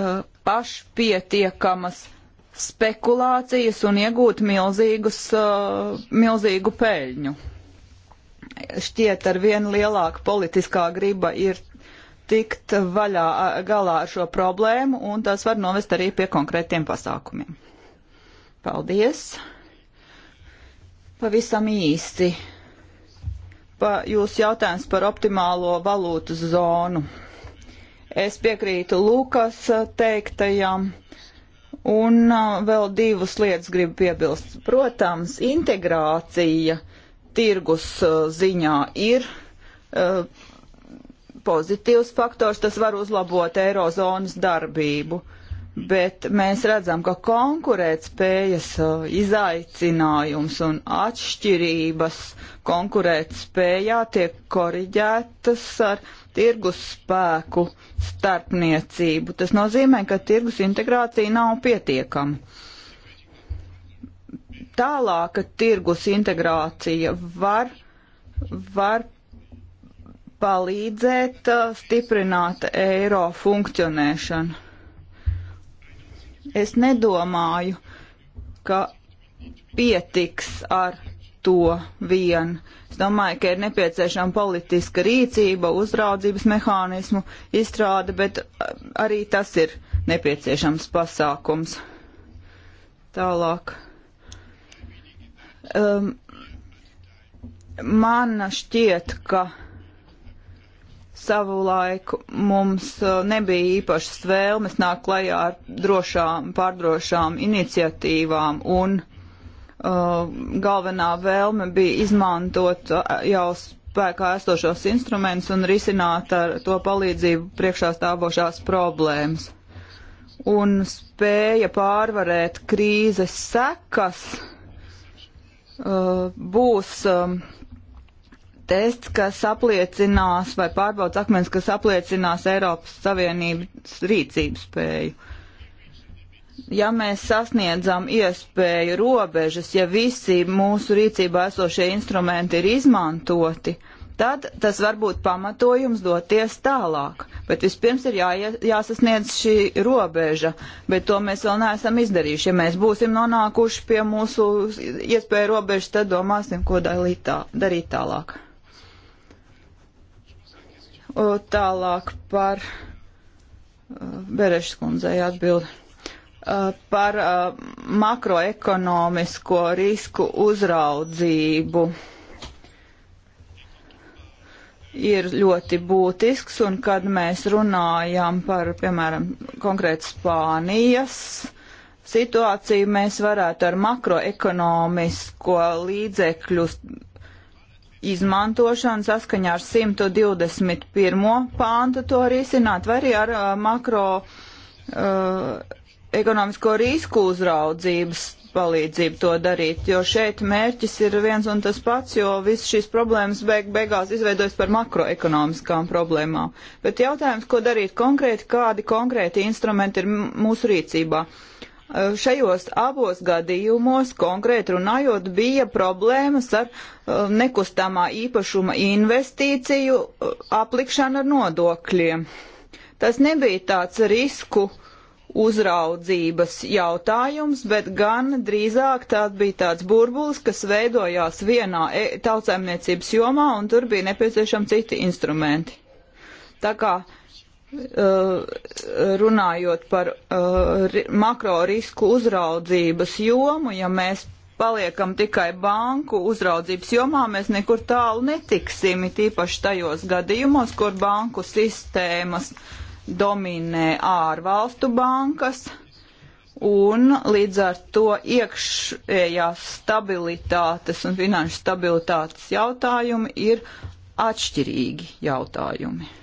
uh, pašpietiekamas spekulācijas un iegūt milzīgus, uh, milzīgu peļņu. Šķiet, ar vien lielāku politiskā griba ir tikt vaļā uh, galā ar šo problēmu, un tas var novest arī pie konkrētiem pasākumiem. Paldies! Pavisam īsti pa jūsu jautājums par optimālo valūtas zonu. Es piekrītu Lukas teiktajam. Un vēl divas lietas gribu piebilst. Protams, integrācija tirgus ziņā ir uh, pozitīvs faktors, tas var uzlabot eirozonas darbību. Uh, bet mēs redzam, ka konkurētspējas izaicinājums un atšķirības konkurētspējā tiek koriģētas ar tirgus spēku starpniecību. Tas nozīmē, ka tirgus integrācija nav pietiekama. Tālāka tirgus integrācija var, var palīdzēt stiprināt eiro funkcionēšanu Es nedomāju, ka pietiks ar to vien. Es domāju, ka ir nepieciešama politiska rīcība, uzraudzības mehānismu izstrāde, bet arī tas ir nepieciešams pasākums. Tālāk. Um, man šķiet, ka savu laiku mums uh, nebija īpašas vēlmes nākt klajā ar drošām, pārdrošām iniciatīvām un uh, galvenā vēlme bija izmantot uh, jau spēkā esošos instrumentus un risināt ar to palīdzību priekšā stāvošās problēmas. Un spēja pārvarēt krīzes sekas uh, būs um, uh, tests, kas apliecinās vai pārbaudas akmens, kas apliecinās Eiropas Savienības rīcības spēju. Ja mēs sasniedzam iespēju robežas, ja visi mūsu rīcībā esošie instrumenti ir izmantoti, tad tas var būt pamatojums doties tālāk. Bet vispirms ir jā, jāsasniedz šī robeža, bet to mēs vēl neesam izdarījuši. Ja mēs būsim nonākuši pie mūsu iespēju robežas, tad domāsim, ko dalīt tā, darīt tālāk. Tālāk par Berešas kundzei atbildi. Par makroekonomisko risku uzraudzību ir ļoti būtisks, un kad mēs runājam par, piemēram, konkrēti Spānijas situāciju, mēs varētu ar makroekonomisko līdzekļu izmantošanu saskaņā ar 121. pāntu to risināt, vai arī ar uh, makro uh, ekonomisko risku uzraudzības palīdzību to darīt, jo šeit mērķis ir viens un tas pats, jo viss šīs problēmas beig beigās izveidojas par makroekonomiskām problēmām. Bet jautājums, ko darīt konkrēti, kādi konkrēti instrumenti ir mūsu rīcībā. Uh, Eh, šajos abos gadījumos, konkrēti runājot, bija problēmas ar eh, nekustamā īpašuma investīciju eh, aplikšanu ar nodokļiem. Tas nebija tāds risku uzraudzības jautājums, bet gan drīzāk tāds bija tāds burbulis, kas veidojās vienā e tautsēmniecības jomā, un tur bija nepieciešami citi instrumenti. Tā kā uh, Uh, runājot par uh, makro risku uzraudzības jomu, ja mēs paliekam tikai banku uzraudzības jomā, mēs nekur tālu netiksim, it īpaši tajos gadījumos, kur banku sistēmas dominē ārvalstu bankas, un līdz ar to iekšējās stabilitātes un finanšu stabilitātes jautājumi ir atšķirīgi jautājumi.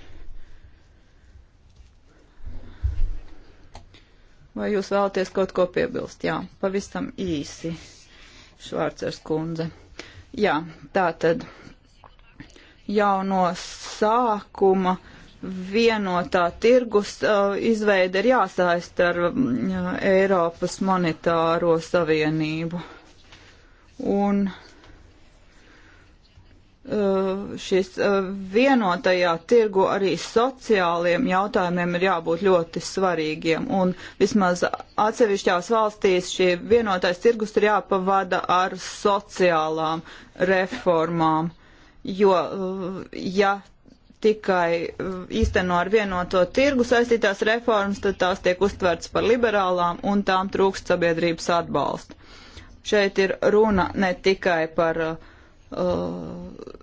Vai jūs vēlaties kaut ko piebilst? Jā, pavisam īsi, Švārcers kundze. Jā, tā tad jau no sākuma vienotā tirgus uh, izveida ir jāsaist ar uh, Eiropas monetāro savienību. Un uh, Eh, šis eh, vienotajā tirgu arī sociāliem jautājumiem ir jābūt ļoti svarīgiem. Un vismaz atsevišķās valstīs šie vienotais tirgus ir jāpavada ar sociālām reformām, jo eh, ja tikai īsteno ar vienoto tirgu saistītās reformas, tad tās tiek uztverts par liberālām un tām trūkst sabiedrības atbalsta. Šeit ir runa ne tikai par uh,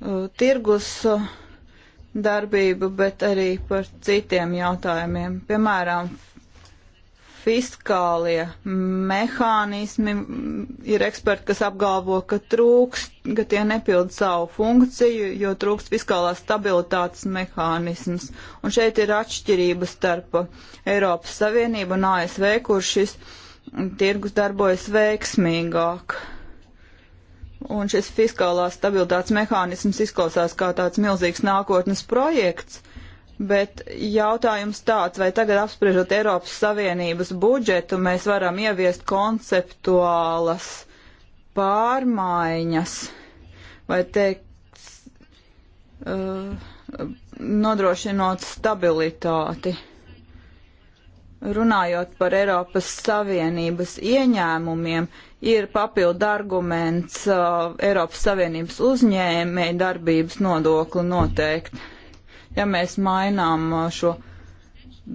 Uh, tirgus uh, darbību, bet arī par citiem jautājumiem. Piemēram, fiskālie mehānismi mm, ir eksperti, kas apgalvo, ka trūkst, ka tie nepild savu funkciju, jo trūkst fiskālās stabilitātes mehānisms. Un šeit ir atšķirība starp Eiropas Savienību un ASV, kur šis tirgus darbojas veiksmīgāk. Uh, Un šis fiskālās stabilitātes mehānisms izklausās kā tāds milzīgs nākotnes projekts, bet jautājums tāds, vai tagad apspriežot Eiropas Savienības budžetu, mēs varam ieviest konceptuālas pārmaiņas, vai teikt, uh, nodrošinot stabilitāti runājot par Eiropas Savienības ieņēmumiem, ir papildu arguments uh, Eiropas Savienības uzņēmēju darbības nodokli noteikti. Ja mēs mainām uh, šo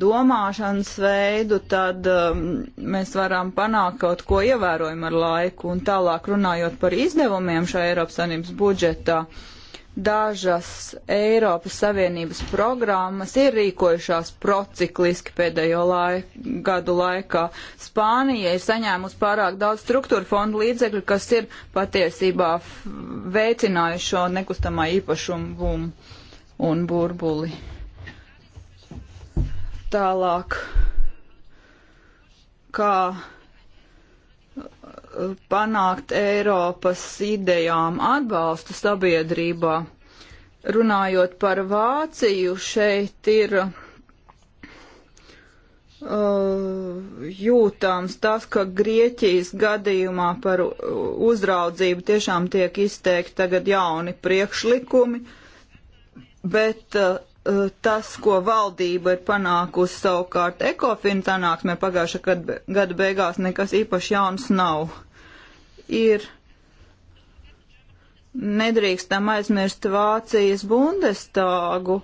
domāšanas veidu, tad um, uh, mēs varam panākt kaut ko ievērojumu ar laiku un tālāk runājot par izdevumiem šajā Eiropas Savienības budžetā. Uh, Dažas Eiropas Savienības programmas ir rīkojušās procikliski pēdējo laik, gadu laikā. Spānija ir saņēmusi pārāk daudz struktūra fondu līdzekļu, kas ir patiesībā veicinājuši šo nekustamā īpašumu bumu un burbuli. Tālāk, kā panākt Eiropas idejām atbalstu sabiedrībā. Runājot par Vāciju, šeit ir uh, jūtams tas, ka Grieķijas gadījumā par uzraudzību tiešām tiek izteikti tagad jauni priekšlikumi, bet uh, tas, ko valdība ir panākusi savukārt ekofina sanāksmē pagājušā gada beigās, nekas īpaši jauns nav ir nedrīkstam aizmirst Vācijas bundestāgu.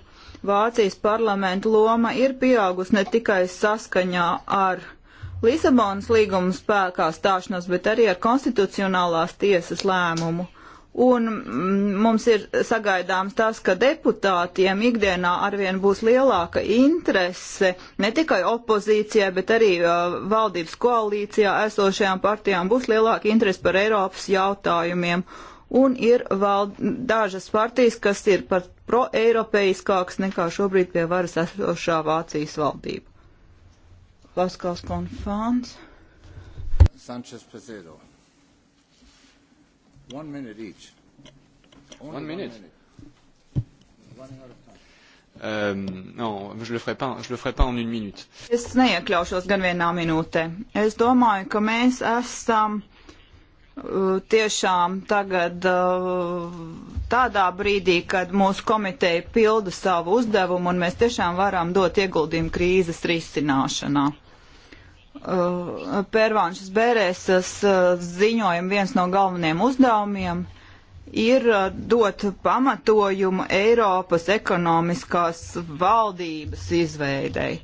Vācijas parlamenta loma ir pieaugusi ne tikai saskaņā ar Lisabonas līguma spēkā stāšanos, bet arī ar konstitucionālās tiesas lēmumu. Un mm, mums ir sagaidāms tas, ka deputātiem ikdienā arvien būs lielāka interese ne tikai opozīcijai, bet arī uh, valdības koalīcijā esošajām partijām būs lielāka interese par Eiropas jautājumiem. Un ir vēl dažas partijas, kas ir pat proeiropeiskāks nekā šobrīd pie varas esošā Vācijas valdība. Paskals Konfāns.
Sančes Prezidovs. One minute each. Only one minute. One
minute. Euh, non, je le ferai pas, je le ferai pas en une
minute.
Es neiekļaušos gan vienā minūtē. Es domāju, ka mēs esam uh, tiešām tagad uh, tādā brīdī, kad mūsu komiteja pilda savu uzdevumu un mēs tiešām varam dot ieguldījumu krīzes risināšanā uh, Pērvāņšas Bērēsas uh, ziņojuma viens no galvenajiem uzdevumiem ir uh, dot pamatojumu Eiropas ekonomiskās valdības izveidei,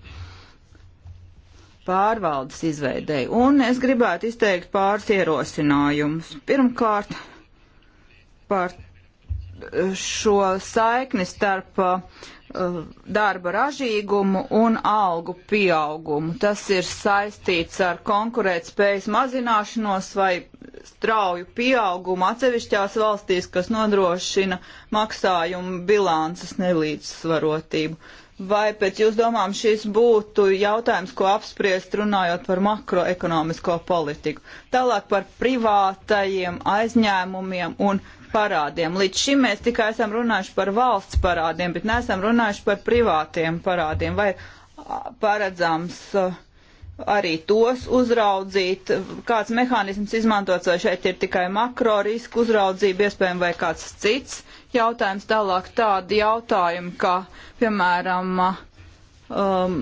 pārvaldes izveidei. Un es gribētu izteikt pāris ierosinājumus. Pirmkārt, par šo saikni starp uh, darba ražīgumu un algu pieaugumu. Tas ir saistīts ar konkurētspējas mazināšanos vai strauju pieaugumu atsevišķās valstīs, kas nodrošina maksājumu bilances nelīdzsvarotību. Vai pēc jūs domām šis būtu jautājums, ko apspriest runājot par makroekonomisko politiku? Tālāk par privātajiem aizņēmumiem un aizņēmumiem parādiem. Līdz šim mēs tikai esam runājuši par valsts parādiem, bet neesam runājuši par privātiem parādiem. Vai paredzams arī tos uzraudzīt, kāds mehānisms izmantots, vai šeit ir tikai makro risku uzraudzība, iespējams, vai kāds cits jautājums tālāk tādi jautājumi, kā, piemēram, um,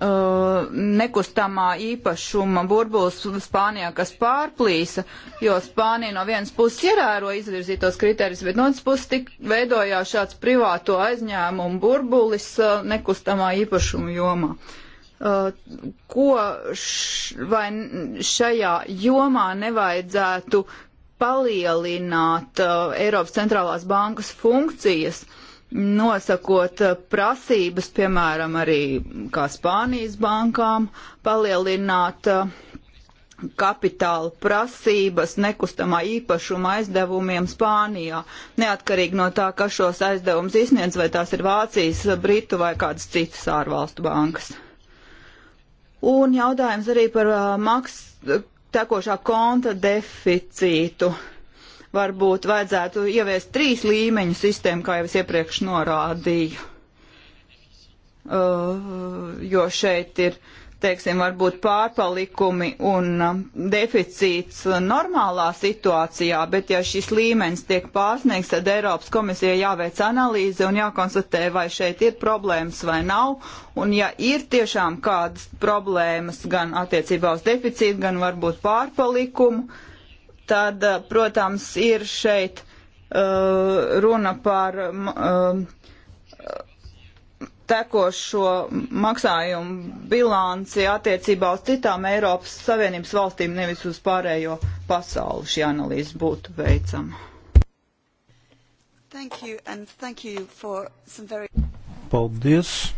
Uh, nekustamā īpašuma burbulis Spānijā, kas pārplīsa, jo Spānija no vienas puses ierēro izvirzītos kriterijus, bet no otras puses tik veidojās šāds privāto aizņēmumu burbulis uh, nekustamā īpašuma jomā. Uh, ko š, vai šajā jomā nevajadzētu palielināt uh, Eiropas centrālās bankas funkcijas? Uh, nosakot eh, prasības, piemēram, arī kā Spānijas bankām, palielināt eh, kapitāla prasības nekustamā īpašuma aizdevumiem Spānijā, neatkarīgi no tā, kas šos aizdevumus izsniedz, vai tās ir Vācijas, eh, Britu vai kādas citas ārvalstu bankas. Un jautājums arī par maks tekošā konta deficītu. Uh, varbūt vajadzētu ieviest trīs līmeņu sistēmu, kā jau es iepriekš norādīju. Uh, jo šeit ir, teiksim, varbūt pārpalikumi un uh, deficīts normālā situācijā, bet ja šis līmenis tiek pārsniegts, tad Eiropas komisija jāveic analīze un jākonstatē, vai šeit ir problēmas vai nav, un ja ir tiešām kādas problēmas gan attiecībā uz deficītu, gan varbūt pārpalikumu, tad, eh, protams, ir šeit uh, runa par uh, tekošo maksājumu bilanci attiecībā uz citām Eiropas Savienības valstīm, nevis uz pārējo pasauli šī analīze būtu veicama. Thank you, and thank you for some very...
Paldies.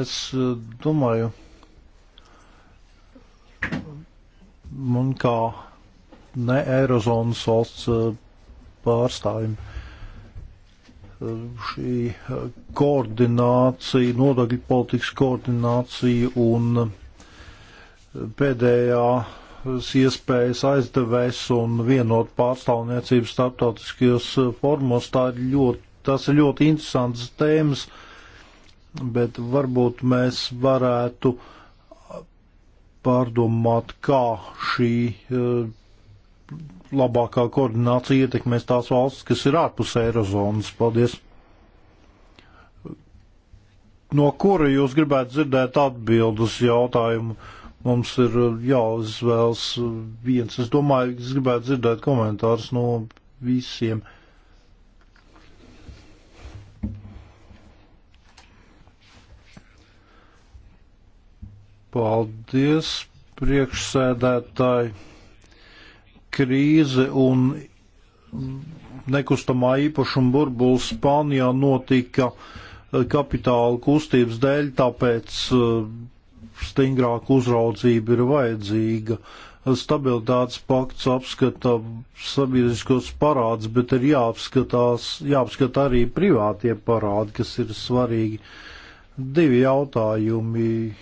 Es domāju, un kā ne Eirozonas valsts eh, pārstāvjiem. Eh, šī eh, koordinācija, nodokļu politikas koordinācija un pēdējās iespējas aizdevēs un vienot pārstāvniecības starptautiskajos formos, tā ir ļoti, tas ir ļoti interesants tēmas, bet varbūt mēs varētu uh, pārdomāt, kā šī e, labākā koordinācija ietekmēs tās valstis, kas ir ārpus Eirozonas. Paldies! No kura jūs gribētu dzirdēt atbildus jautājumu? Mums ir e, jāizvēlas viens. Es domāju, es gribētu dzirdēt komentārus no visiem. Uh, Paldies, priekšsēdētāji. Krīze un nekustamā īpašuma burbulis Spānijā notika kapitāla kustības dēļ, tāpēc eh, stingrāka uzraudzība ir vajadzīga. Stabilitātes pakts apskata sabiedriskos parādus, bet ir jāapskatās, jāapskata arī privātie parādi, kas ir svarīgi. Uh, divi jautājumi eh,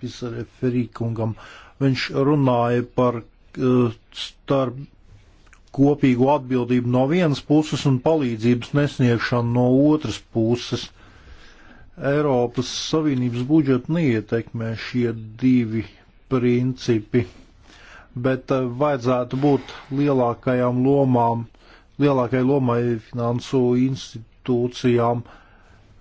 Pisarē Ferīkungam. Viņš runāja par eh, starp kopīgu atbildību no vienas puses un palīdzības nesniegšanu no otras puses. Eiropas Savienības budžetu neietekmē šie divi principi, bet eh, vajadzētu būt lielākajām lomām, lielākai lomai finansu institūcijām uh,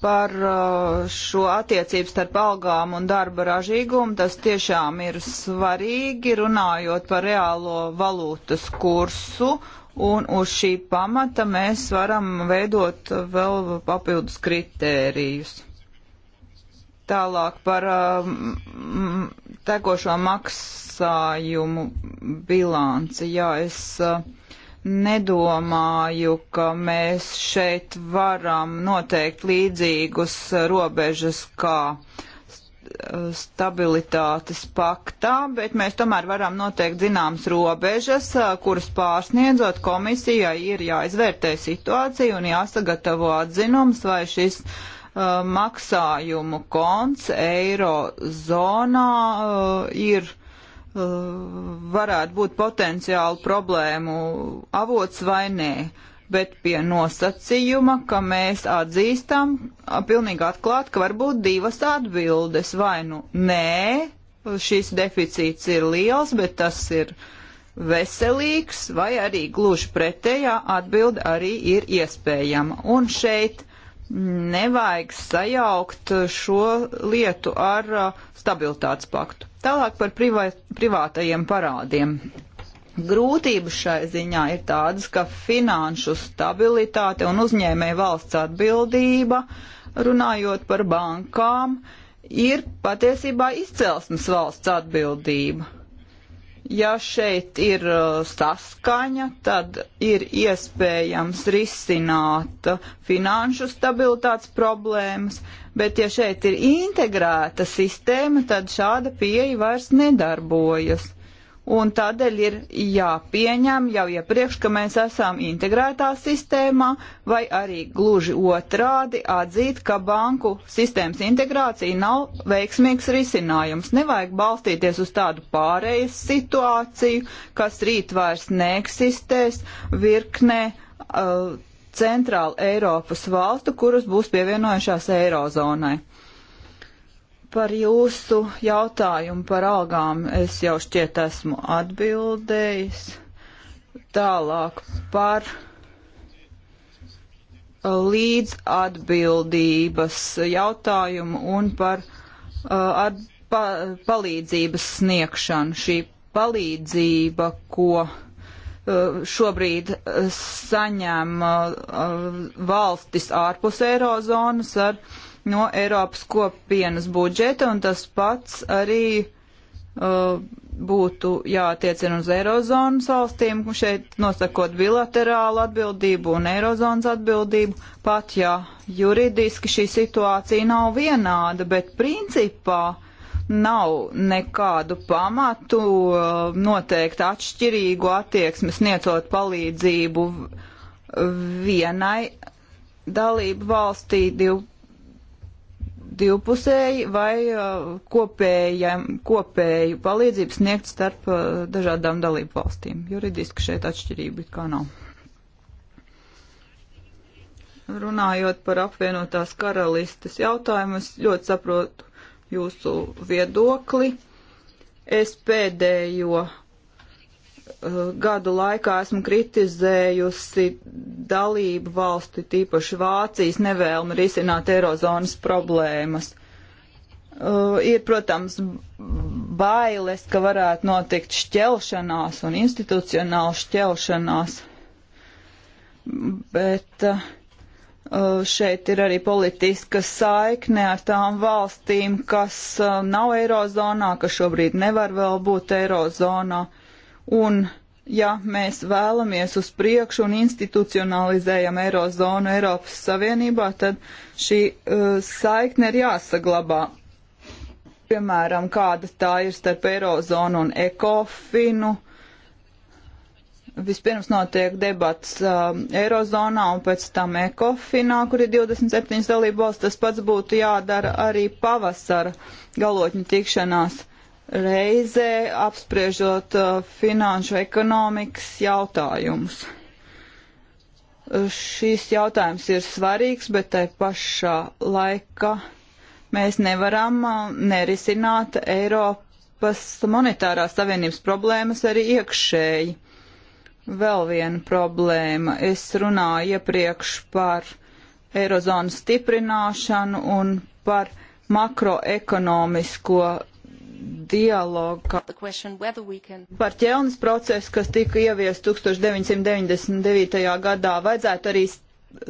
par uh, šo attiecību starp algām un darba ražīgumu. Tas tiešām ir svarīgi, runājot par reālo valūtas kursu, un uz šī pamata mēs varam veidot vēl papildus kritērijus. Tālāk par um, tekošo maksājumu bilanci. Jā, es uh, nedomāju, ka mēs šeit varam noteikt līdzīgus robežas kā stabilitātes paktā, bet mēs tomēr varam noteikt zināmas robežas, kuras pārsniedzot komisijai ir jāizvērtē situācija un jāsagatavo atzinums, vai šis uh, maksājumu konts eiro zonā uh, ir uh, Uh, varētu būt potenciāli problēmu avots vai nē, bet pie nosacījuma, ka mēs atzīstam uh, pilnīgi atklāt, ka var būt divas atbildes vai nu nē, šis deficīts ir liels, bet tas ir veselīgs, vai arī gluži pretējā atbilde arī ir iespējama. Un šeit nevajag sajaukt šo lietu ar uh, stabilitātes paktu. Tālāk par privā, privātajiem parādiem. Grūtības šai ziņā ir tādas, ka finanšu stabilitāte un uzņēmēja valsts atbildība, runājot par bankām, ir patiesībā izcelsmes valsts atbildība. Ja šeit ir uh, saskaņa, tad ir iespējams risināt uh, finanšu stabilitātes problēmas, bet ja šeit ir integrēta sistēma, tad šāda pieeja vairs nedarbojas. Un tādēļ ir jāpieņem jau iepriekš, ka mēs esam integrētā sistēmā, vai arī gluži otrādi atzīt, ka banku sistēmas integrācija nav veiksmīgs risinājums. Nevajag balstīties uz tādu pārējas situāciju, kas rīt vairs neeksistēs virknē. Uh, centrāla Eiropas valstu, kuras būs pievienojušās Eirozonai. Par jūsu jautājumu par algām es jau šķiet esmu atbildējis. Tālāk par līdz atbildības jautājumu un par uh, at, pa, palīdzības sniegšanu. Šī palīdzība, ko uh, Uh, šobrīd uh, saņem uh, valstis ārpus eirozonas ar no Eiropas kopienas budžeta, un tas pats arī būtu jātiecina uz eirozonas valstīm, šeit nosakot bilaterālu atbildību un eirozonas atbildību, pat ja juridiski šī situācija nav vienāda, bet principā uh, nav nekādu pamatu uh, noteikt atšķirīgu attieksmi sniedzot palīdzību vienai dalību valstī div, divpusēji vai uh, kopējam, kopēju palīdzību sniegt starp uh, dažādām dalību valstīm. Juridiski šeit atšķirība it kā nav. Runājot par apvienotās karalistes jautājumu, es ļoti saprotu jūsu viedokli. Es pēdējo uh, gadu laikā esmu kritizējusi dalību valsti, tīpaši Vācijas nevēlmi risināt eirozonas problēmas. Uh, ir, protams, bailes, ka varētu notikt šķelšanās un institucionāla šķelšanās, bet uh, Uh, šeit ir arī politiska saikne ar tām valstīm, kas uh, nav eirozonā, kas šobrīd nevar vēl būt eirozonā. Un, ja mēs vēlamies uz priekšu un institucionalizējam eirozonu Eiropas Savienībā, tad šī uh, saikne ir jāsaglabā. Piemēram, kāda tā ir starp eirozonu un ekofinu Vispirms notiek debats um, Eirozonā un pēc tam Ekofinā, kur ir 27 dalību valsts. Tas pats būtu jādara arī pavasara galotņu tikšanās reizē, apspriežot uh, finanšu ekonomikas jautājumus. Šīs jautājums ir svarīgs, bet tai pašā laika mēs nevaram uh, nerisināt Eiropas monetārās savienības problēmas arī iekšēji vēl viena problēma. Es runāju iepriekš par Eirozonas stiprināšanu un par makroekonomisko dialogu can... par ķelnes procesu, kas tika ieviest 1999. gadā. Vajadzētu arī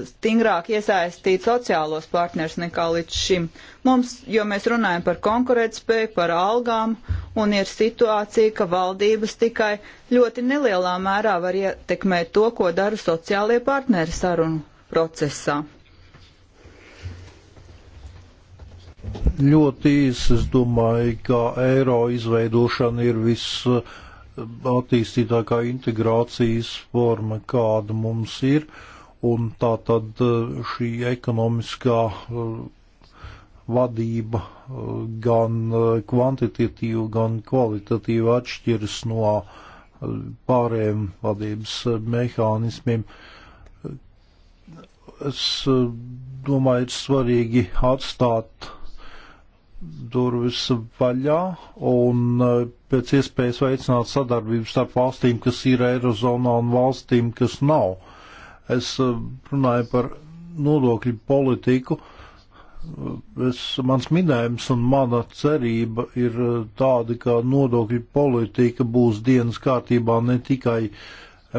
stingrāk iesaistīt sociālos partners nekā līdz šim. Mums, jo mēs runājam par konkurētspēju, par algām, un ir situācija, ka valdības tikai ļoti nelielā mērā var ietekmēt to, ko dara sociālie partneri sarunu procesā.
Ļoti īsi es domāju, ka eiro izveidošana ir viss attīstītākā integrācijas forma, kāda mums ir. Uh, un tā tad eh, šī ekonomiskā eh, vadība eh, gan kvantitatīvi, gan kvalitatīvi atšķiras no pārējiem vadības mehānismiem. Es domāju, ir svarīgi atstāt durvis vaļā un pēc iespējas veicināt sadarbību starp valstīm, kas ir Eirozonā un valstīm, kas nav. Uh, Es eh, runāju par nodokļu politiku. Es, mans minējums un mana cerība ir eh, tāda, ka nodokļu politika būs dienas kārtībā ne tikai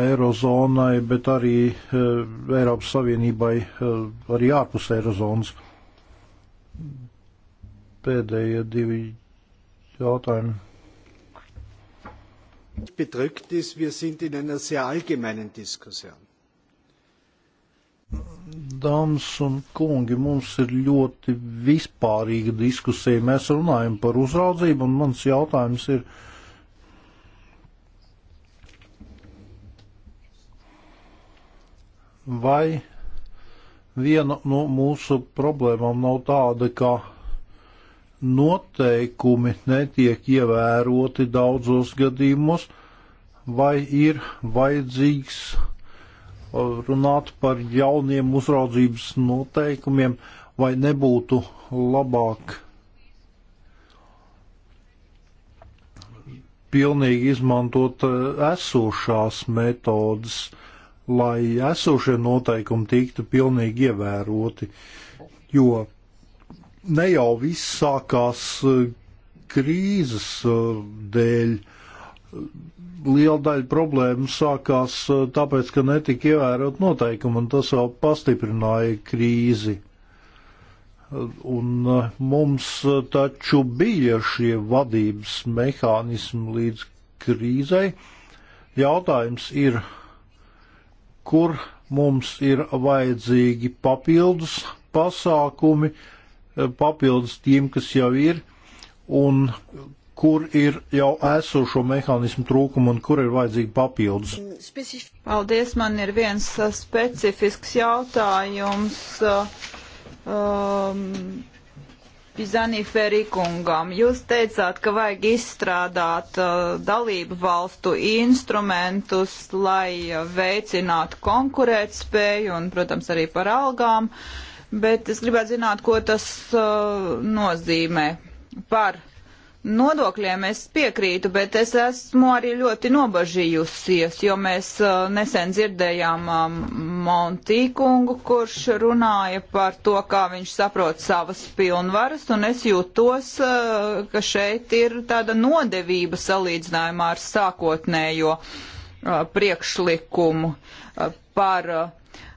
Eirozonai, bet arī eh, Eiropas Savienībai, arī ārpus Eirozonas. Pēdējie divi jautājumi. Bedrückt ist, wir sind in einer sehr allgemeinen Diskussion. Dāmas un kungi, mums ir ļoti vispārīga diskusija. Mēs runājam par uzraudzību, un mans jautājums ir. Vai viena no mūsu problēmām nav tāda, ka noteikumi netiek ievēroti daudzos gadījumos, vai ir vajadzīgs runāt par jauniem uzraudzības noteikumiem, vai nebūtu labāk pilnīgi izmantot eh, esošās metodas, lai esošie noteikumi tiktu pilnīgi ievēroti, jo ne jau viss sākās eh, krīzes eh, dēļ liela daļa problēmu sākās tāpēc, ka netika ievērot noteikumi, un tas vēl pastiprināja krīzi. Un mums taču bija šie vadības mehānismi līdz krīzei. Jautājums ir, kur mums ir vajadzīgi papildus pasākumi, papildus tiem, kas jau ir, un kur ir jau esošo mehānismu trūkumu un kur ir vajadzīgi papildus.
Paldies, man ir viens uh, specifisks jautājums. Uh, um, Pizanī Ferikungam, jūs teicāt, ka vajag izstrādāt uh, dalību valstu instrumentus, lai uh, veicinātu konkurētspēju un, protams, arī par algām, bet es gribētu zināt, ko tas uh, nozīmē par Nodokļiem es piekrītu, bet es esmu arī ļoti nobažījusies, jo mēs uh, nesen dzirdējām um, Montīkungu, kurš runāja par to, kā viņš saprot savas pilnvaras, un es jūtos, uh, ka šeit ir tāda nodevība salīdzinājumā ar sākotnējo uh, priekšlikumu par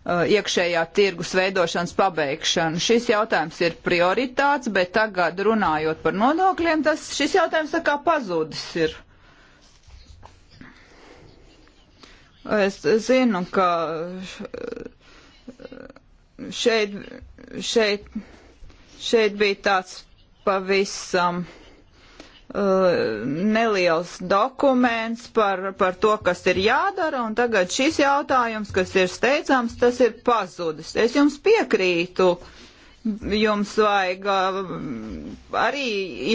Uh, iekšējā tirgus veidošanas pabeigšanu. Šis jautājums ir prioritāts, bet tagad runājot par nodokļiem, tas šis jautājums tā kā pazudis ir. Es zinu, ka šeit, šeit, šeit bija tāds pavisam. Um, Uh, neliels dokuments par, par to, kas ir jādara, un tagad šis jautājums, kas ir steidzams, tas ir pazudis. Es jums piekrītu, jums vajag uh, arī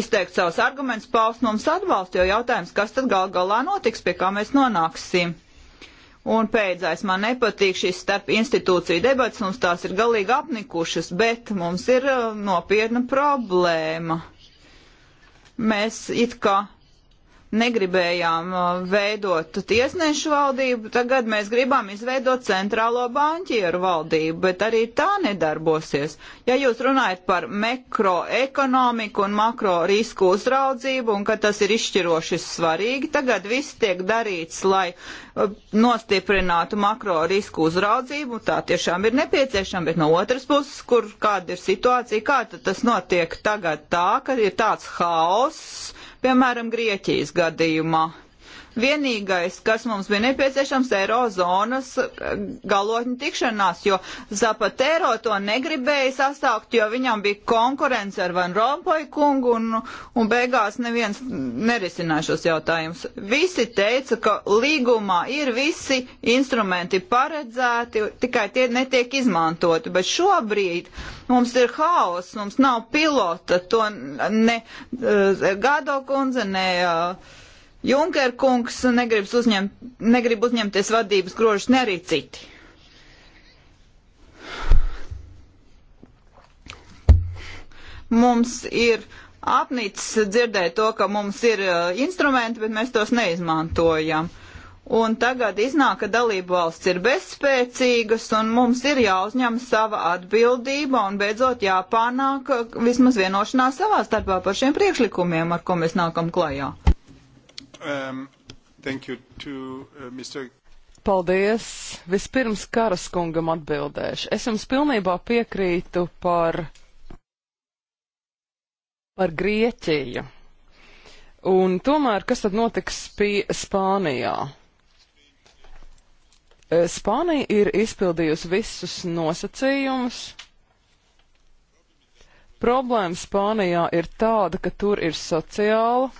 izteikt savus argumentus, paust mums atbalstu, jo jautājums, kas tad gal galā notiks, pie kā mēs nonāksim. Un pēdējais, man nepatīk šīs starp institūciju debats, mums tās ir galīgi apnikušas, bet mums ir uh, nopietna problēma mēs it kā negribējām uh, veidot tiesnešu valdību, tagad mēs gribam izveidot centrālo banķieru valdību, bet arī tā nedarbosies. Ja jūs runājat par makroekonomiku un makro risku uzraudzību un ka tas ir izšķiroši svarīgi, tagad viss tiek darīts, lai uh, nostiprinātu makro risku uzraudzību, tā tiešām ir nepieciešama, bet no otras puses, kur kāda ir situācija, kā tad tas notiek tagad tā, ka ir tāds haoss, Piemēram, Grieķijas gadījumā Vienīgais, kas mums bija nepieciešams, eirozonas eh, galotņu tikšanās, jo Zapatero to negribēja sastākt, jo viņam bija konkurence ar Van Rompuy kungu un, un beigās neviens nerisināja šos jautājumus. Visi teica, ka līgumā ir visi instrumenti paredzēti, tikai tie netiek izmantoti, bet šobrīd mums ir haoss, mums nav pilota, to ne uh, Gado kundze, ne. Uh, Junker kungs negrib, uzņem, negrib uzņemties vadības grožus, ne arī citi. Mums ir apnicis dzirdēt to, ka mums ir uh, instrumenti, bet mēs tos neizmantojam. Un tagad iznāk, ka dalību valsts ir bezspēcīgas, un mums ir jāuzņem sava atbildība, un beidzot jāpānāk uh, vismaz vienošanās savā starpā par šiem priekšlikumiem, ar ko mēs nākam klajā.
Um, thank you to uh, Mr.
Paldies! Vispirms Karaskungam atbildēšu. Es jums pilnībā piekrītu par, par Grieķiju. Un tomēr, kas tad notiks pie Spānijā? Eh, Spānija ir izpildījusi visus nosacījumus. Problēma Spānijā ir tāda, ka tur ir sociāla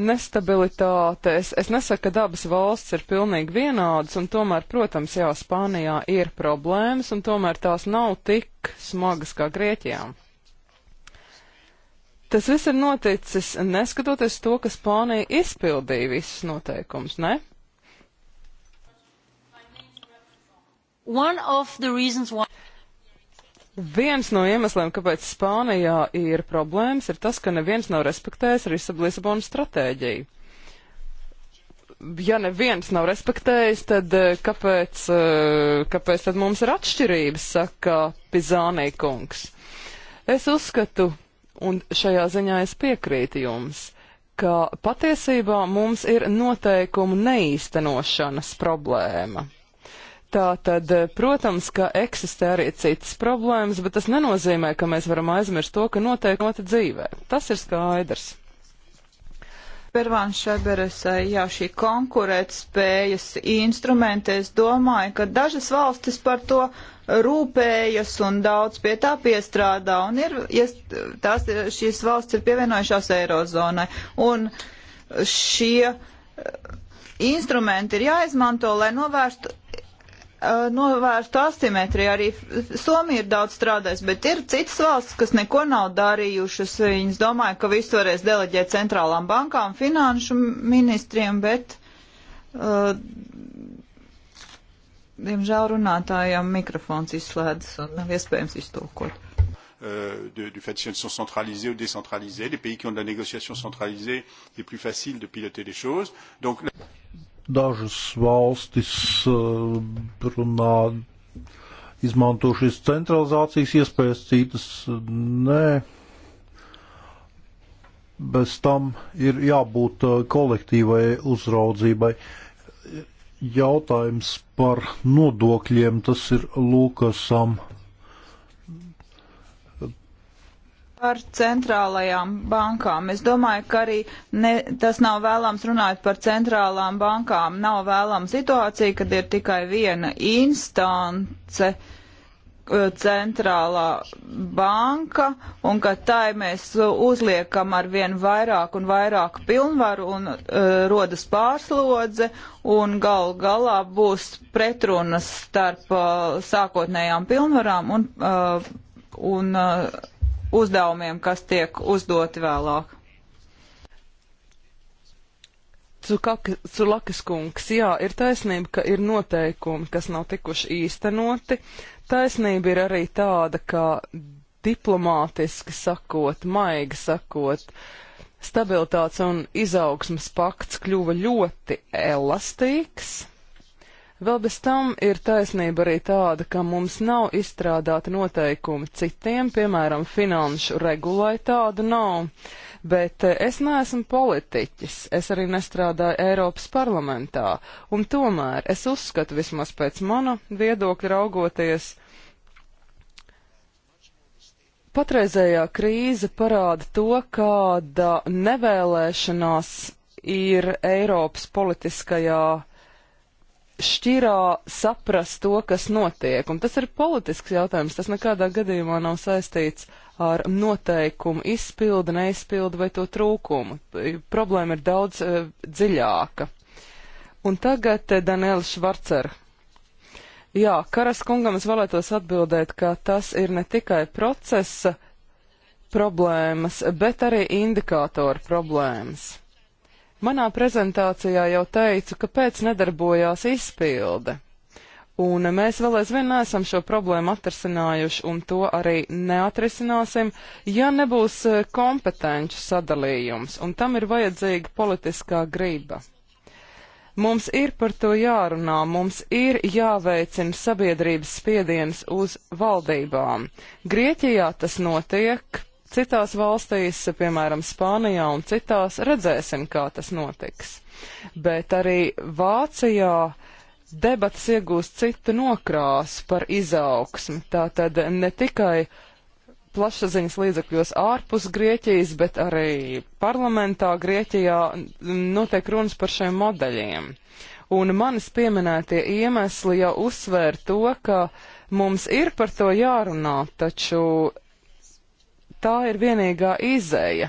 nestabilitāte. Es, es nesaku, ka dabas valsts ir pilnīgi vienādas, un tomēr, protams, jā, Spānijā ir problēmas, un tomēr tās nav tik smagas kā Grieķijā. Tas viss ir noticis neskatoties to, ka Spānija izpildīja visus noteikumus, ne? One of the reasons why Viens no iemesliem, kāpēc Spānijā ir problēmas, ir tas, ka neviens nav respektējis Lisabonas stratēģiju. Ja neviens nav respektējis, tad eh, kāpēc, eh, kāpēc tad mums ir atšķirības, saka Pizānī kungs. Es uzskatu, un šajā ziņā es piekrītu jums, ka patiesībā mums ir noteikumu neīstenošanas problēma. Tā tad, eh, protams, ka eksistē arī citas problēmas, bet tas nenozīmē, ka mēs varam aizmirst to, ka notiek noti dzīvē. Tas ir skaidrs.
Pervāns Šeberesai, eh, jā, šī konkurētspējas instrumenti, es domāju, ka dažas valstis par to rūpējas un daudz pie tā piestrādā, un ir, ja tās, šīs valsts ir pievienojušās Eirozonai, un šie eh, instrumenti ir jāizmanto, lai novērstu uh, novērstu asimetriju. Arī Somija ir daudz strādājis, bet ir citas valsts, kas neko nav darījušas. Viņas domāja, ka visu varēs deleģēt centrālām bankām, finanšu ministriem, bet, uh, diemžēl, runātājiem mikrofons izslēdzas un nav iespējams iztulkot.
Euh, de, du fait si elles sont centralisées ou décentralisées. Les pays qui ont de la négociation centralisée, c'est plus facile de piloter les choses. Donc, dažas valstis eh, runā, izmanto šīs centralizācijas iespējas, citas eh, nē. Bez tam ir jābūt eh, kolektīvai uzraudzībai. Jautājums par nodokļiem tas ir Lukasam. Um,
par centrālajām bankām. Es domāju, ka arī ne, tas nav vēlams runāt par centrālām bankām. Nav vēlama situācija, kad ir tikai viena instance eh, centrālā banka un ka tai mēs uzliekam ar vien vairāk un vairāk pilnvaru un uh, rodas pārslodze un gal galā būs pretrunas starp uh, sākotnējām pilnvarām un, uh, un uh,
uzdevumiem, kas tiek uzdoti vēlāk. Culakas kungs, jā, ir taisnība, ka ir noteikumi, kas nav tikuši īstenoti. Taisnība ir arī tāda, ka diplomātiski sakot, maigi sakot, stabilitātes un izaugsmas pakts kļuva ļoti elastīgs Vēl bez tam ir taisnība arī tāda, ka mums nav izstrādāti noteikumi citiem, piemēram, finanšu regulai tādu nav, bet eh, es neesmu politiķis, es arī nestrādāju Eiropas parlamentā, un tomēr es uzskatu vismaz pēc mana viedokļa raugoties, patreizējā krīze parāda to, kāda nevēlēšanās ir Eiropas politiskajā šķirā saprast to, kas notiek. Un tas ir politisks jautājums. Tas nekādā gadījumā nav saistīts ar noteikumu izpildi, neizpildi vai to trūkumu. Problēma ir daudz e, dziļāka. Un tagad e, Daniela Švarcer. Jā, Karas kungam es vēlētos atbildēt, ka tas ir ne tikai procesa problēmas, bet arī indikātora problēmas. Manā prezentācijā jau teicu, kāpēc nedarbojās izpilde. Un mēs vēl aizvien neesam šo problēmu atrisinājuši, un to arī neatrisināsim, ja nebūs e, kompetenci sadalījums, un tam ir vajadzīga politiskā grība. Mums ir par to jārunā, mums ir jāveicina sabiedrības spiediens uz valdībām. Grieķijā tas notiek, Citās valstīs, piemēram, Spānijā un citās, redzēsim, kā tas notiks. Bet arī Vācijā debatas iegūst citu nokrāsu par izaugsmi. Tātad ne tikai plašsaziņas līdzakļos ārpus Grieķijas, bet arī parlamentā Grieķijā notiek runas par šiem modeļiem. Un manis pieminētie iemesli jau uzsvēr to, ka mums ir par to jārunā, taču Tā ir vienīgā izēja,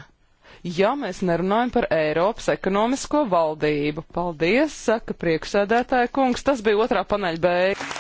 ja mēs nerunājam par Eiropas ekonomisko valdību. Paldies, saka priekšsēdētāja kungs, tas bija otrā paneļa
beigas.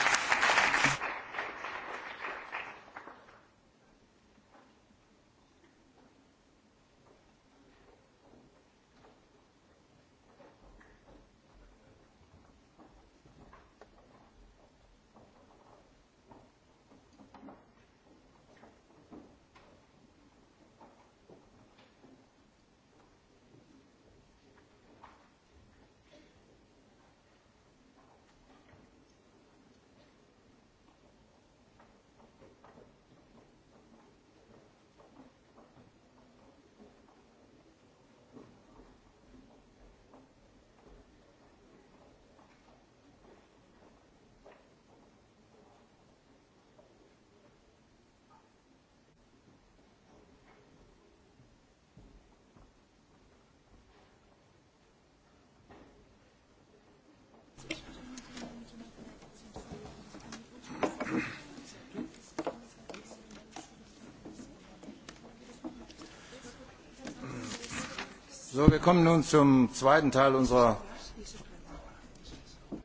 So, wir kommen nun zum zweiten Teil unserer.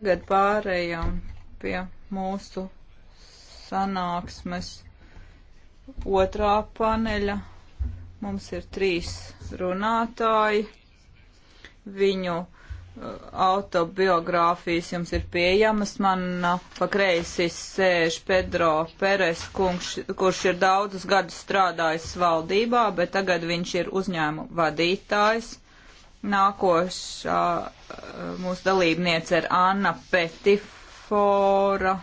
Tagad pārējām pie mūsu sanāksmes otrā paneļa. Mums ir trīs runātāji. Viņu uh, autobiogrāfijas jums ir pieejamas. Man uh, pa kreisi sēž Pedro Peres, kungs, kurš ir daudzus gadus strādājis valdībā, bet tagad viņš ir uzņēmu vadītājs. Nākošā uh, mūsu dalībniece ir Anna Petifora.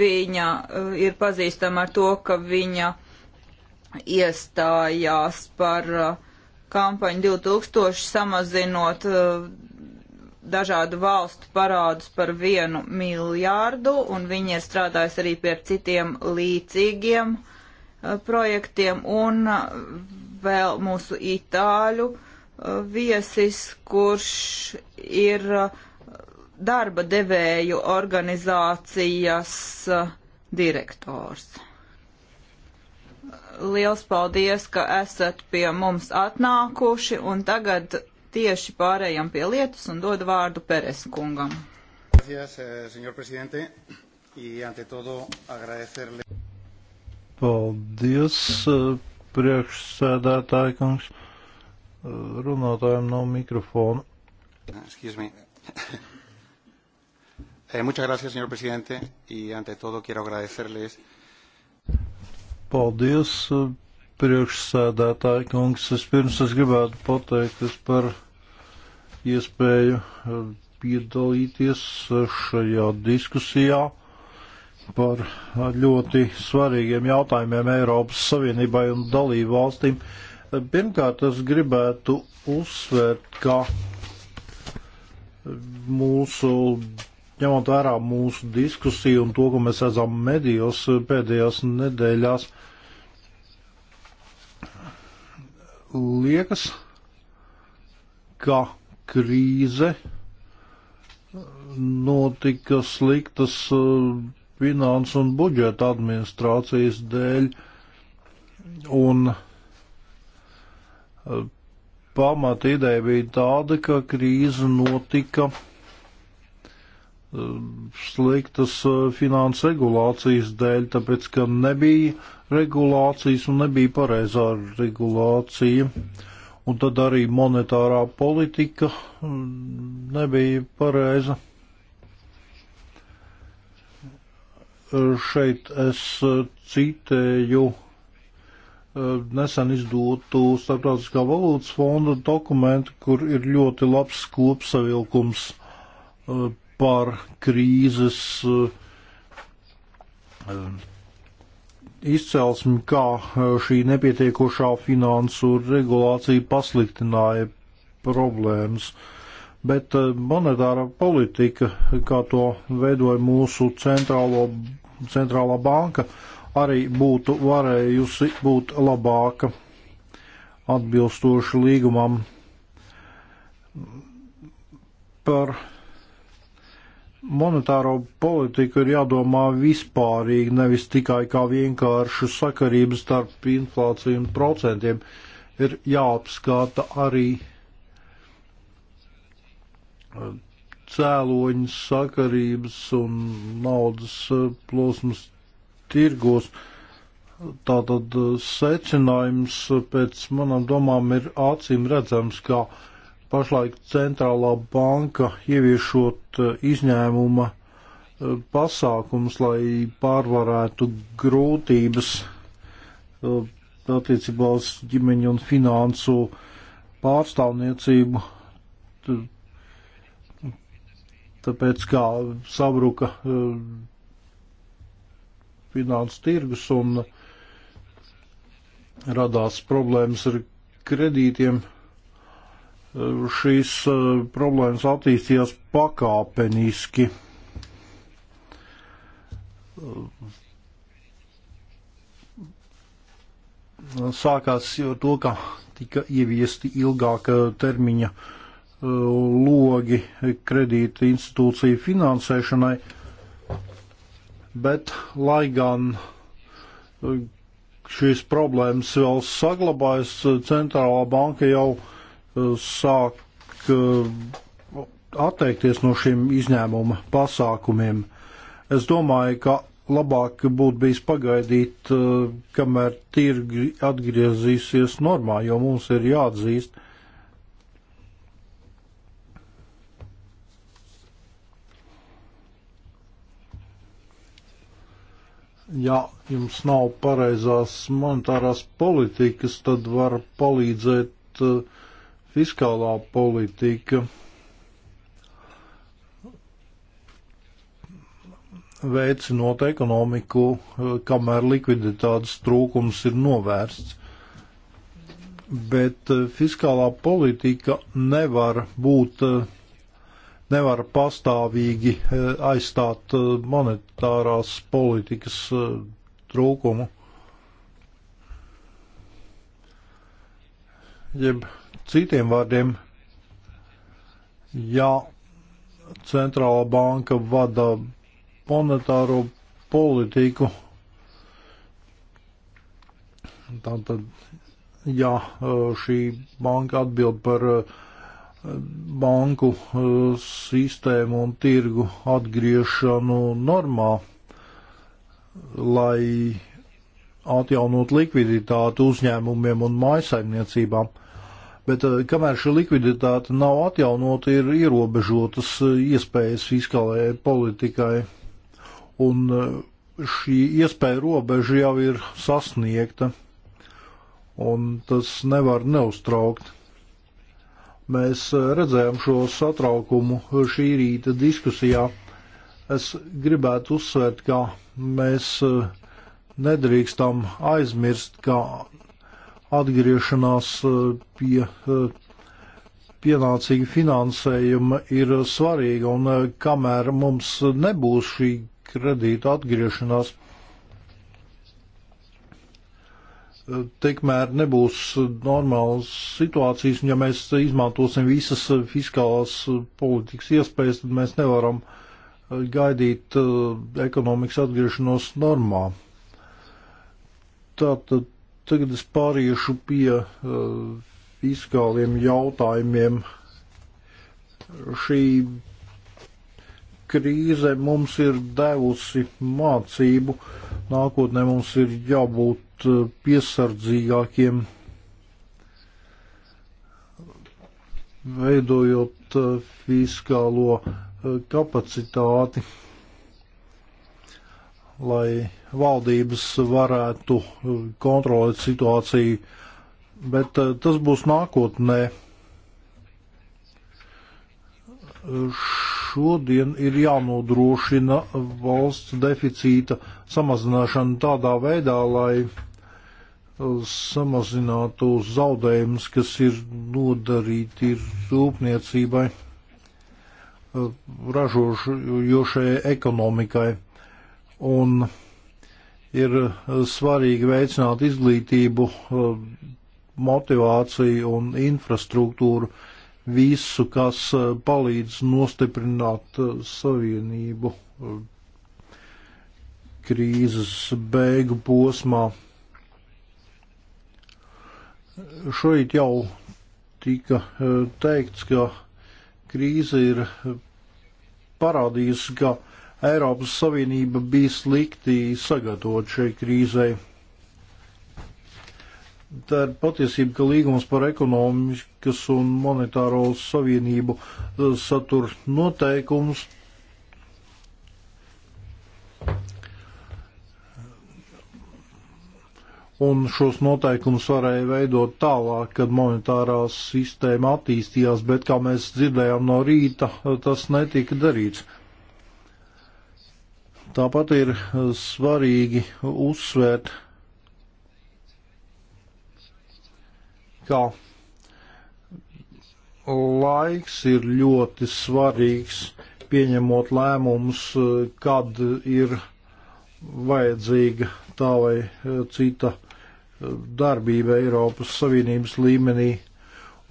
Viņa uh, ir pazīstama ar to, ka viņa iestājās par uh, kampaņu 2000 samazinot dažādu valstu parādus par vienu miljārdu, un viņi ir strādājusi arī pie citiem līdzīgiem projektiem, un vēl mūsu itāļu uh, viesis, kurš ir uh, darba devēju organizācijas uh, direktors. Liels paldies, ka esat pie mums atnākuši, un tagad tieši pārējām pie lietas un dodu vārdu Peres kungam.
Eh, paldies, eh, priekšsēdētāji kungs. Runātājiem nav mikrofona. Excuse me. eh, muchas gracias, señor presidente, y ante todo quiero agradecerles. Paldies, priekšsēdētāji kungs. Es pirms es gribētu pateikties par iespēju eh, piedalīties eh, šajā diskusijā par ļoti svarīgiem jautājumiem Eiropas Savienībai un dalību valstīm. Pirmkārt, es gribētu uzsvērt, ka mūsu, ņemot vērā mūsu diskusiju un to, ko mēs redzam medijos pēdējās nedēļās, liekas, ka krīze notika sliktas finansu un budžeta administrācijas dēļ un eh, pamata ideja bija tāda, ka krīze notika eh, sliktas eh, finanses regulācijas dēļ, tāpēc, ka nebija regulācijas un nebija pareizā regulācija. Un tad arī monetārā politika mm, nebija pareiza. Šeit es citēju e, nesen izdotu Starptautiskā valūtas fonda dokumentu, kur ir ļoti labs kopsavilkums e, par krīzes e, izcelsmi, kā šī nepietiekošā finansu regulācija pasliktināja problēmas. Uh, bet eh, monetāra politika, kā to veidoja mūsu centrālo, centrālā banka, arī būtu varējusi būt labāka atbilstoši līgumam par monetāro politiku ir jādomā vispārīgi, nevis tikai kā vienkāršu sakarību starp inflāciju un procentiem. Ir jāapskata arī cēloņu sakarības un naudas eh, plosmas tirgos. Tātad eh, secinājums eh, pēc manām domām ir acīm redzams, ka pašlaik centrālā banka ieviešot izņēmuma pasākums, lai pārvarētu grūtības attiecībā uz ģimeņu un finansu pārstāvniecību tāpēc kā sabruka eh, finanses tirgus un radās problēmas ar kredītiem. Eh, šīs eh, problēmas attīstījās pakāpeniski. Sākās jau to, ka tika ieviesti ilgāka termiņa uh, E, logi kredīta institūciju finansēšanai, bet lai gan e, šīs problēmas vēl saglabājas, e, centrālā banka jau sāk atteikties no šiem izņēmuma pasākumiem. Es domāju, ka labāk būtu bijis pagaidīt, kamēr tirgi atgriezīsies normā, jo mums ir jāatzīst, ja jums nav pareizās monetārās politikas, tad var palīdzēt eh, fiskālā politika. veicinot ekonomiku, eh, kamēr likviditātes trūkums ir novērsts. Bet eh, fiskālā politika nevar būt uh, nevar pastāvīgi eh, aizstāt eh, monetārās politikas eh, trūkumu. Jeb citiem vārdiem, ja centrālā banka vada monetāro politiku, tātad, ja šī banka atbild par uh, banku eh, sistēmu un tirgu atgriešanu normā, lai atjaunot likviditāti uzņēmumiem un mājasaimniecībām. Bet eh, kamēr šī likviditāte nav atjaunota, ir ierobežotas eh, iespējas fiskālajai politikai. Un šī iespēja robeža jau ir sasniegta, un tas nevar neuztraukt. Mēs eh, redzējām šo satraukumu šī rīta diskusijā. Es gribētu uzsvērt, ka mēs eh, nedrīkstam aizmirst, ka atgriešanās eh, pie pienācīga finansējuma ir svarīga, un kamēr mums nebūs šī kredīta atgriešanās, tikmēr nebūs normālas situācijas, un ja mēs izmantosim visas fiskālās politikas iespējas, tad mēs nevaram uh, gaidīt uh, ekonomikas atgriešanos normā. Tātad tagad es pāriešu pie uh, fiskāliem jautājumiem. Šī krīze mums ir devusi mācību, nākotnē mums ir jābūt jābūt eh, piesardzīgākiem, veidojot eh, fiskālo eh, kapacitāti, lai valdības varētu kontrolēt situāciju, bet tas būs nākotnē šodien ir jānodrošina valsts deficīta samazināšana tādā veidā, lai uh, samazinātu zaudējumus, kas ir nodarīti rūpniecībai, uh, ražojošajai ekonomikai. Un ir uh, svarīgi veicināt izglītību, motivāciju un infrastruktūru visu, kas eh, palīdz nostiprināt eh, savienību eh, krīzes beigu posmā. Šeit jau tika teikts, ka krīze ir parādījusi, ka Eiropas Savienība bija slikti sagatavot šai krīzei tā ir patiesība, ka līgums par ekonomikas un monetāro savienību eh, satur noteikumus. Un šos noteikumus varēja veidot tālāk, kad monetārā sistēma attīstījās, bet, kā mēs dzirdējām no rīta, tas netika darīts. Tāpat ir eh, svarīgi uzsvērt ka laiks ir ļoti svarīgs pieņemot lēmumus, kad ir vajadzīga tā vai e, cita e, darbība Eiropas Savienības līmenī.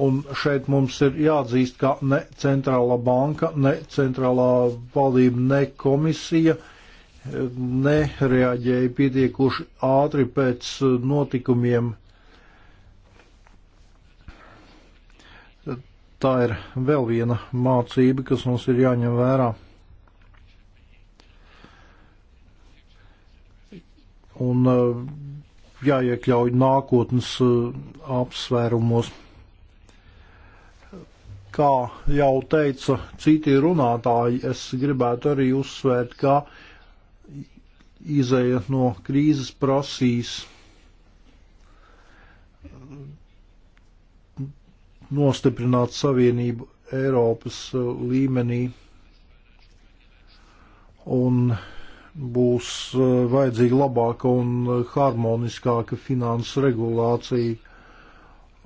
Un šeit mums ir jāatzīst, ka ne centrālā banka, ne centrālā valdība, ne komisija e, nereaģēja pietiekoši ātri pēc notikumiem tā ir vēl viena mācība, kas mums ir jāņem vērā. Un uh, jāiekļauj nākotnes uh, apsvērumos. Kā jau teica citi runātāji, es gribētu arī uzsvērt, ka izēja no krīzes prasīs nostiprināt savienību Eiropas uh, līmenī un būs uh, vajadzīga labāka un uh, harmoniskāka finanses regulācija.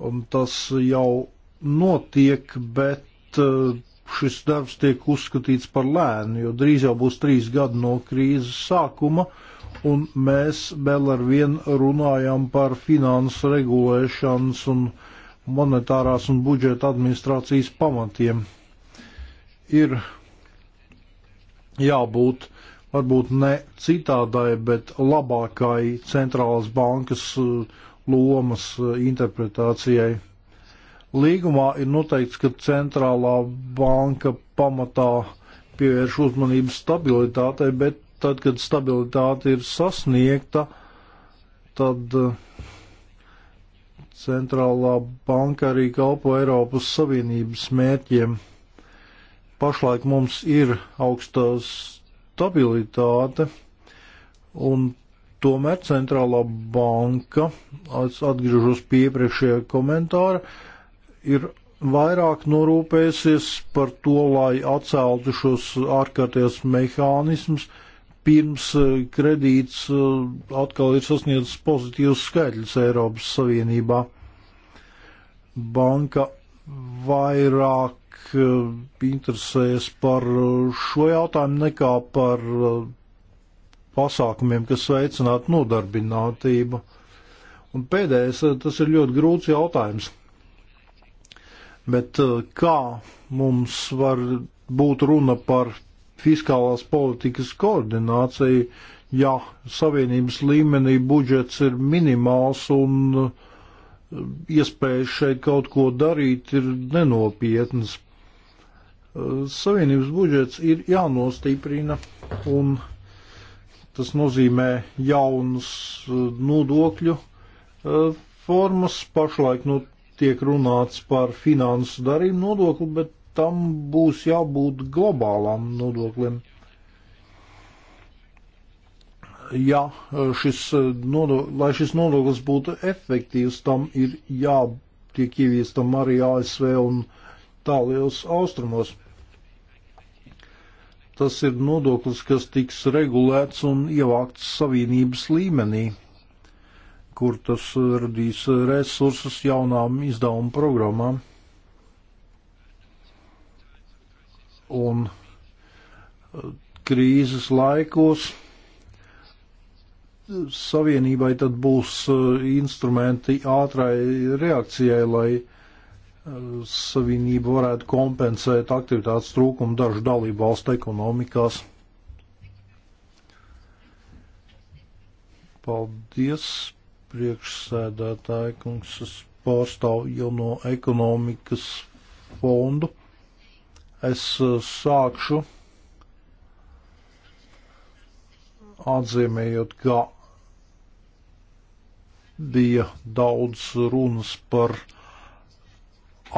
Un tas jau notiek, bet šis darbs tiek uzskatīts par lēnu, jo drīz jau būs trīs gadi no krīzes sākuma, un mēs vēl ar vienu runājam par finanses regulēšanas un uh, monetārās un budžeta administrācijas pamatiem. Ir jābūt varbūt ne citādai, bet labākai centrālās bankas uh, lomas uh, interpretācijai. Līgumā ir noteikts, ka centrālā banka pamatā pievērš uzmanību stabilitātei, bet tad, kad stabilitāte ir sasniegta, tad uh, Centrālā banka arī kalpo Eiropas Savienības mērķiem. Pašlaik mums ir augsta stabilitāte, un tomēr Centrālā banka, atgriežos pie iepriekšējā komentāra, ir vairāk norūpēsies par to, lai atceltu šos ārkārtējos mehānismus, uh, pirms e, kredīts e, atkal ir sasniedzis pozitīvus skaidrs Eiropas Savienībā. Banka vairāk e, interesējas par šo jautājumu nekā par pasākumiem, kas veicinātu nodarbinātību. Un pēdējais, tas ir ļoti grūts jautājums. Bet kā mums var būt runa par fiskālās politikas koordināciju, ja savienības līmenī budžets ir minimāls un eh, iespējas šeit kaut ko darīt ir nenopietnas. Eh, savienības budžets ir jānostiprina un tas nozīmē jaunas eh, nodokļu formas. Pašlaik nu, tiek runāts par finansu darījumu nodokli, bet tam būs jābūt globālam nodoklim. Ja eh, šis eh, nodoklis, lai šis nodoklis būtu efektīvs, tam ir jātiek ieviestam arī ASV un tālajos austrumos. Tas ir nodoklis, kas tiks regulēts un ievākts savienības līmenī, kur tas radīs resursus jaunām izdevuma programmām un eh, krīzes laikos savienībai tad būs eh, instrumenti ātrai reakcijai, lai eh, savienība varētu kompensēt aktivitātes trūkumu dažu dalību valstu ekonomikās. Paldies, priekšsēdētāji kungs, es pārstāvu jau no ekonomikas fondu. Es uh, sākšu atzīmējot, ka bija daudz runas par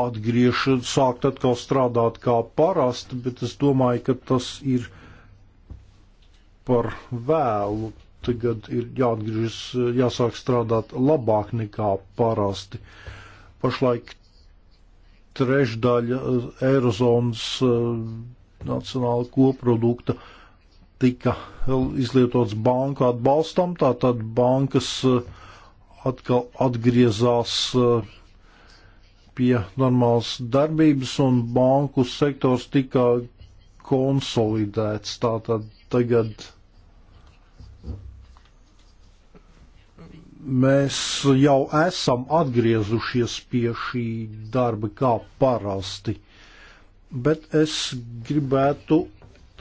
atgriešanu, sākt atkal strādāt kā parasti, bet es domāju, ka tas ir par vēlu. Tagad ir jāatgriežas, jāsāk strādāt labāk nekā parasti. Pašlaik trešdaļa eh, Eirozonas eh, nacionāla koprodukta tika izlietots banku atbalstam, tātad bankas eh, atkal atgriezās pie normālas darbības un banku sektors tika konsolidēts. Tātad tagad mēs jau esam atgriezušies pie šī darba kā parasti, bet es gribētu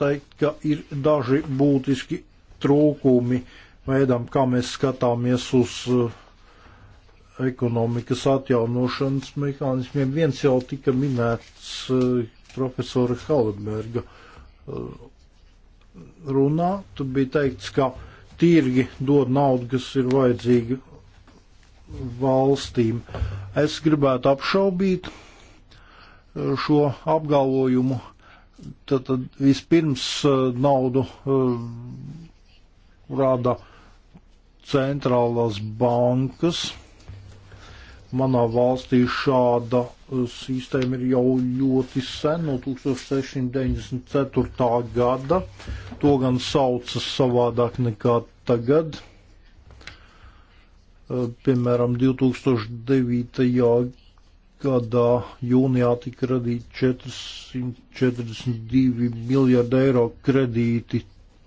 teikt, ka ir daži būtiski trūkumi veidam, kā mēs skatāmies uz eh, ekonomikas atjaunošanas mehānismiem. Viens jau tika minēts eh, profesora Halberga eh, runā, tur bija teikts, ka uh, tirgi dod naudu, kas ir vajadzīga valstīm. Es gribētu apšaubīt eh, šo apgalvojumu. Tad, tad vispirms eh, naudu eh, rāda centrālās bankas. Manā valstī šāda sistēma ir jau ļoti sen, no 1694. gada. To gan saucas savādāk nekā tagad, eh, piemēram, 2009. gadā jūnijā tika radīti 442 miljardi eiro kredīti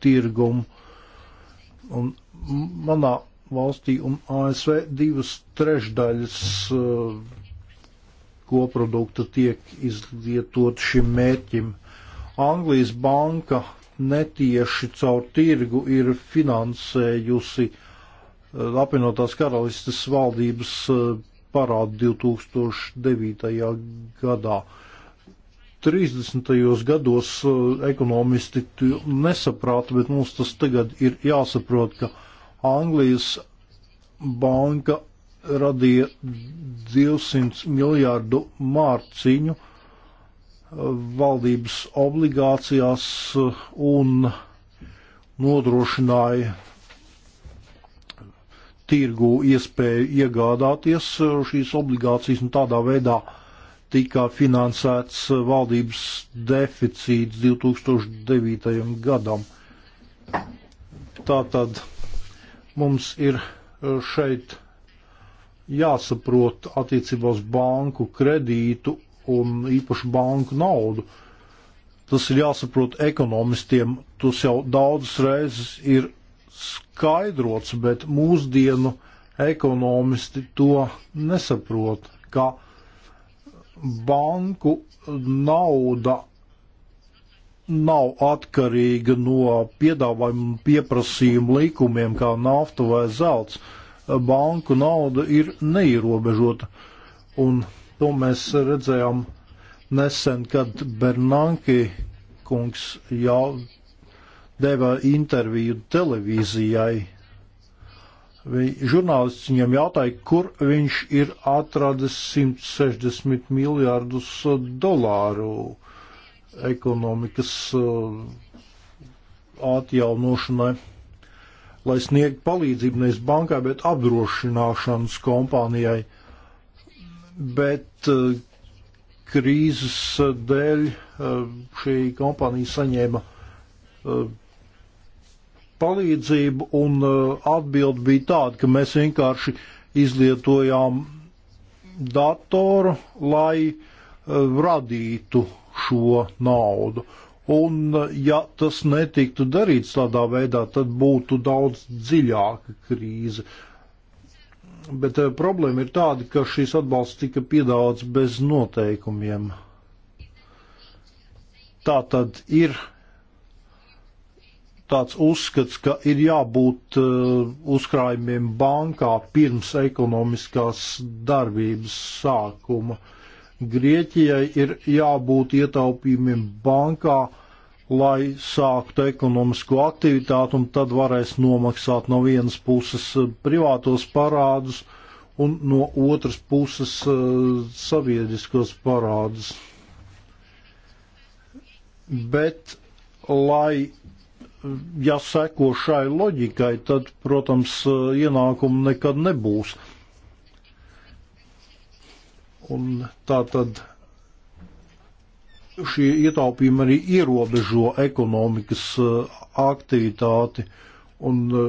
tirgumu. Un manā valstī un ASV divas trešdaļas eh, koprodukta tiek izlietot šim mērķim. Anglijas banka netieši caur tirgu ir finansējusi eh, apvienotās karalistes valdības eh, parādu 2009. gadā. 30. gados eh, ekonomisti nesaprāta, bet mums tas tagad ir jāsaprot, ka Anglijas banka radīja 200 miljārdu mārciņu, uh, valdības obligācijās uh, un nodrošināja tirgu iespēju iegādāties uh, šīs obligācijas, un tādā veidā tika finansēts uh, valdības deficīts 2009. gadam. Tātad mums ir šeit jāsaprot attiecībā uz banku kredītu un īpaši banku naudu. Tas ir jāsaprot ekonomistiem, tas jau daudzas reizes ir skaidrots, bet mūsdienu ekonomisti to nesaprot, ka banku nauda nav atkarīga no piedāvājuma un pieprasījuma likumiem, kā nafta vai zelts. Banku nauda ir neierobežota. Un To mēs redzējām nesen, kad Bernanki kungs jau deva interviju televīzijai. Žurnālists viņam jautāja, kur viņš ir atradis 160 miljārdus dolāru ekonomikas uh, atjaunošanai, lai sniegtu palīdzību nevis bankai, bet apdrošināšanas kompānijai bet uh, krīzes dēļ uh, šī kompānija saņēma uh, palīdzību, un atbildi bija tāda, ka mēs vienkārši izlietojām datoru, lai radītu šo naudu. Un, ja tas netiktu darīts tādā veidā, tad būtu daudz dziļāka krīze. Uh, Bet eh, problēma ir tāda, ka šīs atbalsts tika piedāvāts bez noteikumiem. Tā tad ir tāds uzskats, ka ir jābūt eh, uzkrājumiem bankā pirms ekonomiskās darbības sākuma. Grieķijai ir jābūt ietaupījumiem bankā lai sāktu ekonomisko aktivitāti, un tad varēs nomaksāt no vienas puses eh, privātos parādus un no otras puses eh, sabiedriskos parādus. Bet, lai, eh, ja seko šai loģikai, tad, protams, ienākumu nekad nebūs. Un tā tad šie ietaupījumi arī ierobežo ekonomikas eh, aktivitāti. Un eh,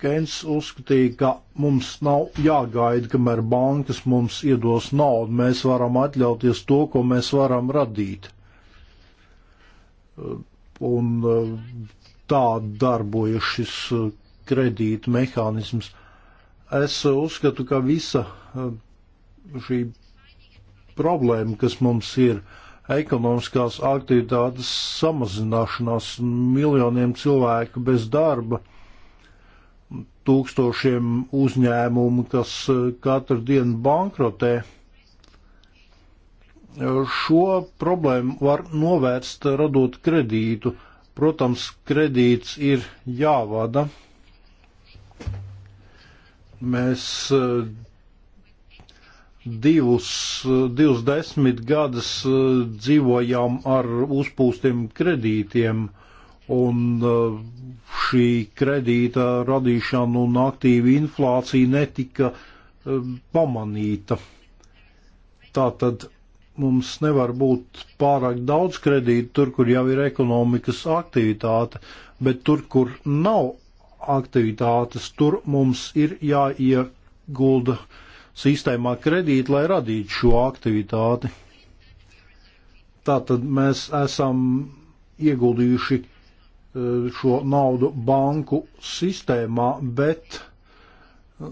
Kens uzskatīja, ka mums nav jāgaida, kamēr bankas mums iedos naudu. Mēs varam atļauties to, ko mēs varam radīt. Eh, un tā darbojas šis kredīta mehānisms. Es uzskatu, ka visa šī problēma, kas mums ir ekonomiskās aktivitātes samazināšanās, miljoniem cilvēku bez darba, tūkstošiem uzņēmumu, kas e, katru dienu bankrotē. E, šo problēmu var novērst radot kredītu. Protams, kredīts ir jāvada. Mēs e, divus, divus desmit gadus eh, dzīvojām ar uzpūstiem kredītiem, un eh, šī kredīta radīšana un aktīva inflācija netika eh, pamanīta. Tātad mums nevar būt pārāk daudz kredītu tur, kur jau ir ekonomikas aktivitāte, bet tur, kur nav aktivitātes, tur mums ir jāiegulda. Ja sistēmā kredīti, lai radītu šo aktivitāti. Tātad mēs esam ieguldījuši eh, šo naudu banku sistēmā, bet eh,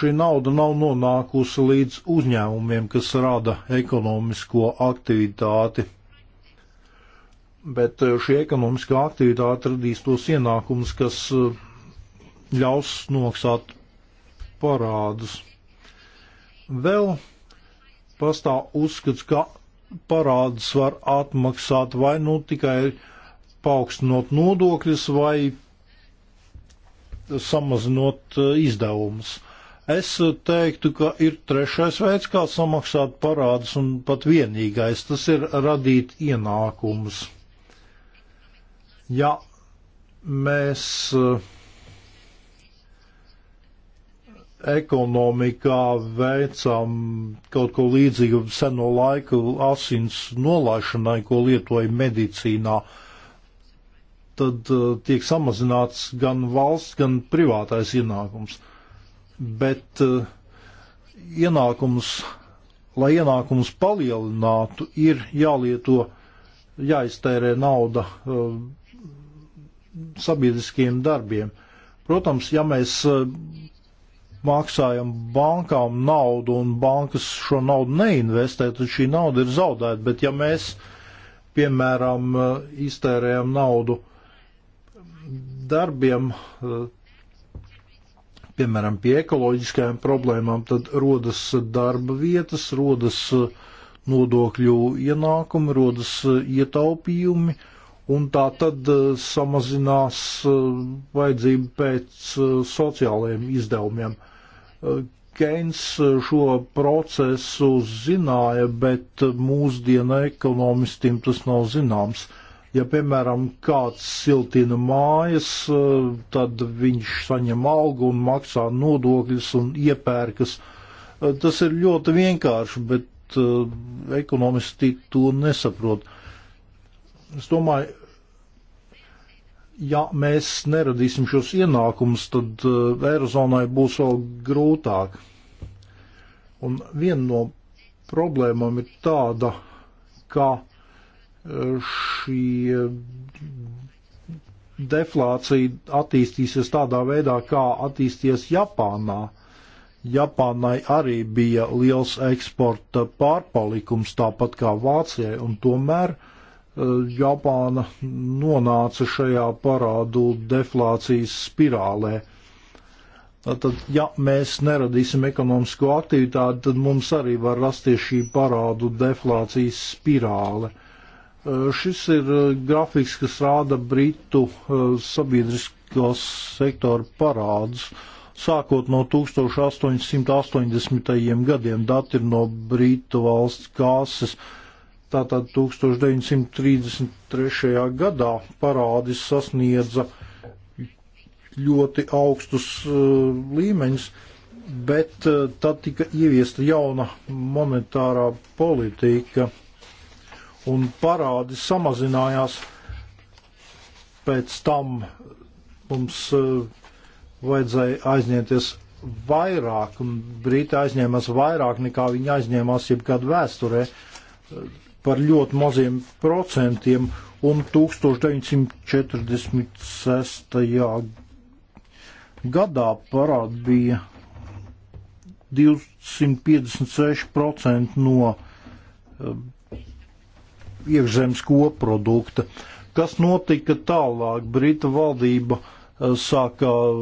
šī nauda nav nonākusi līdz uzņēmumiem, kas rada ekonomisko aktivitāti. Bet eh, šī ekonomiskā aktivitāte radīs tos ienākumus, kas ļaus noksāt parādus. Vēl pastāv uzskats, ka parādus var atmaksāt vai nu tikai paaugstinot nodokļus vai samazinot eh, izdevumus. Es eh, teiktu, ka ir trešais veids, kā samaksāt parādus, un pat vienīgais tas ir radīt ienākumus. Ja mēs uh, ekonomikā veicām kaut ko līdzīgu seno laiku asins nolaišanai, ko lietoja medicīnā, tad uh, tiek samazināts gan valsts, gan privātais ienākums. Bet uh, ienākums, lai ienākums palielinātu, ir jālieto, jāiztērē nauda uh, sabiedriskiem darbiem. Protams, ja mēs maksājam bankām naudu un bankas šo naudu neinvestē, tad šī nauda ir zaudēta. Bet ja mēs, piemēram, eh, iztērējam naudu darbiem, eh, piemēram, pie ekoloģiskajām problēmām, tad rodas darba vietas, rodas eh, nodokļu ienākumi, rodas ietaupījumi, un tā tad samazinās vajadzība pēc sociālajiem izdevumiem. Keins šo procesu zināja, bet mūsdienu ekonomistiem tas nav zināms. Ja, piemēram, kāds siltina mājas, tad viņš saņem algu un maksā nodokļus un iepērkas. Tas ir ļoti vienkārši, bet eh, ekonomisti to nesaprot. Es domāju, ja mēs neradīsim šos ienākumus, tad eh, Eirozonai būs vēl grūtāk. Un viena no problēmām ir tāda, ka eh, šī deflācija attīstīsies tādā veidā, kā attīstīsies Japānā. Japānai arī bija liels eksporta pārpalikums, tāpat kā Vācijai, un tomēr uh, Japāna nonāca šajā parādu deflācijas spirālē. Tad, ja mēs neradīsim ekonomisko aktivitāti, tad mums arī var rasties šī parādu deflācijas spirāle. E, šis ir e, grafiks, kas rāda Britu e, sabiedriskos sektoru parādus. Sākot no 1880. gadiem, dati ir no Britu valsts kāses. Uh, Tātad 1933. gadā parādis sasniedza ļoti augstus uh, līmeņus, bet uh, tad tika ieviesta jauna monetārā politika un parādi samazinājās. Pēc tam mums uh, vajadzēja aizņemties vairāk, un Brīti aizņēmās vairāk nekā viņi aizņēmās jebkad vēsturē. Uh, par ļoti maziem procentiem, un 1946. gadā parāda bija 256% no eh, iekšzemes koprodukta. Kas notika tālāk? Brita valdība eh, sāka eh,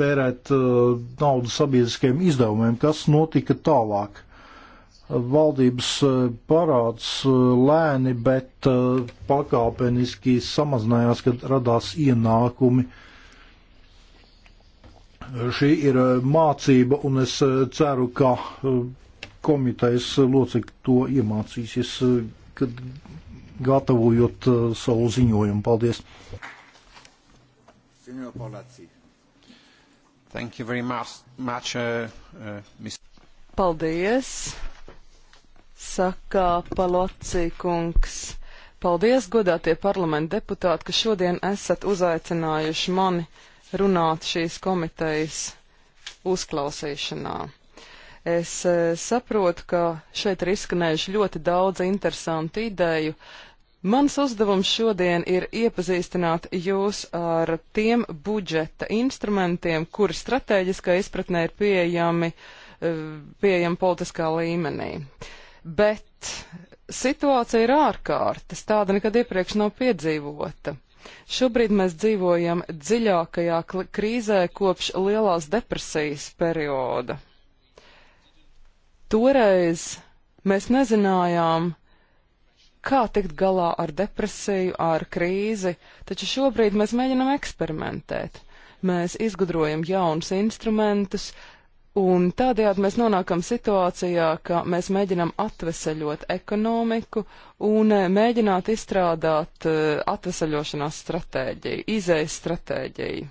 tērēt naudu sabiedriskajiem izdevumiem. Kas notika tālāk? valdības eh, parāds eh, lēni, bet eh, pakāpeniski samazinājās, kad radās ienākumi. Šī ir mācība, un es ceru, ka komitejas locekļi to iemācīsies, kad gatavojot savu ziņojumu. Paldies! Thank you very much, much uh, uh, Mr. Paldies!
saka Palocīkungs. Paldies, godātie parlamenta deputāti, ka šodien esat uzaicinājuši mani runāt šīs komitejas uzklausīšanā. Es e, saprotu, ka šeit ir izskanējuši ļoti daudz interesantu ideju. Mans uzdevums šodien ir iepazīstināt jūs ar tiem budžeta instrumentiem, kuri strateģiskā izpratnē ir pieejami, e, pieejami politiskā līmenī. Uh, bet situācija ir ārkārtas, tāda nekad iepriekš nav piedzīvota. Šobrīd mēs dzīvojam dziļākajā krīzē kopš Lielās depresijas perioda. Toreiz mēs nezinājām, kā tikt galā ar depresiju, ar krīzi, taču šobrīd mēs mēģinam eksperimentēt. Mēs izgudrojam jaunus instrumentus, Un tādējādi mēs nonākam situācijā, ka mēs mēģinam atveseļot ekonomiku un eh, mēģināt izstrādāt eh, atveseļošanās stratēģiju, izējas stratēģiju.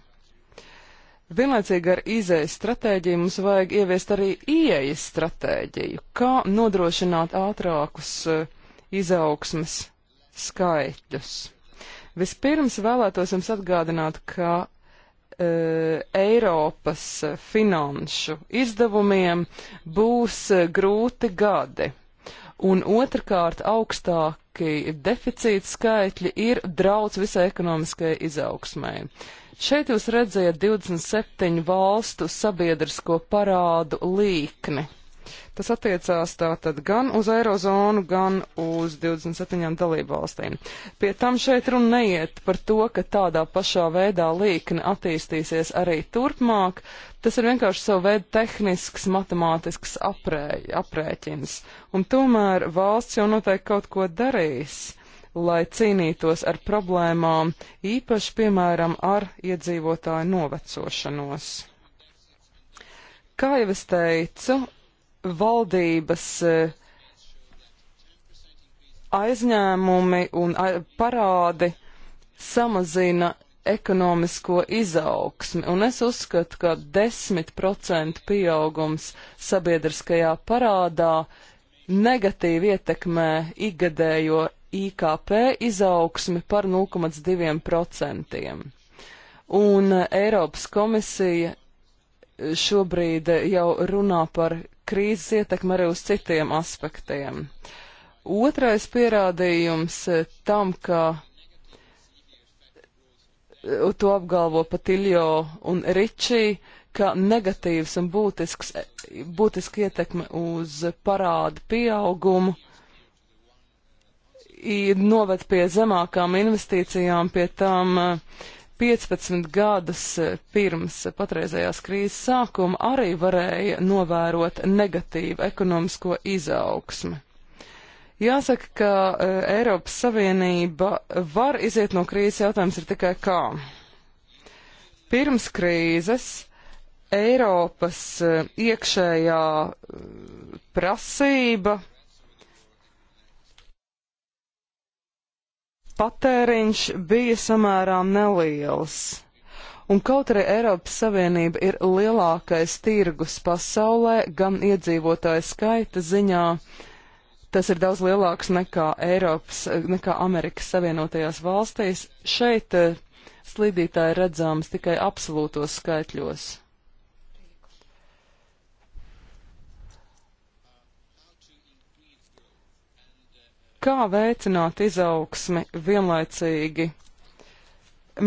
Vienlaicīgi ar izējas stratēģiju mums vajag ieviest arī ieejas stratēģiju, kā nodrošināt ātrākus eh, izaugsmes skaitļus. Vispirms vēlētos jums atgādināt, ka E, Eiropas finanšu izdevumiem būs e, grūti gadi. Un otrkārt, augstāki deficīta skaitļi ir draudz visai ekonomiskajai izaugsmai. Šeit jūs redzējat 27 valstu sabiedrisko parādu līkni. Tas attiecās tātad gan uz Eirozonu, gan uz 27 dalību valstīm. Pie tam šeit runa neiet par to, ka tādā pašā veidā līkne attīstīsies arī turpmāk. Tas ir vienkārši savu veidu tehnisks, matemātisks aprē, aprēķins. Un tomēr valsts jau noteikti kaut ko darīs lai cīnītos ar problēmām, īpaši, piemēram, ar iedzīvotāju novecošanos. Kā jau es teicu, valdības e, aizņēmumi un parādi samazina ekonomisko izaugsmi, un es uzskatu, ka 10% pieaugums sabiedriskajā parādā negatīvi ietekmē ikgadējo IKP izaugsmi par 0,2%. Un Eiropas komisija šobrīd jau runā par krīzes ietekmi arī uz citiem aspektiem. Otrais pierādījums tam, ka to apgalvo Patiljo un Ričī, ka negatīvs un būtisks, būtiski ietekme uz parādu pieaugumu noved pie zemākām investīcijām, pie tām uh, 15 gadus eh, pirms eh, patreizējās krīzes sākuma arī varēja novērot negatīvu ekonomisko izaugsmi. Jāsaka, ka eh, Eiropas Savienība var iziet no krīzes, jautājums ir tikai kā. Pirms krīzes Eiropas iekšējā prasība patēriņš bija samērā neliels. Un kaut arī Eiropas Savienība ir lielākais tirgus pasaulē, gan iedzīvotāju skaita ziņā, tas ir daudz lielāks nekā Eiropas, nekā Amerikas Savienotajās valstīs. Šeit eh, slīdītāji redzams tikai absolūtos skaitļos. kā veicināt izaugsmi vienlaicīgi,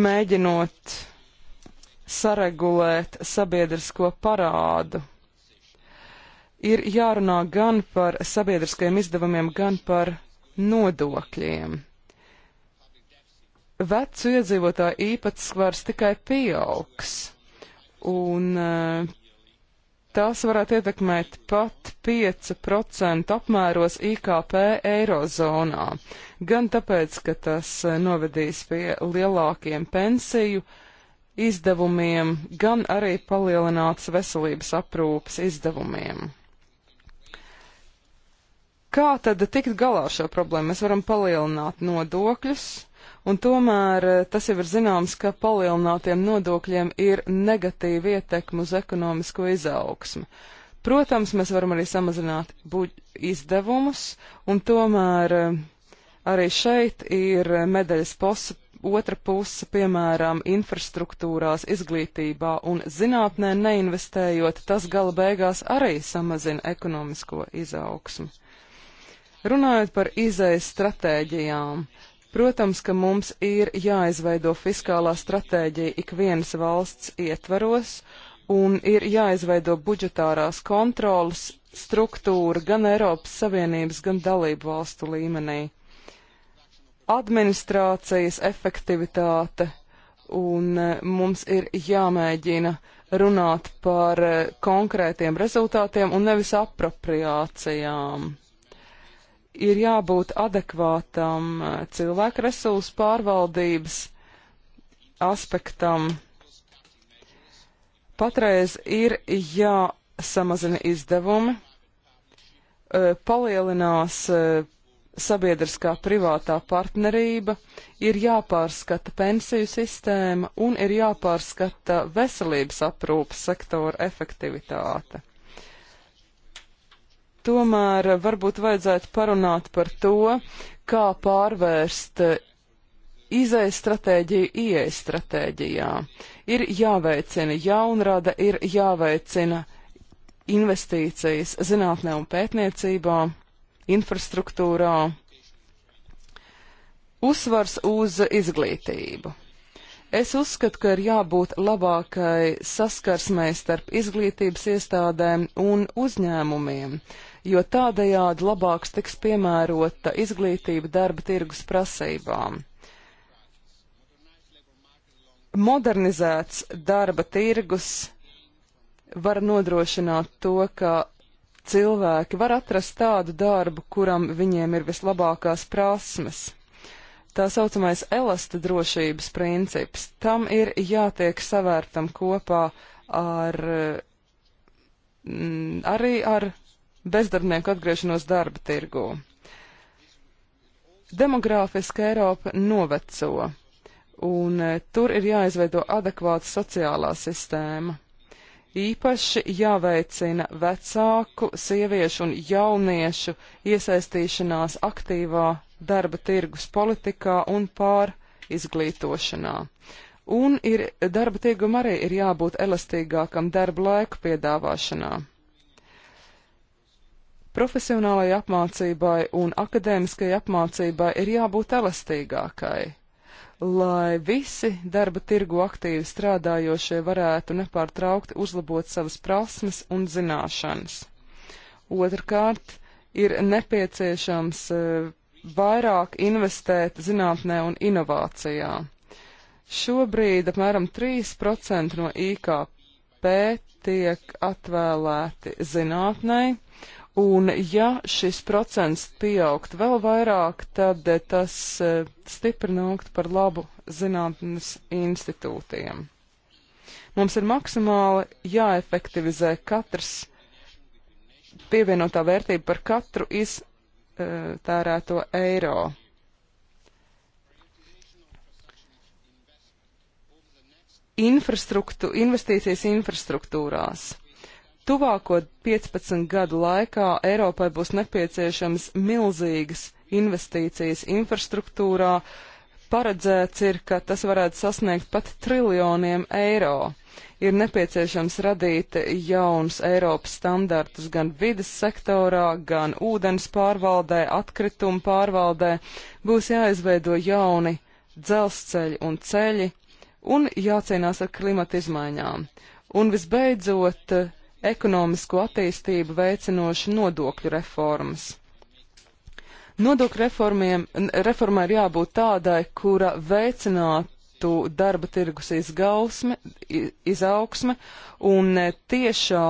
mēģinot saregulēt sabiedrisko parādu. Ir jārunā gan par sabiedriskajiem izdevumiem, gan par nodokļiem. Vecu iedzīvotāju īpatsvars tikai pieaugs, un eh, tās varētu ietekmēt pat 5% apmēros IKP eirozonā, gan tāpēc, ka tas eh, novedīs pie lielākiem pensiju izdevumiem, gan arī palielināts veselības aprūpas izdevumiem. Kā tad tikt galā ar šo problēmu? Mēs varam palielināt nodokļus, un tomēr eh, tas jau ir zināms, ka palielinātiem nodokļiem ir negatīva ietekma uz ekonomisko izaugsmu. Protams, mēs varam arī samazināt izdevumus, un tomēr eh, arī šeit ir medaļas posa otra puse, piemēram, infrastruktūrās, izglītībā un zinātnē neinvestējot, tas gala beigās arī samazina ekonomisko izaugsmu. Runājot par izējas stratēģijām, Protams, ka mums ir jāizveido fiskālā stratēģija ikvienas valsts ietvaros un ir jāizveido budžetārās kontrolas struktūra gan Eiropas Savienības, gan dalību valstu līmenī. Administrācijas efektivitāte un e, mums ir jāmēģina runāt par e, konkrētiem rezultātiem un nevis apropriācijām ir jābūt adekvātam eh, cilvēku resursu pārvaldības aspektam. Patreiz ir jāsamazina izdevumi, eh, palielinās eh, sabiedriskā privātā partnerība, ir jāpārskata pensiju sistēma un ir jāpārskata veselības aprūpas sektora efektivitāte tomēr varbūt vajadzētu parunāt par to, kā pārvērst izējas stratēģiju ieejas stratēģijā. Ir jāveicina jaunrada, ir jāveicina investīcijas zinātnē un pētniecībā, infrastruktūrā, uzsvars uz izglītību. Es uzskatu, ka ir jābūt labākai saskarsmei starp izglītības iestādēm un uzņēmumiem jo tādējādi labāks tiks piemērota izglītība darba tirgus prasībām. Modernizēts darba tirgus var nodrošināt to, ka cilvēki var atrast tādu darbu, kuram viņiem ir vislabākās prasmes. Tā saucamais elasta drošības princips, tam ir jātiek savērtam kopā ar, mm, arī ar bezdarbnieku atgriešanos darba tirgū. Demogrāfiski Eiropa noveco, un e, tur ir jāizveido adekvāta sociālā sistēma. Īpaši jāveicina vecāku, sieviešu un jauniešu iesaistīšanās aktīvā darba tirgus politikā un pār izglītošanā. Un ir, darba tirgum arī ir jābūt elastīgākam darba laiku piedāvāšanā. Profesionālajai apmācībai un akadēmiskajai apmācībai ir jābūt elastīgākai, lai visi darba tirgu aktīvi strādājošie varētu nepārtraukti uzlabot savas prasmes un zināšanas. Otrkārt, ir nepieciešams eh, vairāk investēt zinātnē un inovācijā. Šobrīd apmēram 3% no IKP tiek atvēlēti zinātnei, Un ja šis procents pieaugt vēl vairāk, tad tas e, stipri nākt par labu zinātnes institūtiem. Mums ir maksimāli jāefektivizē katrs pievienotā vērtība par katru iztērēto eiro. Infrastruktu, investīcijas infrastruktūrās. Tuvāko 15 gadu laikā Eiropai būs nepieciešams milzīgas investīcijas infrastruktūrā. Paredzēts ir, ka tas varētu sasniegt pat triljoniem eiro. Ir nepieciešams radīt jauns Eiropas standartus gan vidas sektorā, gan ūdens pārvaldē, atkritumu pārvaldē. Būs jāizveido jauni dzelzceļi un ceļi un jācīnās ar klimata izmaiņām. Un visbeidzot, ekonomisko attīstību veicinoši nodokļu reformas. Nodokļu reformai ir jābūt tādai, kura veicinātu darba tirgus izgausmi, izaugsmi, un e, tiešā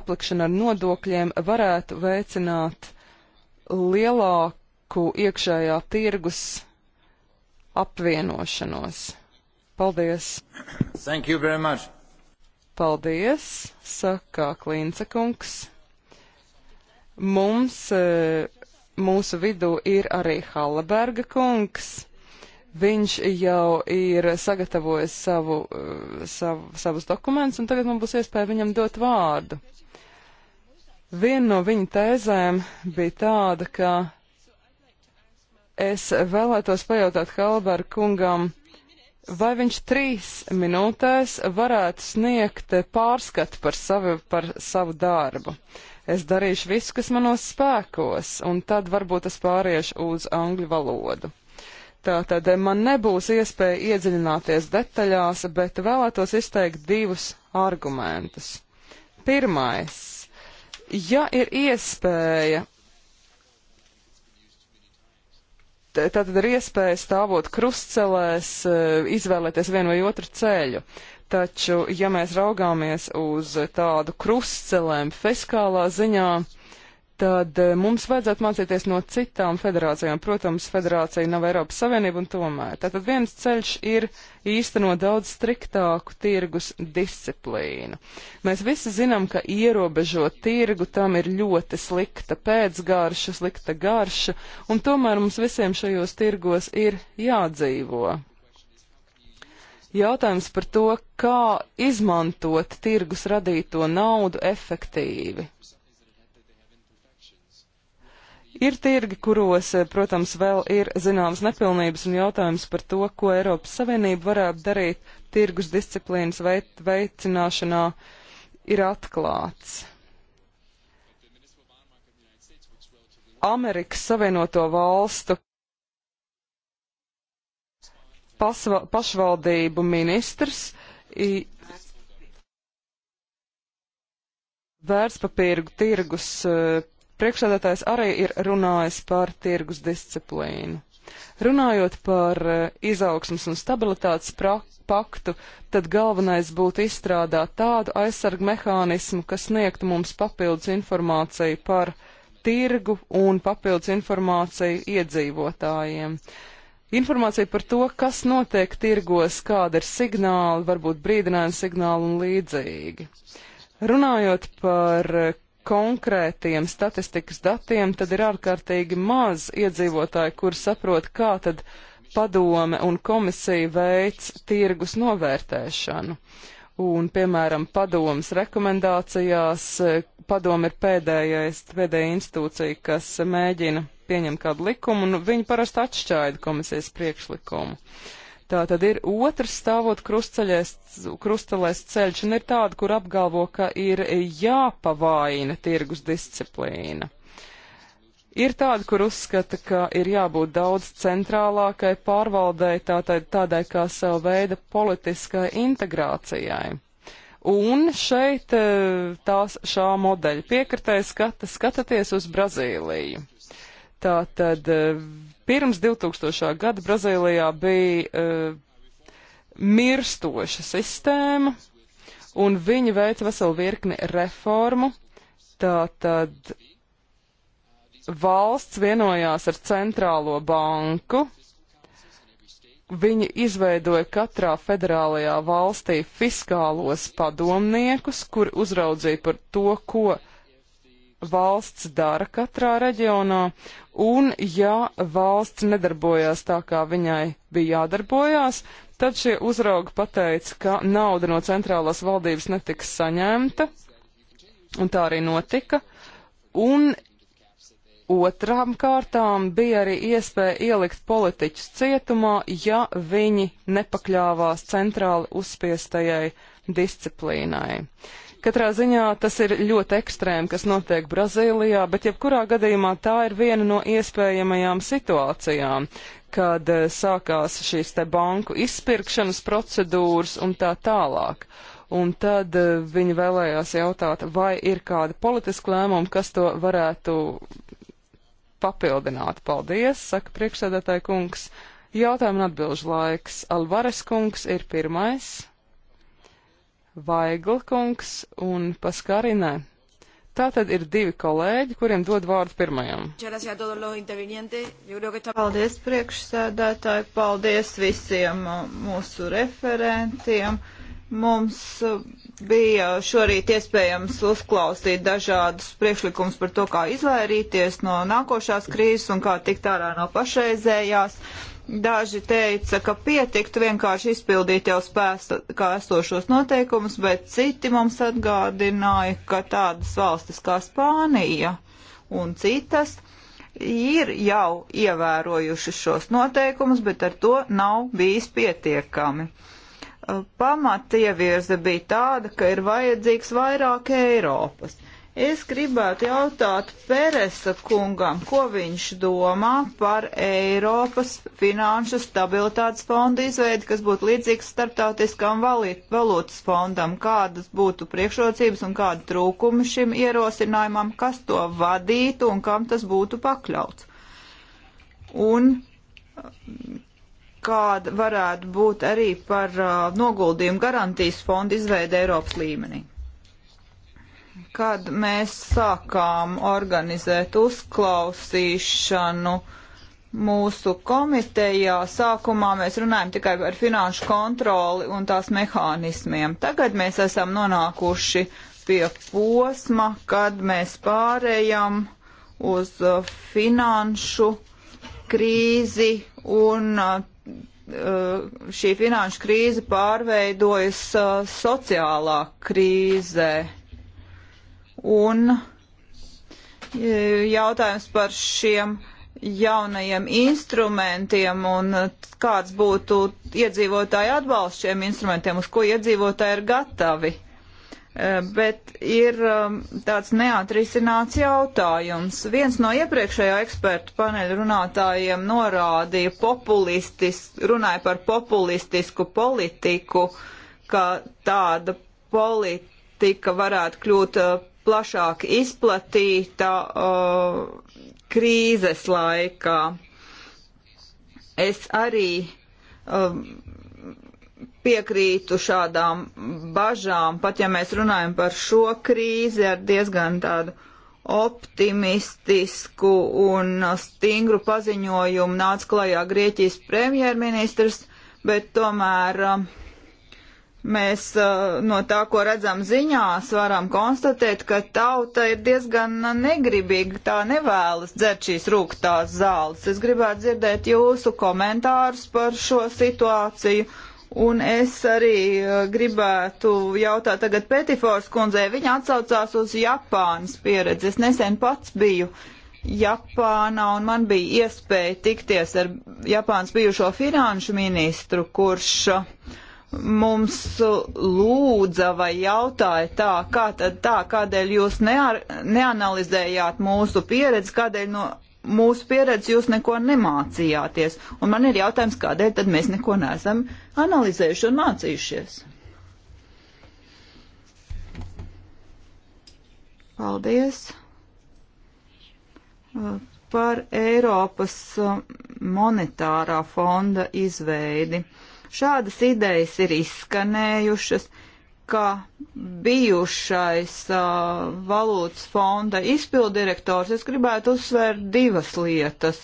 aplikšana ar nodokļiem varētu veicināt lielāku iekšējā tirgus apvienošanos. Paldies!
Thank you very much.
Paldies, saka Klinca kungs. Mums, eh, mūsu vidū ir arī Hallaberga kungs viņš jau ir sagatavojis savu, eh, savu, savus dokumentus, un tagad man būs iespēja viņam dot vārdu. Viena no viņa tēzēm bija tāda, ka es vēlētos pajautāt Halberga kungam, vai viņš trīs minūtēs varētu sniegt pārskatu par savu, par savu darbu. Es darīšu visu, kas manos spēkos, un tad varbūt es pāriešu uz angļu valodu. Tātad eh, man nebūs iespēja iedziļināties detaļās, bet vēlētos izteikt divus argumentus. Pirmais. Ja ir iespēja Tātad ir iespēja stāvot krustcelēs, e, izvēlēties vienu vai otru ceļu. Taču, ja mēs raugāmies uz tādu krustcelēm fiskālā ziņā, tad eh, mums vajadzētu mācīties no citām federācijām. Protams, federācija nav Eiropas Savienība un tomēr. Tātad viens ceļš ir īstenot daudz striktāku tirgus disciplīnu. Mēs visi zinām, ka ierobežot tirgu tam ir ļoti slikta pēcgarša, slikta garša, un tomēr mums visiem šajos tirgos ir jādzīvo. Jautājums par to, kā izmantot tirgus radīto naudu efektīvi. Ir tirgi, kuros, eh, protams, vēl ir zināmas nepilnības un jautājums par to, ko Eiropas Savienība varētu darīt tirgus disciplīnas veicināšanā, ir atklāts. Amerikas Savienoto valstu pasva, pašvaldību ministrs i, vērtspapīru tirgus eh, Priekšsēdētājs arī ir runājis par tirgus disciplīnu. Runājot par eh, izaugsmas un stabilitātes paktu, tad galvenais būtu izstrādāt tādu aizsargu mehānismu, kas sniegtu mums papildus informāciju par tirgu un papildus informāciju iedzīvotājiem. Informācija par to, kas notiek tirgos, kāda ir signāli, varbūt brīdinājuma signāli un līdzīgi. Runājot par eh, konkrētiem statistikas datiem, tad ir ārkārtīgi maz iedzīvotāji, kur saprot, kā tad padome un komisija veic tirgus novērtēšanu. Un, piemēram, padomas rekomendācijās padome ir pēdējais, pēdējā institūcija, kas mēģina pieņemt kādu likumu, un viņi parasti atšķaida komisijas priekšlikumu. Uh, Tā tad ir otrs stāvot krustelēs ceļš, un ir tāda, kur apgalvo, ka ir jāpavaina tirgus disciplīna. Ir tāda, kur uzskata, ka ir jābūt daudz centrālākai pārvaldei, tātad tādai kā sev veida politiskai integrācijai. Un šeit e, tās šā modeļa piekritē skata, skataties uz Brazīliju. Tātad e, Pirms 2000. gada Brazīlijā bija uh, mirstoša sistēma, un viņi veica veselu virkni reformu. Tātad valsts vienojās ar centrālo banku, Viņi izveidoja katrā federālajā valstī fiskālos padomniekus, kur uzraudzīja par to, ko valsts dara katrā reģionā, un ja valsts nedarbojās tā, kā viņai bija jādarbojās, tad šie uzraugi pateica, ka nauda no centrālās valdības netika saņemta, un tā arī notika, un otrām kārtām bija arī iespēja ielikt politiķus cietumā, ja viņi nepakļāvās centrāli uzspiestajai disciplīnai. Uh, Katrā ziņā tas ir ļoti ekstrēmi, kas notiek Brazīlijā, bet jebkurā gadījumā tā ir viena no iespējamajām situācijām, kad eh, sākās šīs te banku izpirkšanas procedūras un tā tālāk. Un tad eh, viņi vēlējās jautāt, vai ir kāda politiska lēmuma, kas to varētu papildināt. Paldies, saka priekšsēdētāja kungs. Jautājuma un atbilžu laiks. Alvares kungs ir pirmais. Vaiglkungs un Paskarinē. Tā tad ir divi kolēģi, kuriem dod vārdu pirmajam.
Paldies priekšsēdētāji, paldies visiem uh, mūsu referentiem. Mums uh, bija šorīt iespējams uzklausīt dažādus priekšlikumus par to, kā izvairīties no nākošās krīzes un kā tikt ārā no pašreizējās. Uh, Daži teica, ka pietiktu vienkārši izpildīt jau spēkā esošos noteikumus, bet citi mums atgādināja, ka tādas valstis kā Spānija un citas ir jau ievērojuši šos noteikumus, bet ar to nav bijis pietiekami. Pamata ievirze bija tāda, ka ir vajadzīgs vairāk Eiropas. Es gribētu jautāt Peresa kungam, ko viņš domā par Eiropas finanšu stabilitātes fonda izveidi, kas būtu līdzīgs starptautiskam valūtas fondam. Kādas būtu priekšrocības un kādi trūkumi šim ierosinājumam, kas to vadītu un kam tas būtu pakļauts? Un kāda varētu būt arī par uh, noguldījumu garantijas fondu izveidu Eiropas līmenī. Kad mēs sākām organizēt uzklausīšanu mūsu komitejā, sākumā mēs runājam tikai par finanšu kontroli un tās mehānismiem. Tagad mēs esam nonākuši pie posma, kad mēs pārējām uz uh, finanšu krīzi un uh, šī finanšu krīze pārveidojas uh, sociālā krīzē un e, jautājums par šiem jaunajiem instrumentiem un kāds būtu iedzīvotāju atbalsts šiem instrumentiem, uz ko iedzīvotāji ir gatavi. E, bet ir um, tāds neatrisināts jautājums. Viens no iepriekšējā ekspertu paneļa runātājiem norādīja populistis, runāja par populistisku politiku, ka tāda politika varētu kļūt uh, plašāk izplatīta uh, krīzes laikā. Es arī uh, piekrītu šādām bažām, pat ja mēs runājam par šo krīzi ar diezgan tādu optimistisku un stingru paziņojumu nāca klajā Grieķijas premjerministrs, bet tomēr uh, Mēs uh, no tā, ko redzam ziņās, varam konstatēt, ka tauta ir diezgan negribīga, tā nevēlas dzert šīs rūgtās zāles. Es gribētu dzirdēt jūsu komentārus par šo situāciju. Un es arī uh, gribētu jautāt tagad Petifors kundzei. Viņa atsaucās uz Japānas pieredzi. Es nesen pats biju Japānā un man bija iespēja tikties ar Japānas bijušo finanšu ministru, kurš uh, mums lūdza vai jautāja tā, kā tad tā, kādēļ jūs near, neanalizējāt mūsu pieredzi, kādēļ no mūsu pieredzes jūs neko nemācījāties. Un man ir jautājums, kādēļ tad mēs neko neesam analizējuši un mācījušies. Paldies par Eiropas monetārā fonda izveidi. Uh, Šādas idejas ir izskanējušas, kā bijušais uh, valūtas fonda izpildirektors. Es gribētu uzsvērt divas lietas,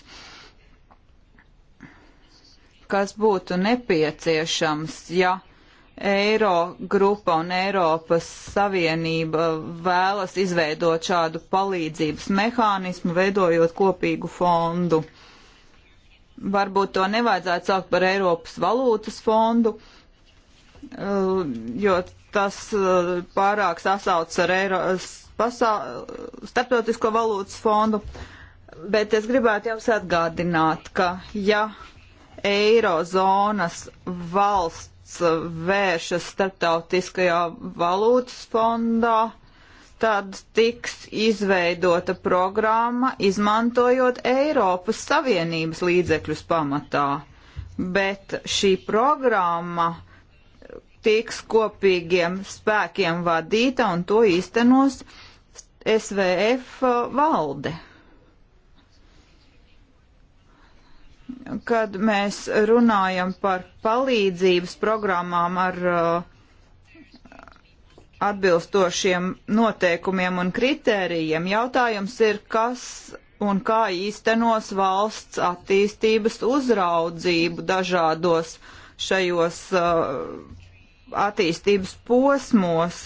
kas būtu nepieciešams, ja. Eiro grupa un Eiropas Savienība vēlas izveidot šādu palīdzības mehānismu, veidojot kopīgu fondu. Uh, Varbūt to nevajadzētu saukt par Eiropas valūtas fondu, uh, jo tas uh, pārāk sasauc ar Eiropas starptautisko valūtas fondu. Bet es gribētu jums atgādināt, ka ja Eirozonas valsts vēršas starptautiskajā valūtas fondā, tad tiks izveidota programma, izmantojot Eiropas Savienības līdzekļus pamatā. Bet šī programma tiks kopīgiem spēkiem vadīta un to īstenos SVF uh, valde. Kad mēs runājam par palīdzības programmām ar uh, atbilstošiem noteikumiem un kritērijiem. Jautājums ir, kas un kā īstenos valsts attīstības uzraudzību dažādos šajos uh, attīstības posmos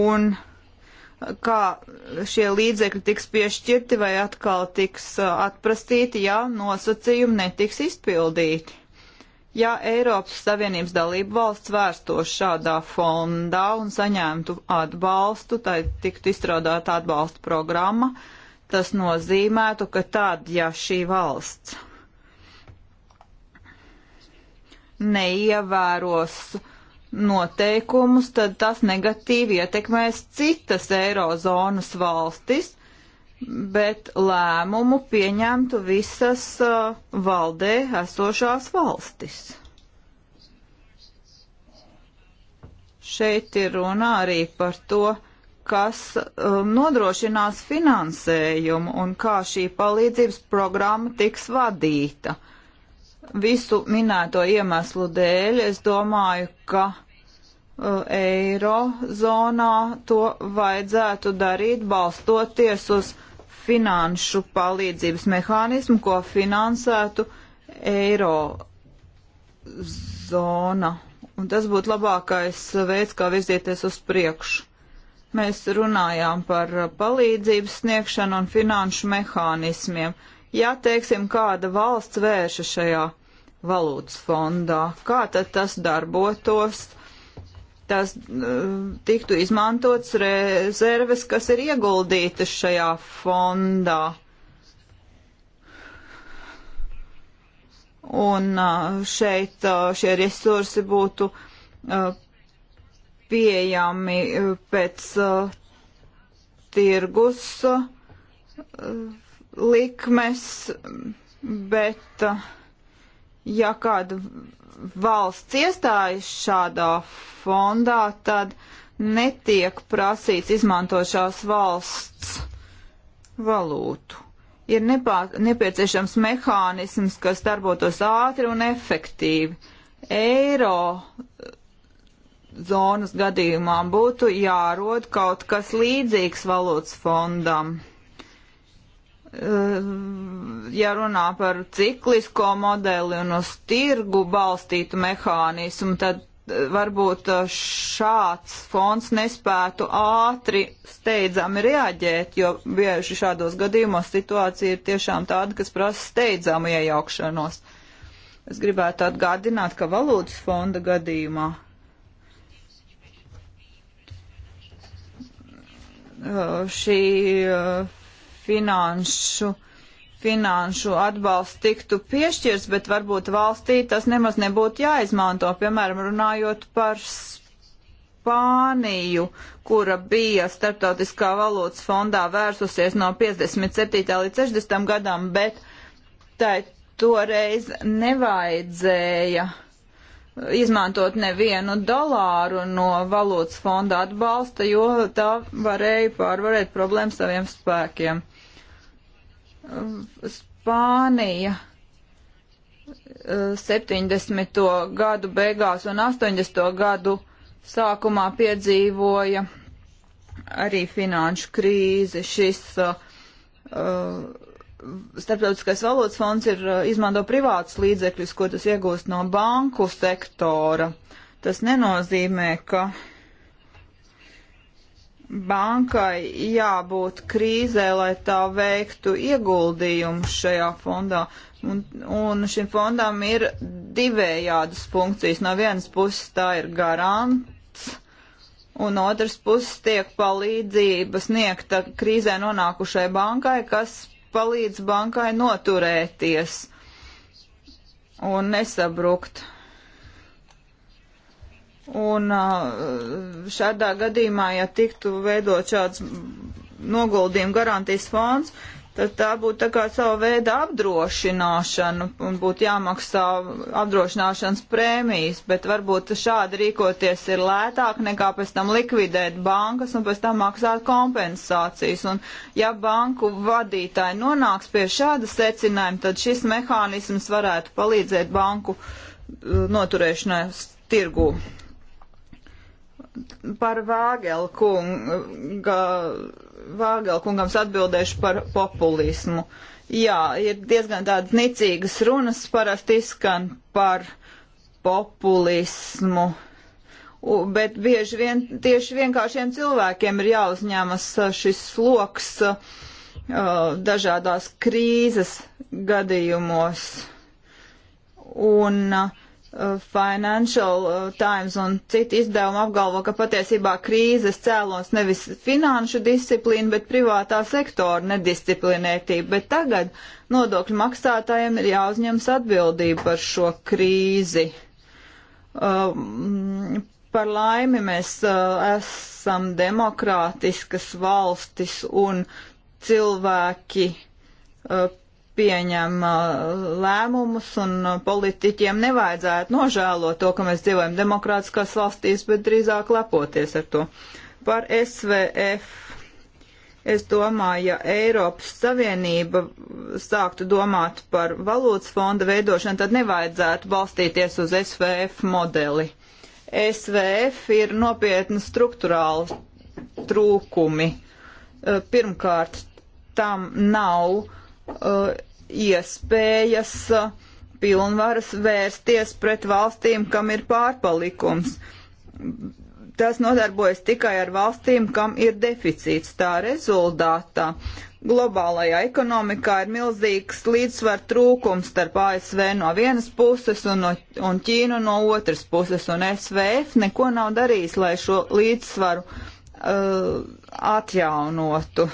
un kā šie līdzekļi tiks piešķirti vai atkal tiks uh, atprastīti, ja nosacījumi netiks izpildīti. Ja Eiropas Savienības dalību valsts vērstos šādā fondā un saņemtu atbalstu, tai tiktu izstrādāta atbalsta programma, tas nozīmētu, ka tad, ja šī valsts neievēros noteikumus, tad tas negatīvi ietekmēs citas eirozonas valstis, bet lēmumu pieņemtu visas uh, valdē esošās valstis. Šeit ir runa arī par to, kas uh, nodrošinās finansējumu un kā šī palīdzības programma tiks vadīta. Visu minēto iemeslu dēļ es domāju, ka uh, eirozonā to vajadzētu darīt balstoties uz finanšu palīdzības mehānismu, ko finansētu eiro zona. Un tas būtu labākais veids, kā virzīties uz priekšu. Mēs runājām par palīdzības sniegšanu un finanšu mehānismiem. Ja, teiksim, kāda valsts vērša šajā valūtas fondā, kā tad tas darbotos? tas uh, tiktu izmantots rezerves, kas ir ieguldītas šajā fondā. Un uh, šeit uh, šie resursi būtu pieejami pēc tirgus likmes, bet ja kāda valsts iestājas šādā fondā, tad netiek prasīts izmantot šās valsts valūtu. Ir nepā, nepieciešams mehānisms, kas darbotos ātri un efektīvi. Eiro zonas gadījumā būtu jārod kaut kas līdzīgs valūtas fondam. Eh, ja runā par ciklisko modeli un uz tirgu balstītu mehānismu, tad eh, varbūt eh, šāds fonds nespētu ātri steidzami reaģēt, jo bieži šādos gadījumos situācija ir tiešām tāda, kas prasa steidzamu iejaukšanos. Es gribētu atgādināt, ka valūtas fonda gadījumā šī finanšu, finanšu atbalsts tiktu piešķirs, bet varbūt valstī tas nemaz nebūtu jāizmanto, piemēram, runājot par Spāniju, kura bija Startautiskā valūtas fondā vērsusies no 57. līdz 60. gadam, bet tai toreiz nevajadzēja izmantot nevienu dolāru no valūtas fonda atbalsta, jo tā varēja pārvarēt problēmu saviem spēkiem. Spānija 70. Eh, gadu beigās un 80. gadu sākumā piedzīvoja arī finanšu krīzi. Šis uh, starptautiskais valodas fonds ir uh, izmanto privātus līdzekļus, ko tas iegūst no banku sektora. Tas nenozīmē, ka uh, bankai jābūt krīzē, lai tā veiktu ieguldījumus šajā fondā. Un, un šim fondam ir divējādas funkcijas. No vienas puses tā ir garants, un otras puses tiek palīdzība sniegta krīzē nonākušai bankai, kas palīdz bankai noturēties un nesabrukt. Un šādā gadījumā, ja tiktu veidot šāds noguldījuma garantijas fonds, tad tā būtu tā kā sava veida apdrošināšana un būtu jāmaksā apdrošināšanas prēmijas, bet varbūt šādi rīkoties ir lētāk nekā pēc tam likvidēt bankas un pēc tam maksāt kompensācijas. Un ja banku vadītāji nonāks pie šāda secinājuma, tad šis mehānisms varētu palīdzēt banku noturēšanai tirgū par Vāgelkunga, Vāgelkungams atbildēšu par populismu. Jā, ir diezgan tādas nicīgas runas parasti izskan par populismu, bet bieži vien tieši vienkāršiem cilvēkiem ir jāuzņemas šis sloks uh, dažādās krīzes gadījumos. Un uh, Uh, Financial uh, Times un citi izdevumi apgalvo, ka patiesībā krīzes cēlons nevis finanšu disciplīna, bet privātā sektora nedisciplinētība. Bet tagad nodokļu maksātājiem ir jāuzņems atbildība par šo krīzi. Um, par laimi mēs uh, esam demokrātiskas valstis un cilvēki uh, pieņem uh, lēmumus, un uh, politiķiem nevajadzētu nožēlot to, ka mēs dzīvojam demokrātiskās valstīs, bet drīzāk lepoties ar to. Par SVF. Es domāju, ja Eiropas Savienība sāktu domāt par valūtas fonda veidošanu, tad nevajadzētu balstīties uz SVF modeli. SVF ir nopietni struktūrāli trūkumi. Uh, pirmkārt, tam nav uh, uh, iespējas uh, pilnvaras vērsties pret valstīm, kam ir pārpalikums. Tas nodarbojas tikai ar valstīm, kam ir deficīts. Tā rezultātā globālajā ekonomikā ir milzīgs līdzsvar trūkums starp ASV no vienas puses un, no, un Ķīnu no otras puses, un SVF neko nav darījis, lai šo līdzsvaru uh, atjaunotu.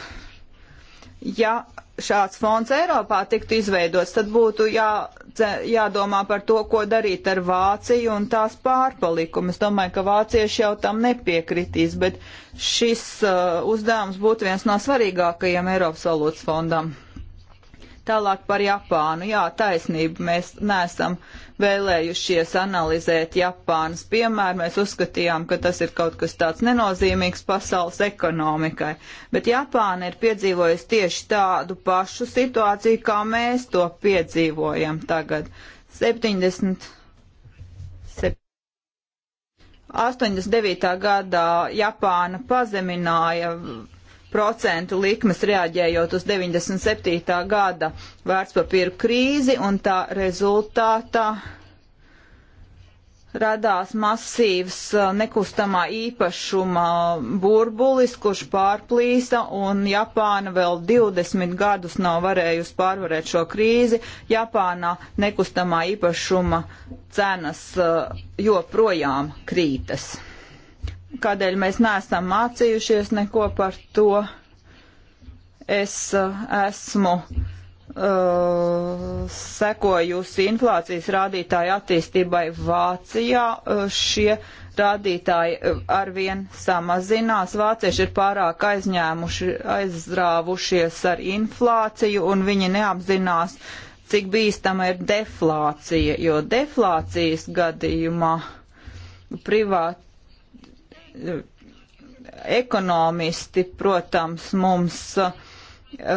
Ja šāds fonds Eiropā tiktu izveidots, tad būtu jā, jādomā par to, ko darīt ar Vāciju un tās pārpalikumu. Es domāju, ka vācieši jau tam nepiekritīs, bet šis uh, uzdevums būtu viens no svarīgākajiem Eiropas valodas fondam. Tālāk par Japānu. Jā, taisnība, mēs neesam vēlējušies analizēt Japānas piemēru. Mēs uzskatījām, ka tas ir kaut kas tāds nenozīmīgs pasaules ekonomikai. Bet Japāna ir piedzīvojusi tieši tādu pašu situāciju, kā mēs to piedzīvojam tagad. 70. 89. gadā Japāna pazemināja procentu likmes reaģējot uz 97. gada vērtspapīru krīzi un tā rezultātā radās masīvs uh, nekustamā īpašuma burbulis, kurš pārplīsa, un Japāna vēl 20 gadus nav varējusi pārvarēt šo krīzi. Japānā nekustamā īpašuma cenas uh, joprojām krītas kādēļ mēs neesam mācījušies neko par to. Es uh, esmu uh, sekojusi inflācijas rādītāju attīstībai Vācijā. Uh, šie rādītāji uh, arvien samazinās. Vācieši ir pārāk aizņēmuši, aizrāvušies ar inflāciju un viņi neapzinās, cik bīstama ir deflācija, jo deflācijas gadījumā privāt ekonomisti, protams, mums uh,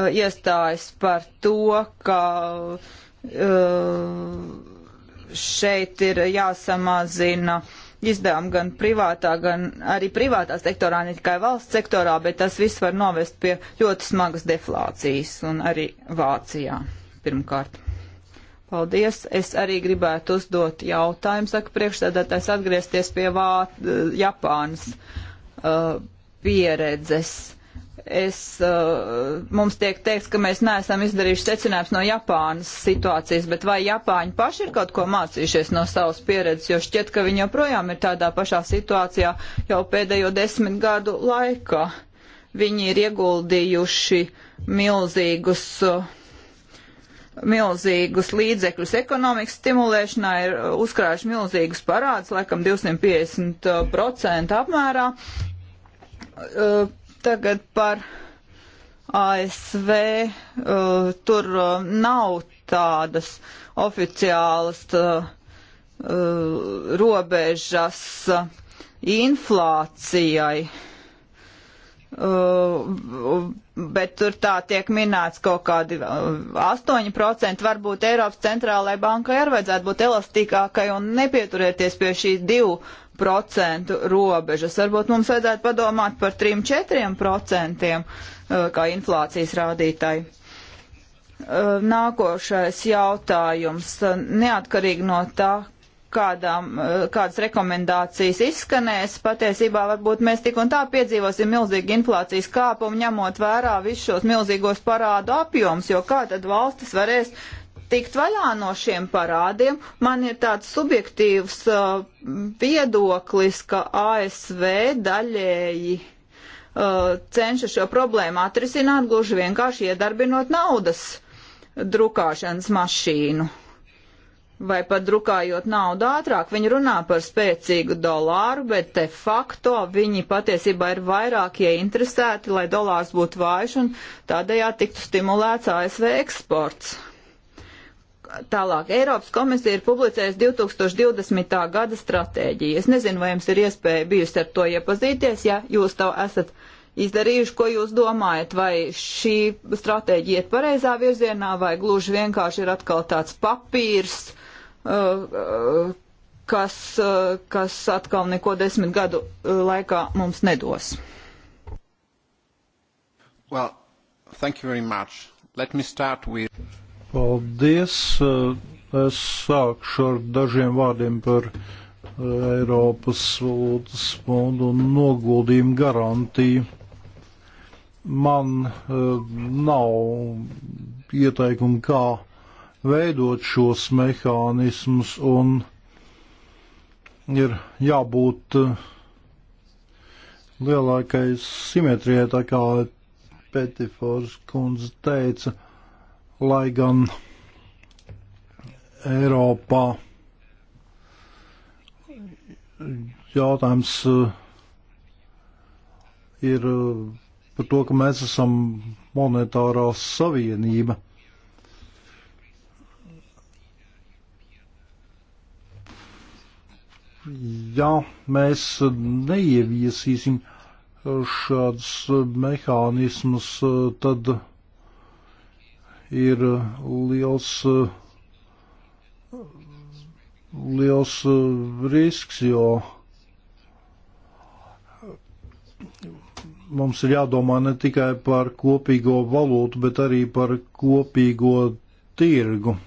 iestājas par to, ka uh, šeit ir jāsamazina izdevumi gan privātā, gan arī privātā sektorā, ne tikai valsts sektorā, bet tas viss var novest pie ļoti smagas deflācijas un arī Vācijā pirmkārt. Paldies. Es arī gribētu uzdot jautājumu, saka priekšsēdētājs, atgriezties pie Vā, eh, Japānas uh, pieredzes. Es, uh, mums tiek teikts, ka mēs neesam izdarījuši secinājums no Japānas situācijas, bet vai Japāņi paši ir kaut ko mācījušies no savas pieredzes, jo šķiet, ka viņi joprojām ir tādā pašā situācijā jau pēdējo desmit gadu laikā. Viņi ir ieguldījuši milzīgus uh, milzīgus līdzekļus ekonomikas stimulēšanai, ir uzkrājuši milzīgus parādus, laikam 250% apmērā. Uh, tagad par ASV uh, tur uh, nav tādas oficiālas robežas inflācijai Uh, bet tur tā tiek minēts kaut kādi 8%. Uh, Varbūt Eiropas centrālajai bankai arī vajadzētu būt elastīgākai un nepieturēties pie šīs 2% robežas. Varbūt mums vajadzētu padomāt par 3-4% uh, kā inflācijas rādītāji. Uh, nākošais jautājums. Neatkarīgi no tā, kādām, eh, kādas rekomendācijas izskanēs, patiesībā varbūt mēs tik un tā piedzīvosim milzīgu inflācijas kāpumu, ņemot vērā visus šos milzīgos parādu apjomus, jo kā tad valstis varēs tikt vaļā no šiem parādiem? Man ir tāds subjektīvs uh, viedoklis, ka ASV daļēji uh, cenšas šo problēmu atrisināt, gluži vienkārši iedarbinot naudas drukāšanas mašīnu vai pat drukājot naudu ātrāk. Viņi runā par spēcīgu dolāru, bet de facto viņi patiesībā ir vairāk ieinteresēti, lai dolārs būtu vājš un tādējā tiktu stimulēts ASV eksports. Tālāk, Eiropas komisija ir publicējusi 2020. gada stratēģiju. Es nezinu, vai jums ir iespēja bijusi ar to iepazīties, ja jūs to esat izdarījuši, ko jūs domājat, vai šī stratēģija iet pareizā virzienā, vai gluži vienkārši ir atkal tāds papīrs, Uh, kas, uh, kas atkal neko desmit gadu uh, laikā
mums nedos. Well, thank you very much. Let me start with. Paldies. Es sākšu ar dažiem vārdiem par Eiropas valūtas fondu un noguldījumu garantiju. Man nav ieteikumu, kā veidot šos mehānismus un ir jābūt eh, lielākai simetrijai, tā kā Petifors kundze teica, lai gan Eiropā jautājums eh, ir eh, par to, ka mēs esam monetārā savienība. ja mēs neieviesīsim šādus mehānismus, tad ir liels, liels risks, jo mums ir jādomā ne tikai par kopīgo valūtu, bet arī par kopīgo tirgu.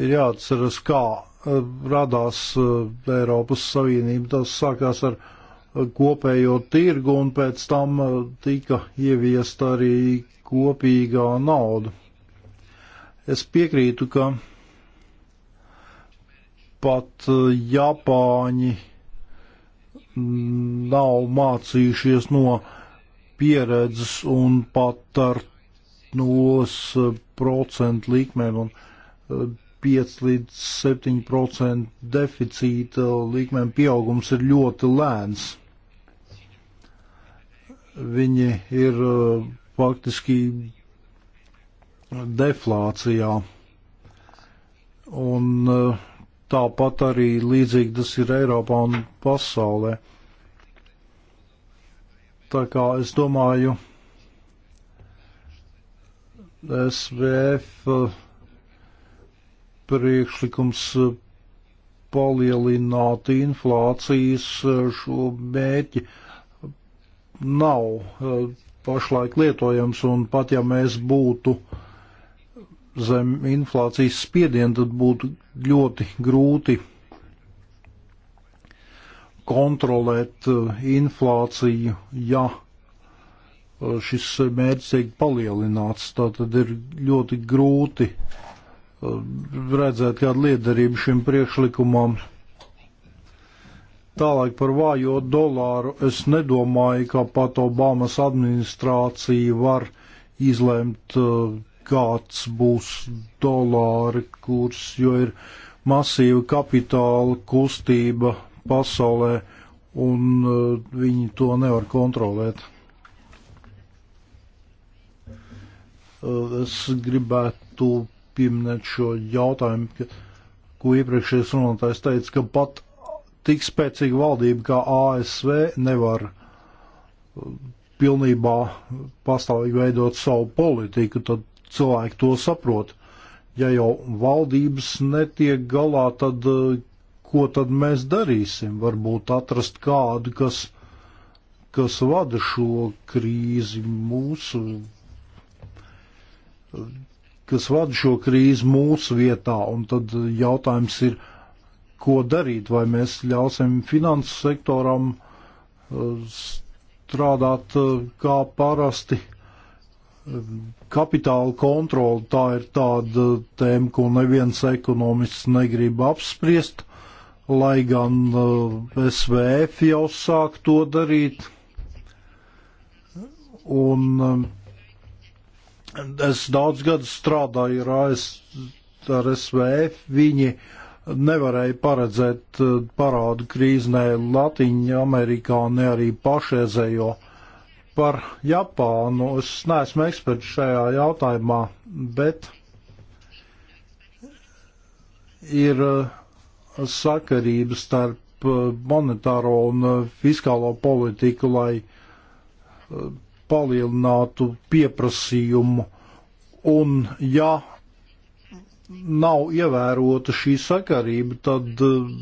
Ir jāatceras, kā Eh, radās eh, Eiropas Savienība. Tas sākās ar eh, kopējo tirgu un pēc tam tika ieviesta arī kopīgā nauda. Es piekrītu, ka pat Japāņi mm, nav mācījušies no pieredzes un pat ar nos procentu likmēm un 5 līdz 7% deficīta līkmēm pieaugums ir ļoti lēns. Viņi ir uh, faktiski deflācijā. Un uh, tāpat arī līdzīgi tas ir Eiropā un pasaulē. Tā kā es domāju, SVF uh, priekšlikums eh, palielināt inflācijas eh, šo mērķi nav eh, pašlaik lietojams, un pat ja mēs būtu zem inflācijas spiediena, tad būtu ļoti grūti kontrolēt inflāciju, ja šis mērķis tiek palielināts. Tā tad ir ļoti grūti uh, redzēt kādu liederību šim priekšlikumam. Tālāk par vājo dolāru es nedomāju, ka pat Obamas administrācija var izlemt, uh, kāds būs dolāra kurs, jo ir masīva kapitāla kustība pasaulē, un uh, viņi to nevar kontrolēt. Uh, es gribētu pieminēt šo jautājumu, ko iepriekšējais runātājs teica, ka pat tik spēcīga valdība kā ASV nevar um, pilnībā pastāvīgi veidot savu politiku, tad cilvēki to saprot. Ja jau valdības netiek galā, tad uh, ko tad mēs darīsim? Varbūt atrast kādu, kas, kas vada šo krīzi mūsu uh, kas vada šo krīzi mūsu vietā, un tad jautājums ir, ko darīt, vai mēs ļausim finanses sektoram eh, strādāt eh, kā parasti. Kapitāla kontrola tā ir tāda tēma, ko neviens ekonomists negrib apspriest, lai gan eh, SVF jau sāk to darīt. Un Es daudz gadus strādāju ar, AS, ar SV. Viņi nevarēja paredzēt eh, parādu krīzi ne Latviju, Amerikā, ne arī pašreizējo. Par Japānu es neesmu eksperts šajā jautājumā, bet ir eh, sakarība starp eh, monetāro un fiskālo politiku, lai palielinātu pieprasījumu. Un ja nav ievērota šī sakarība, tad eh,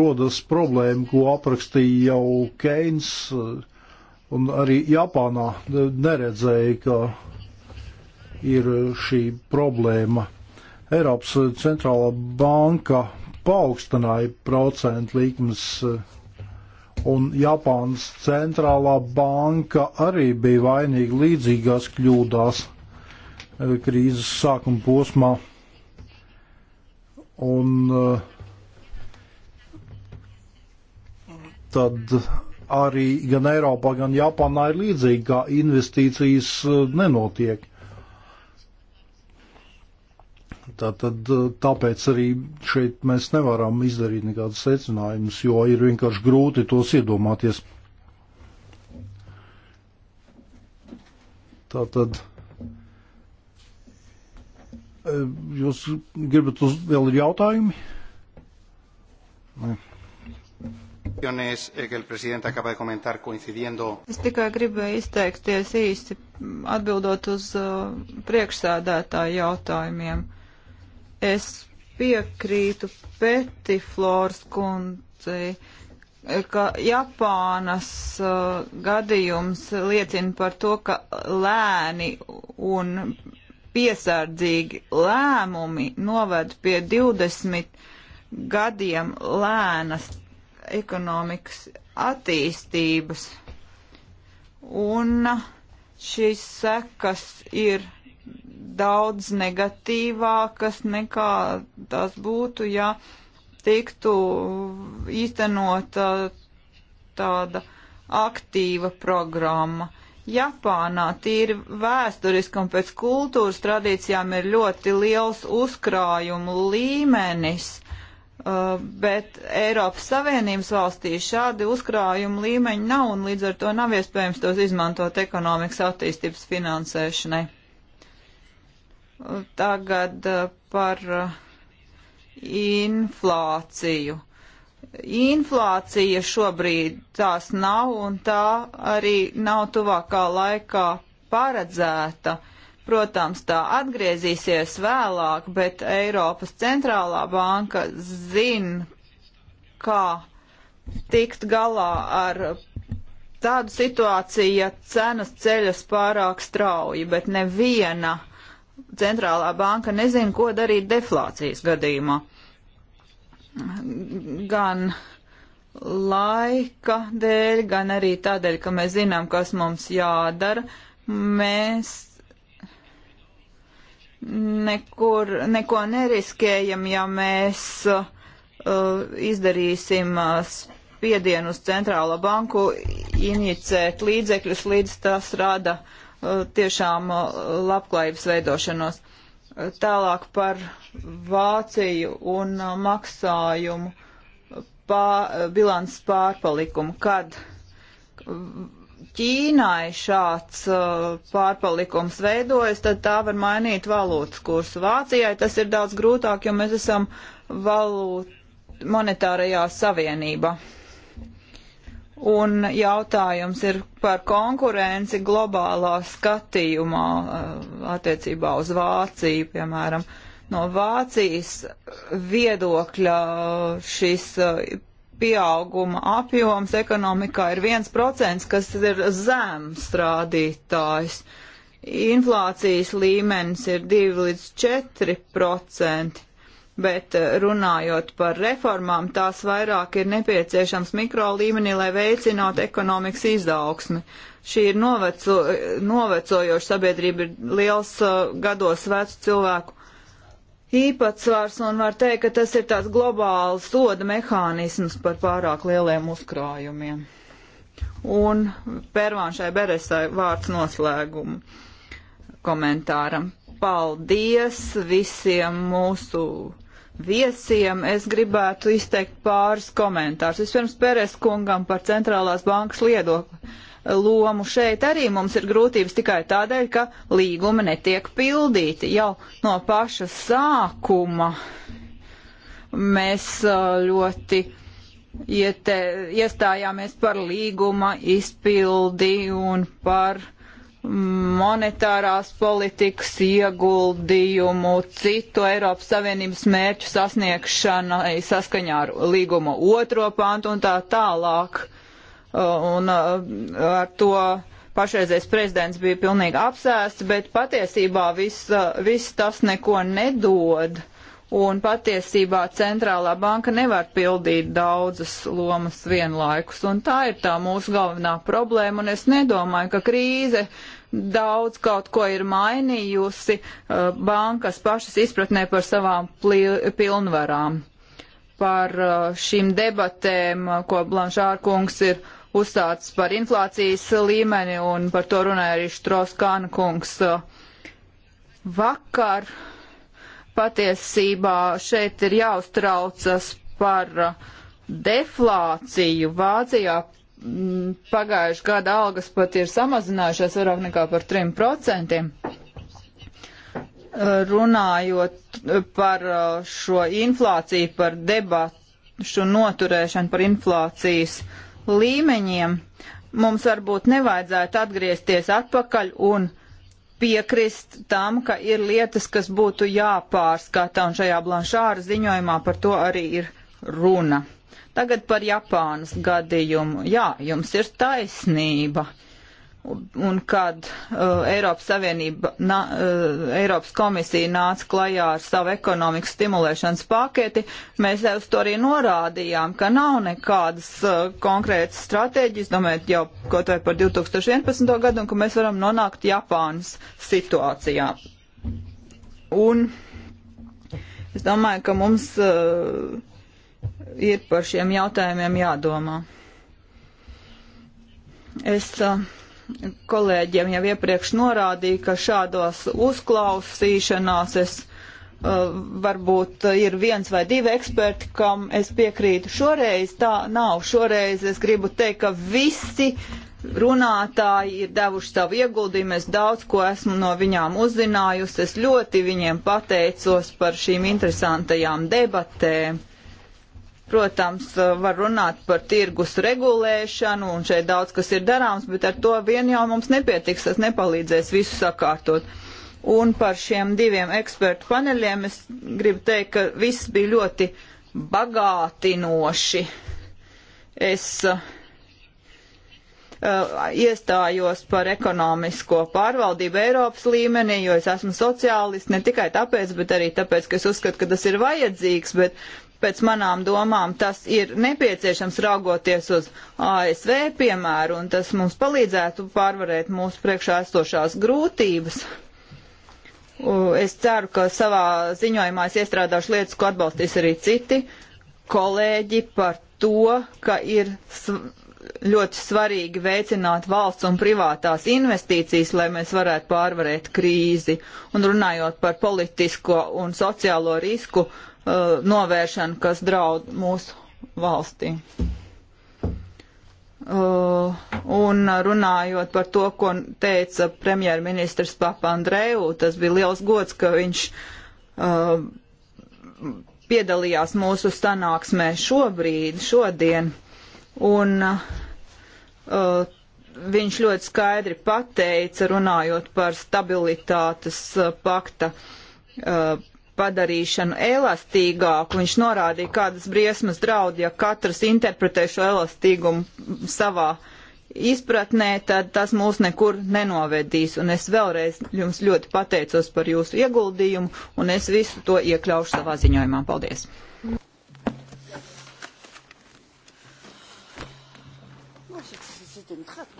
rodas problēma, ko aprakstīja jau Keins, eh, un arī Japānā eh, neredzēja, ka ir šī problēma. Eiropas centrālā banka paaugstināja procentu likmes un Japānas centrālā banka arī bija vainīga līdzīgās kļūdās eh, krīzes sākuma posmā. Un eh, tad arī gan Eiropā, gan Japānā ir līdzīgi, kā investīcijas eh, nenotiek. Tātad eh, tāpēc arī šeit mēs nevaram izdarīt nekādus secinājumus, jo ir vienkārši grūti tos iedomāties. Tātad eh, jūs gribat uz vēl ir jautājumi? Nē. Es
tikai gribēju izteikties īsi atbildot uz eh, priekšsēdētāju jautājumiem. Uh, Es piekrītu Peti Flors kundzei, ka Japānas uh, gadījums liecina par to, ka lēni un piesardzīgi lēmumi noved pie 20 gadiem lēnas ekonomikas attīstības. Un šīs sekas ir daudz negatīvākas nekā tas būtu, ja tiktu īstenota tāda aktīva programma. Japānā tīri vēsturiski un pēc kultūras tradīcijām ir ļoti liels uzkrājumu līmenis, uh, bet Eiropas Savienības valstīs šādi uzkrājumu līmeņi nav un līdz ar to nav iespējams tos izmantot ekonomikas attīstības finansēšanai. Tagad eh, par eh, inflāciju. Inflācija šobrīd tās nav un tā arī nav tuvākā laikā paredzēta. Protams, tā atgriezīsies vēlāk, bet Eiropas centrālā banka zina, kā tikt galā ar tādu situāciju, ja cenas ceļas pārāk strauji, bet neviena centrālā banka nezina, ko darīt deflācijas gadījumā. Gan laika dēļ, gan arī tādēļ, ka mēs zinām, kas mums jādara, mēs nekur, neko neriskējam, ja mēs uh, izdarīsim uh, spiedienu uz centrālo banku, inicēt līdzekļus, līdz tas rada uh, Eh, tiešām eh, labklājības veidošanos. Eh, tālāk par Vāciju un maksājumu pā, bilants pārpalikumu. Kad Ķīnai šāds pārpalikums veidojas, tad tā var mainīt valūtas kursu. Vācijai tas ir daudz grūtāk, jo mēs esam valūta monetārajā savienībā. Un jautājums ir par konkurenci globālā skatījumā eh, attiecībā uz Vāciju, piemēram. No Vācijas viedokļa eh, šis eh, pieauguma apjoms ekonomikā ir 1%, kas ir zems rādītājs. Inflācijas līmenis ir 2 līdz 4% bet eh, runājot par reformām, tās vairāk ir nepieciešams mikro līmenī, lai veicinātu ekonomikas izaugsmi. Šī ir noveco, novecojoša sabiedrība, ir liels uh, gados vecu cilvēku īpatsvars, un var teikt, ka tas ir tāds globāls soda mehānisms par pārāk lieliem uzkrājumiem. Un Pērvānšai Beresai vārds noslēgumu komentāram paldies visiem mūsu viesiem, es gribētu izteikt pāris komentārus. Vispirms Pērēs kungam par centrālās bankas liedokli lomu šeit arī mums ir grūtības tikai tādēļ, ka līgumi netiek pildīti jau no paša sākuma. Mēs uh, ļoti iete, iestājāmies par līguma izpildi un par uh, monetārās politikas ieguldījumu, citu Eiropas Savienības mērķu sasniegšanai saskaņā ar līguma otro pantu un tā tālāk. Uh, un uh, ar to pašreizējais prezidents bija pilnīgi apsēsts, bet patiesībā viss uh, vis tas neko nedod. Un patiesībā centrālā banka nevar pildīt daudzas lomas vienlaikus. Un tā ir tā mūsu galvenā problēma. Un es nedomāju, ka krīze daudz kaut ko ir mainījusi uh, bankas pašas izpratnē par savām pilnvarām. Par uh, šīm debatēm, uh, ko Blanšārkungs ir uzsācis par inflācijas līmeni un par to runāja arī Štroskāna kungs vakar patiesībā šeit ir jāuztraucas par deflāciju. Vācijā mm, pagājuši gada algas pat ir samazinājušās vairāk nekā par 3%. Runājot par uh, šo inflāciju, par debatu noturēšanu, par inflācijas līmeņiem, mums varbūt nevajadzētu atgriezties atpakaļ un uh, piekrist tam, ka ir lietas, kas būtu jāpārskata, un šajā Blanšāra ziņojumā par to arī ir runa. Tagad par Japānas gadījumu. Jā, jums ir taisnība. Uh, un kad uh, Eiropas Savienība, na, uh, Eiropas komisija nāca klajā ar savu ekonomikas stimulēšanas paketi, mēs jau uz to arī norādījām, ka nav nekādas uh, konkrētas stratēģijas, domājot jau kaut vai par 2011. gadu, un ka mēs varam nonākt Japānas situācijā. Un es domāju, ka mums uh, ir par šiem jautājumiem jādomā. Es uh, kolēģiem jau iepriekš norādīju, ka šādos uzklausīšanās es uh, varbūt ir viens vai divi eksperti, kam es piekrītu. Šoreiz tā nav. Šoreiz es gribu teikt, ka visi runātāji ir devuši savu ieguldījumu. Es daudz ko esmu no viņām uzzinājusi. Es ļoti viņiem pateicos par šīm interesantajām debatēm Protams, eh, var runāt par tirgus regulēšanu, un šeit daudz kas ir darāms, bet ar to vien jau mums nepietiks, tas nepalīdzēs visu sakārtot. Un par šiem diviem ekspertu paneļiem es gribu teikt, ka viss bija ļoti bagātinoši. Es uh, iestājos par ekonomisko pārvaldību Eiropas līmenī, jo es esmu sociālists ne tikai tāpēc, bet arī tāpēc, ka es uzskatu, ka tas ir vajadzīgs, bet Pēc manām domām tas ir nepieciešams raugoties uz ASV piemēru, un tas mums palīdzētu pārvarēt mūsu priekšā esošās grūtības. Es ceru, ka savā ziņojumā es iestrādāšu lietas, ko atbalstīs arī citi kolēģi par to, ka ir ļoti svarīgi veicināt valsts un privātās investīcijas, lai mēs varētu pārvarēt krīzi. Un runājot par politisko un sociālo risku, uh, uh, novēršanu, kas draud mūsu valstī. Uh, un runājot par to, ko teica premjerministrs Papandreju, tas bija liels gods, ka viņš uh, piedalījās mūsu sanāksmē šobrīd, šodien. Un uh, viņš ļoti skaidri pateica, runājot par stabilitātes uh, pakta uh, padarīšanu elastīgāku. Viņš norādīja, kādas briesmas draud, ja katrs interpretē šo elastīgumu savā izpratnē, tad tas mūs nekur nenovedīs. Un es vēlreiz jums ļoti pateicos par jūsu ieguldījumu, un es visu to iekļaušu savā ziņojumā. Paldies! une trappe.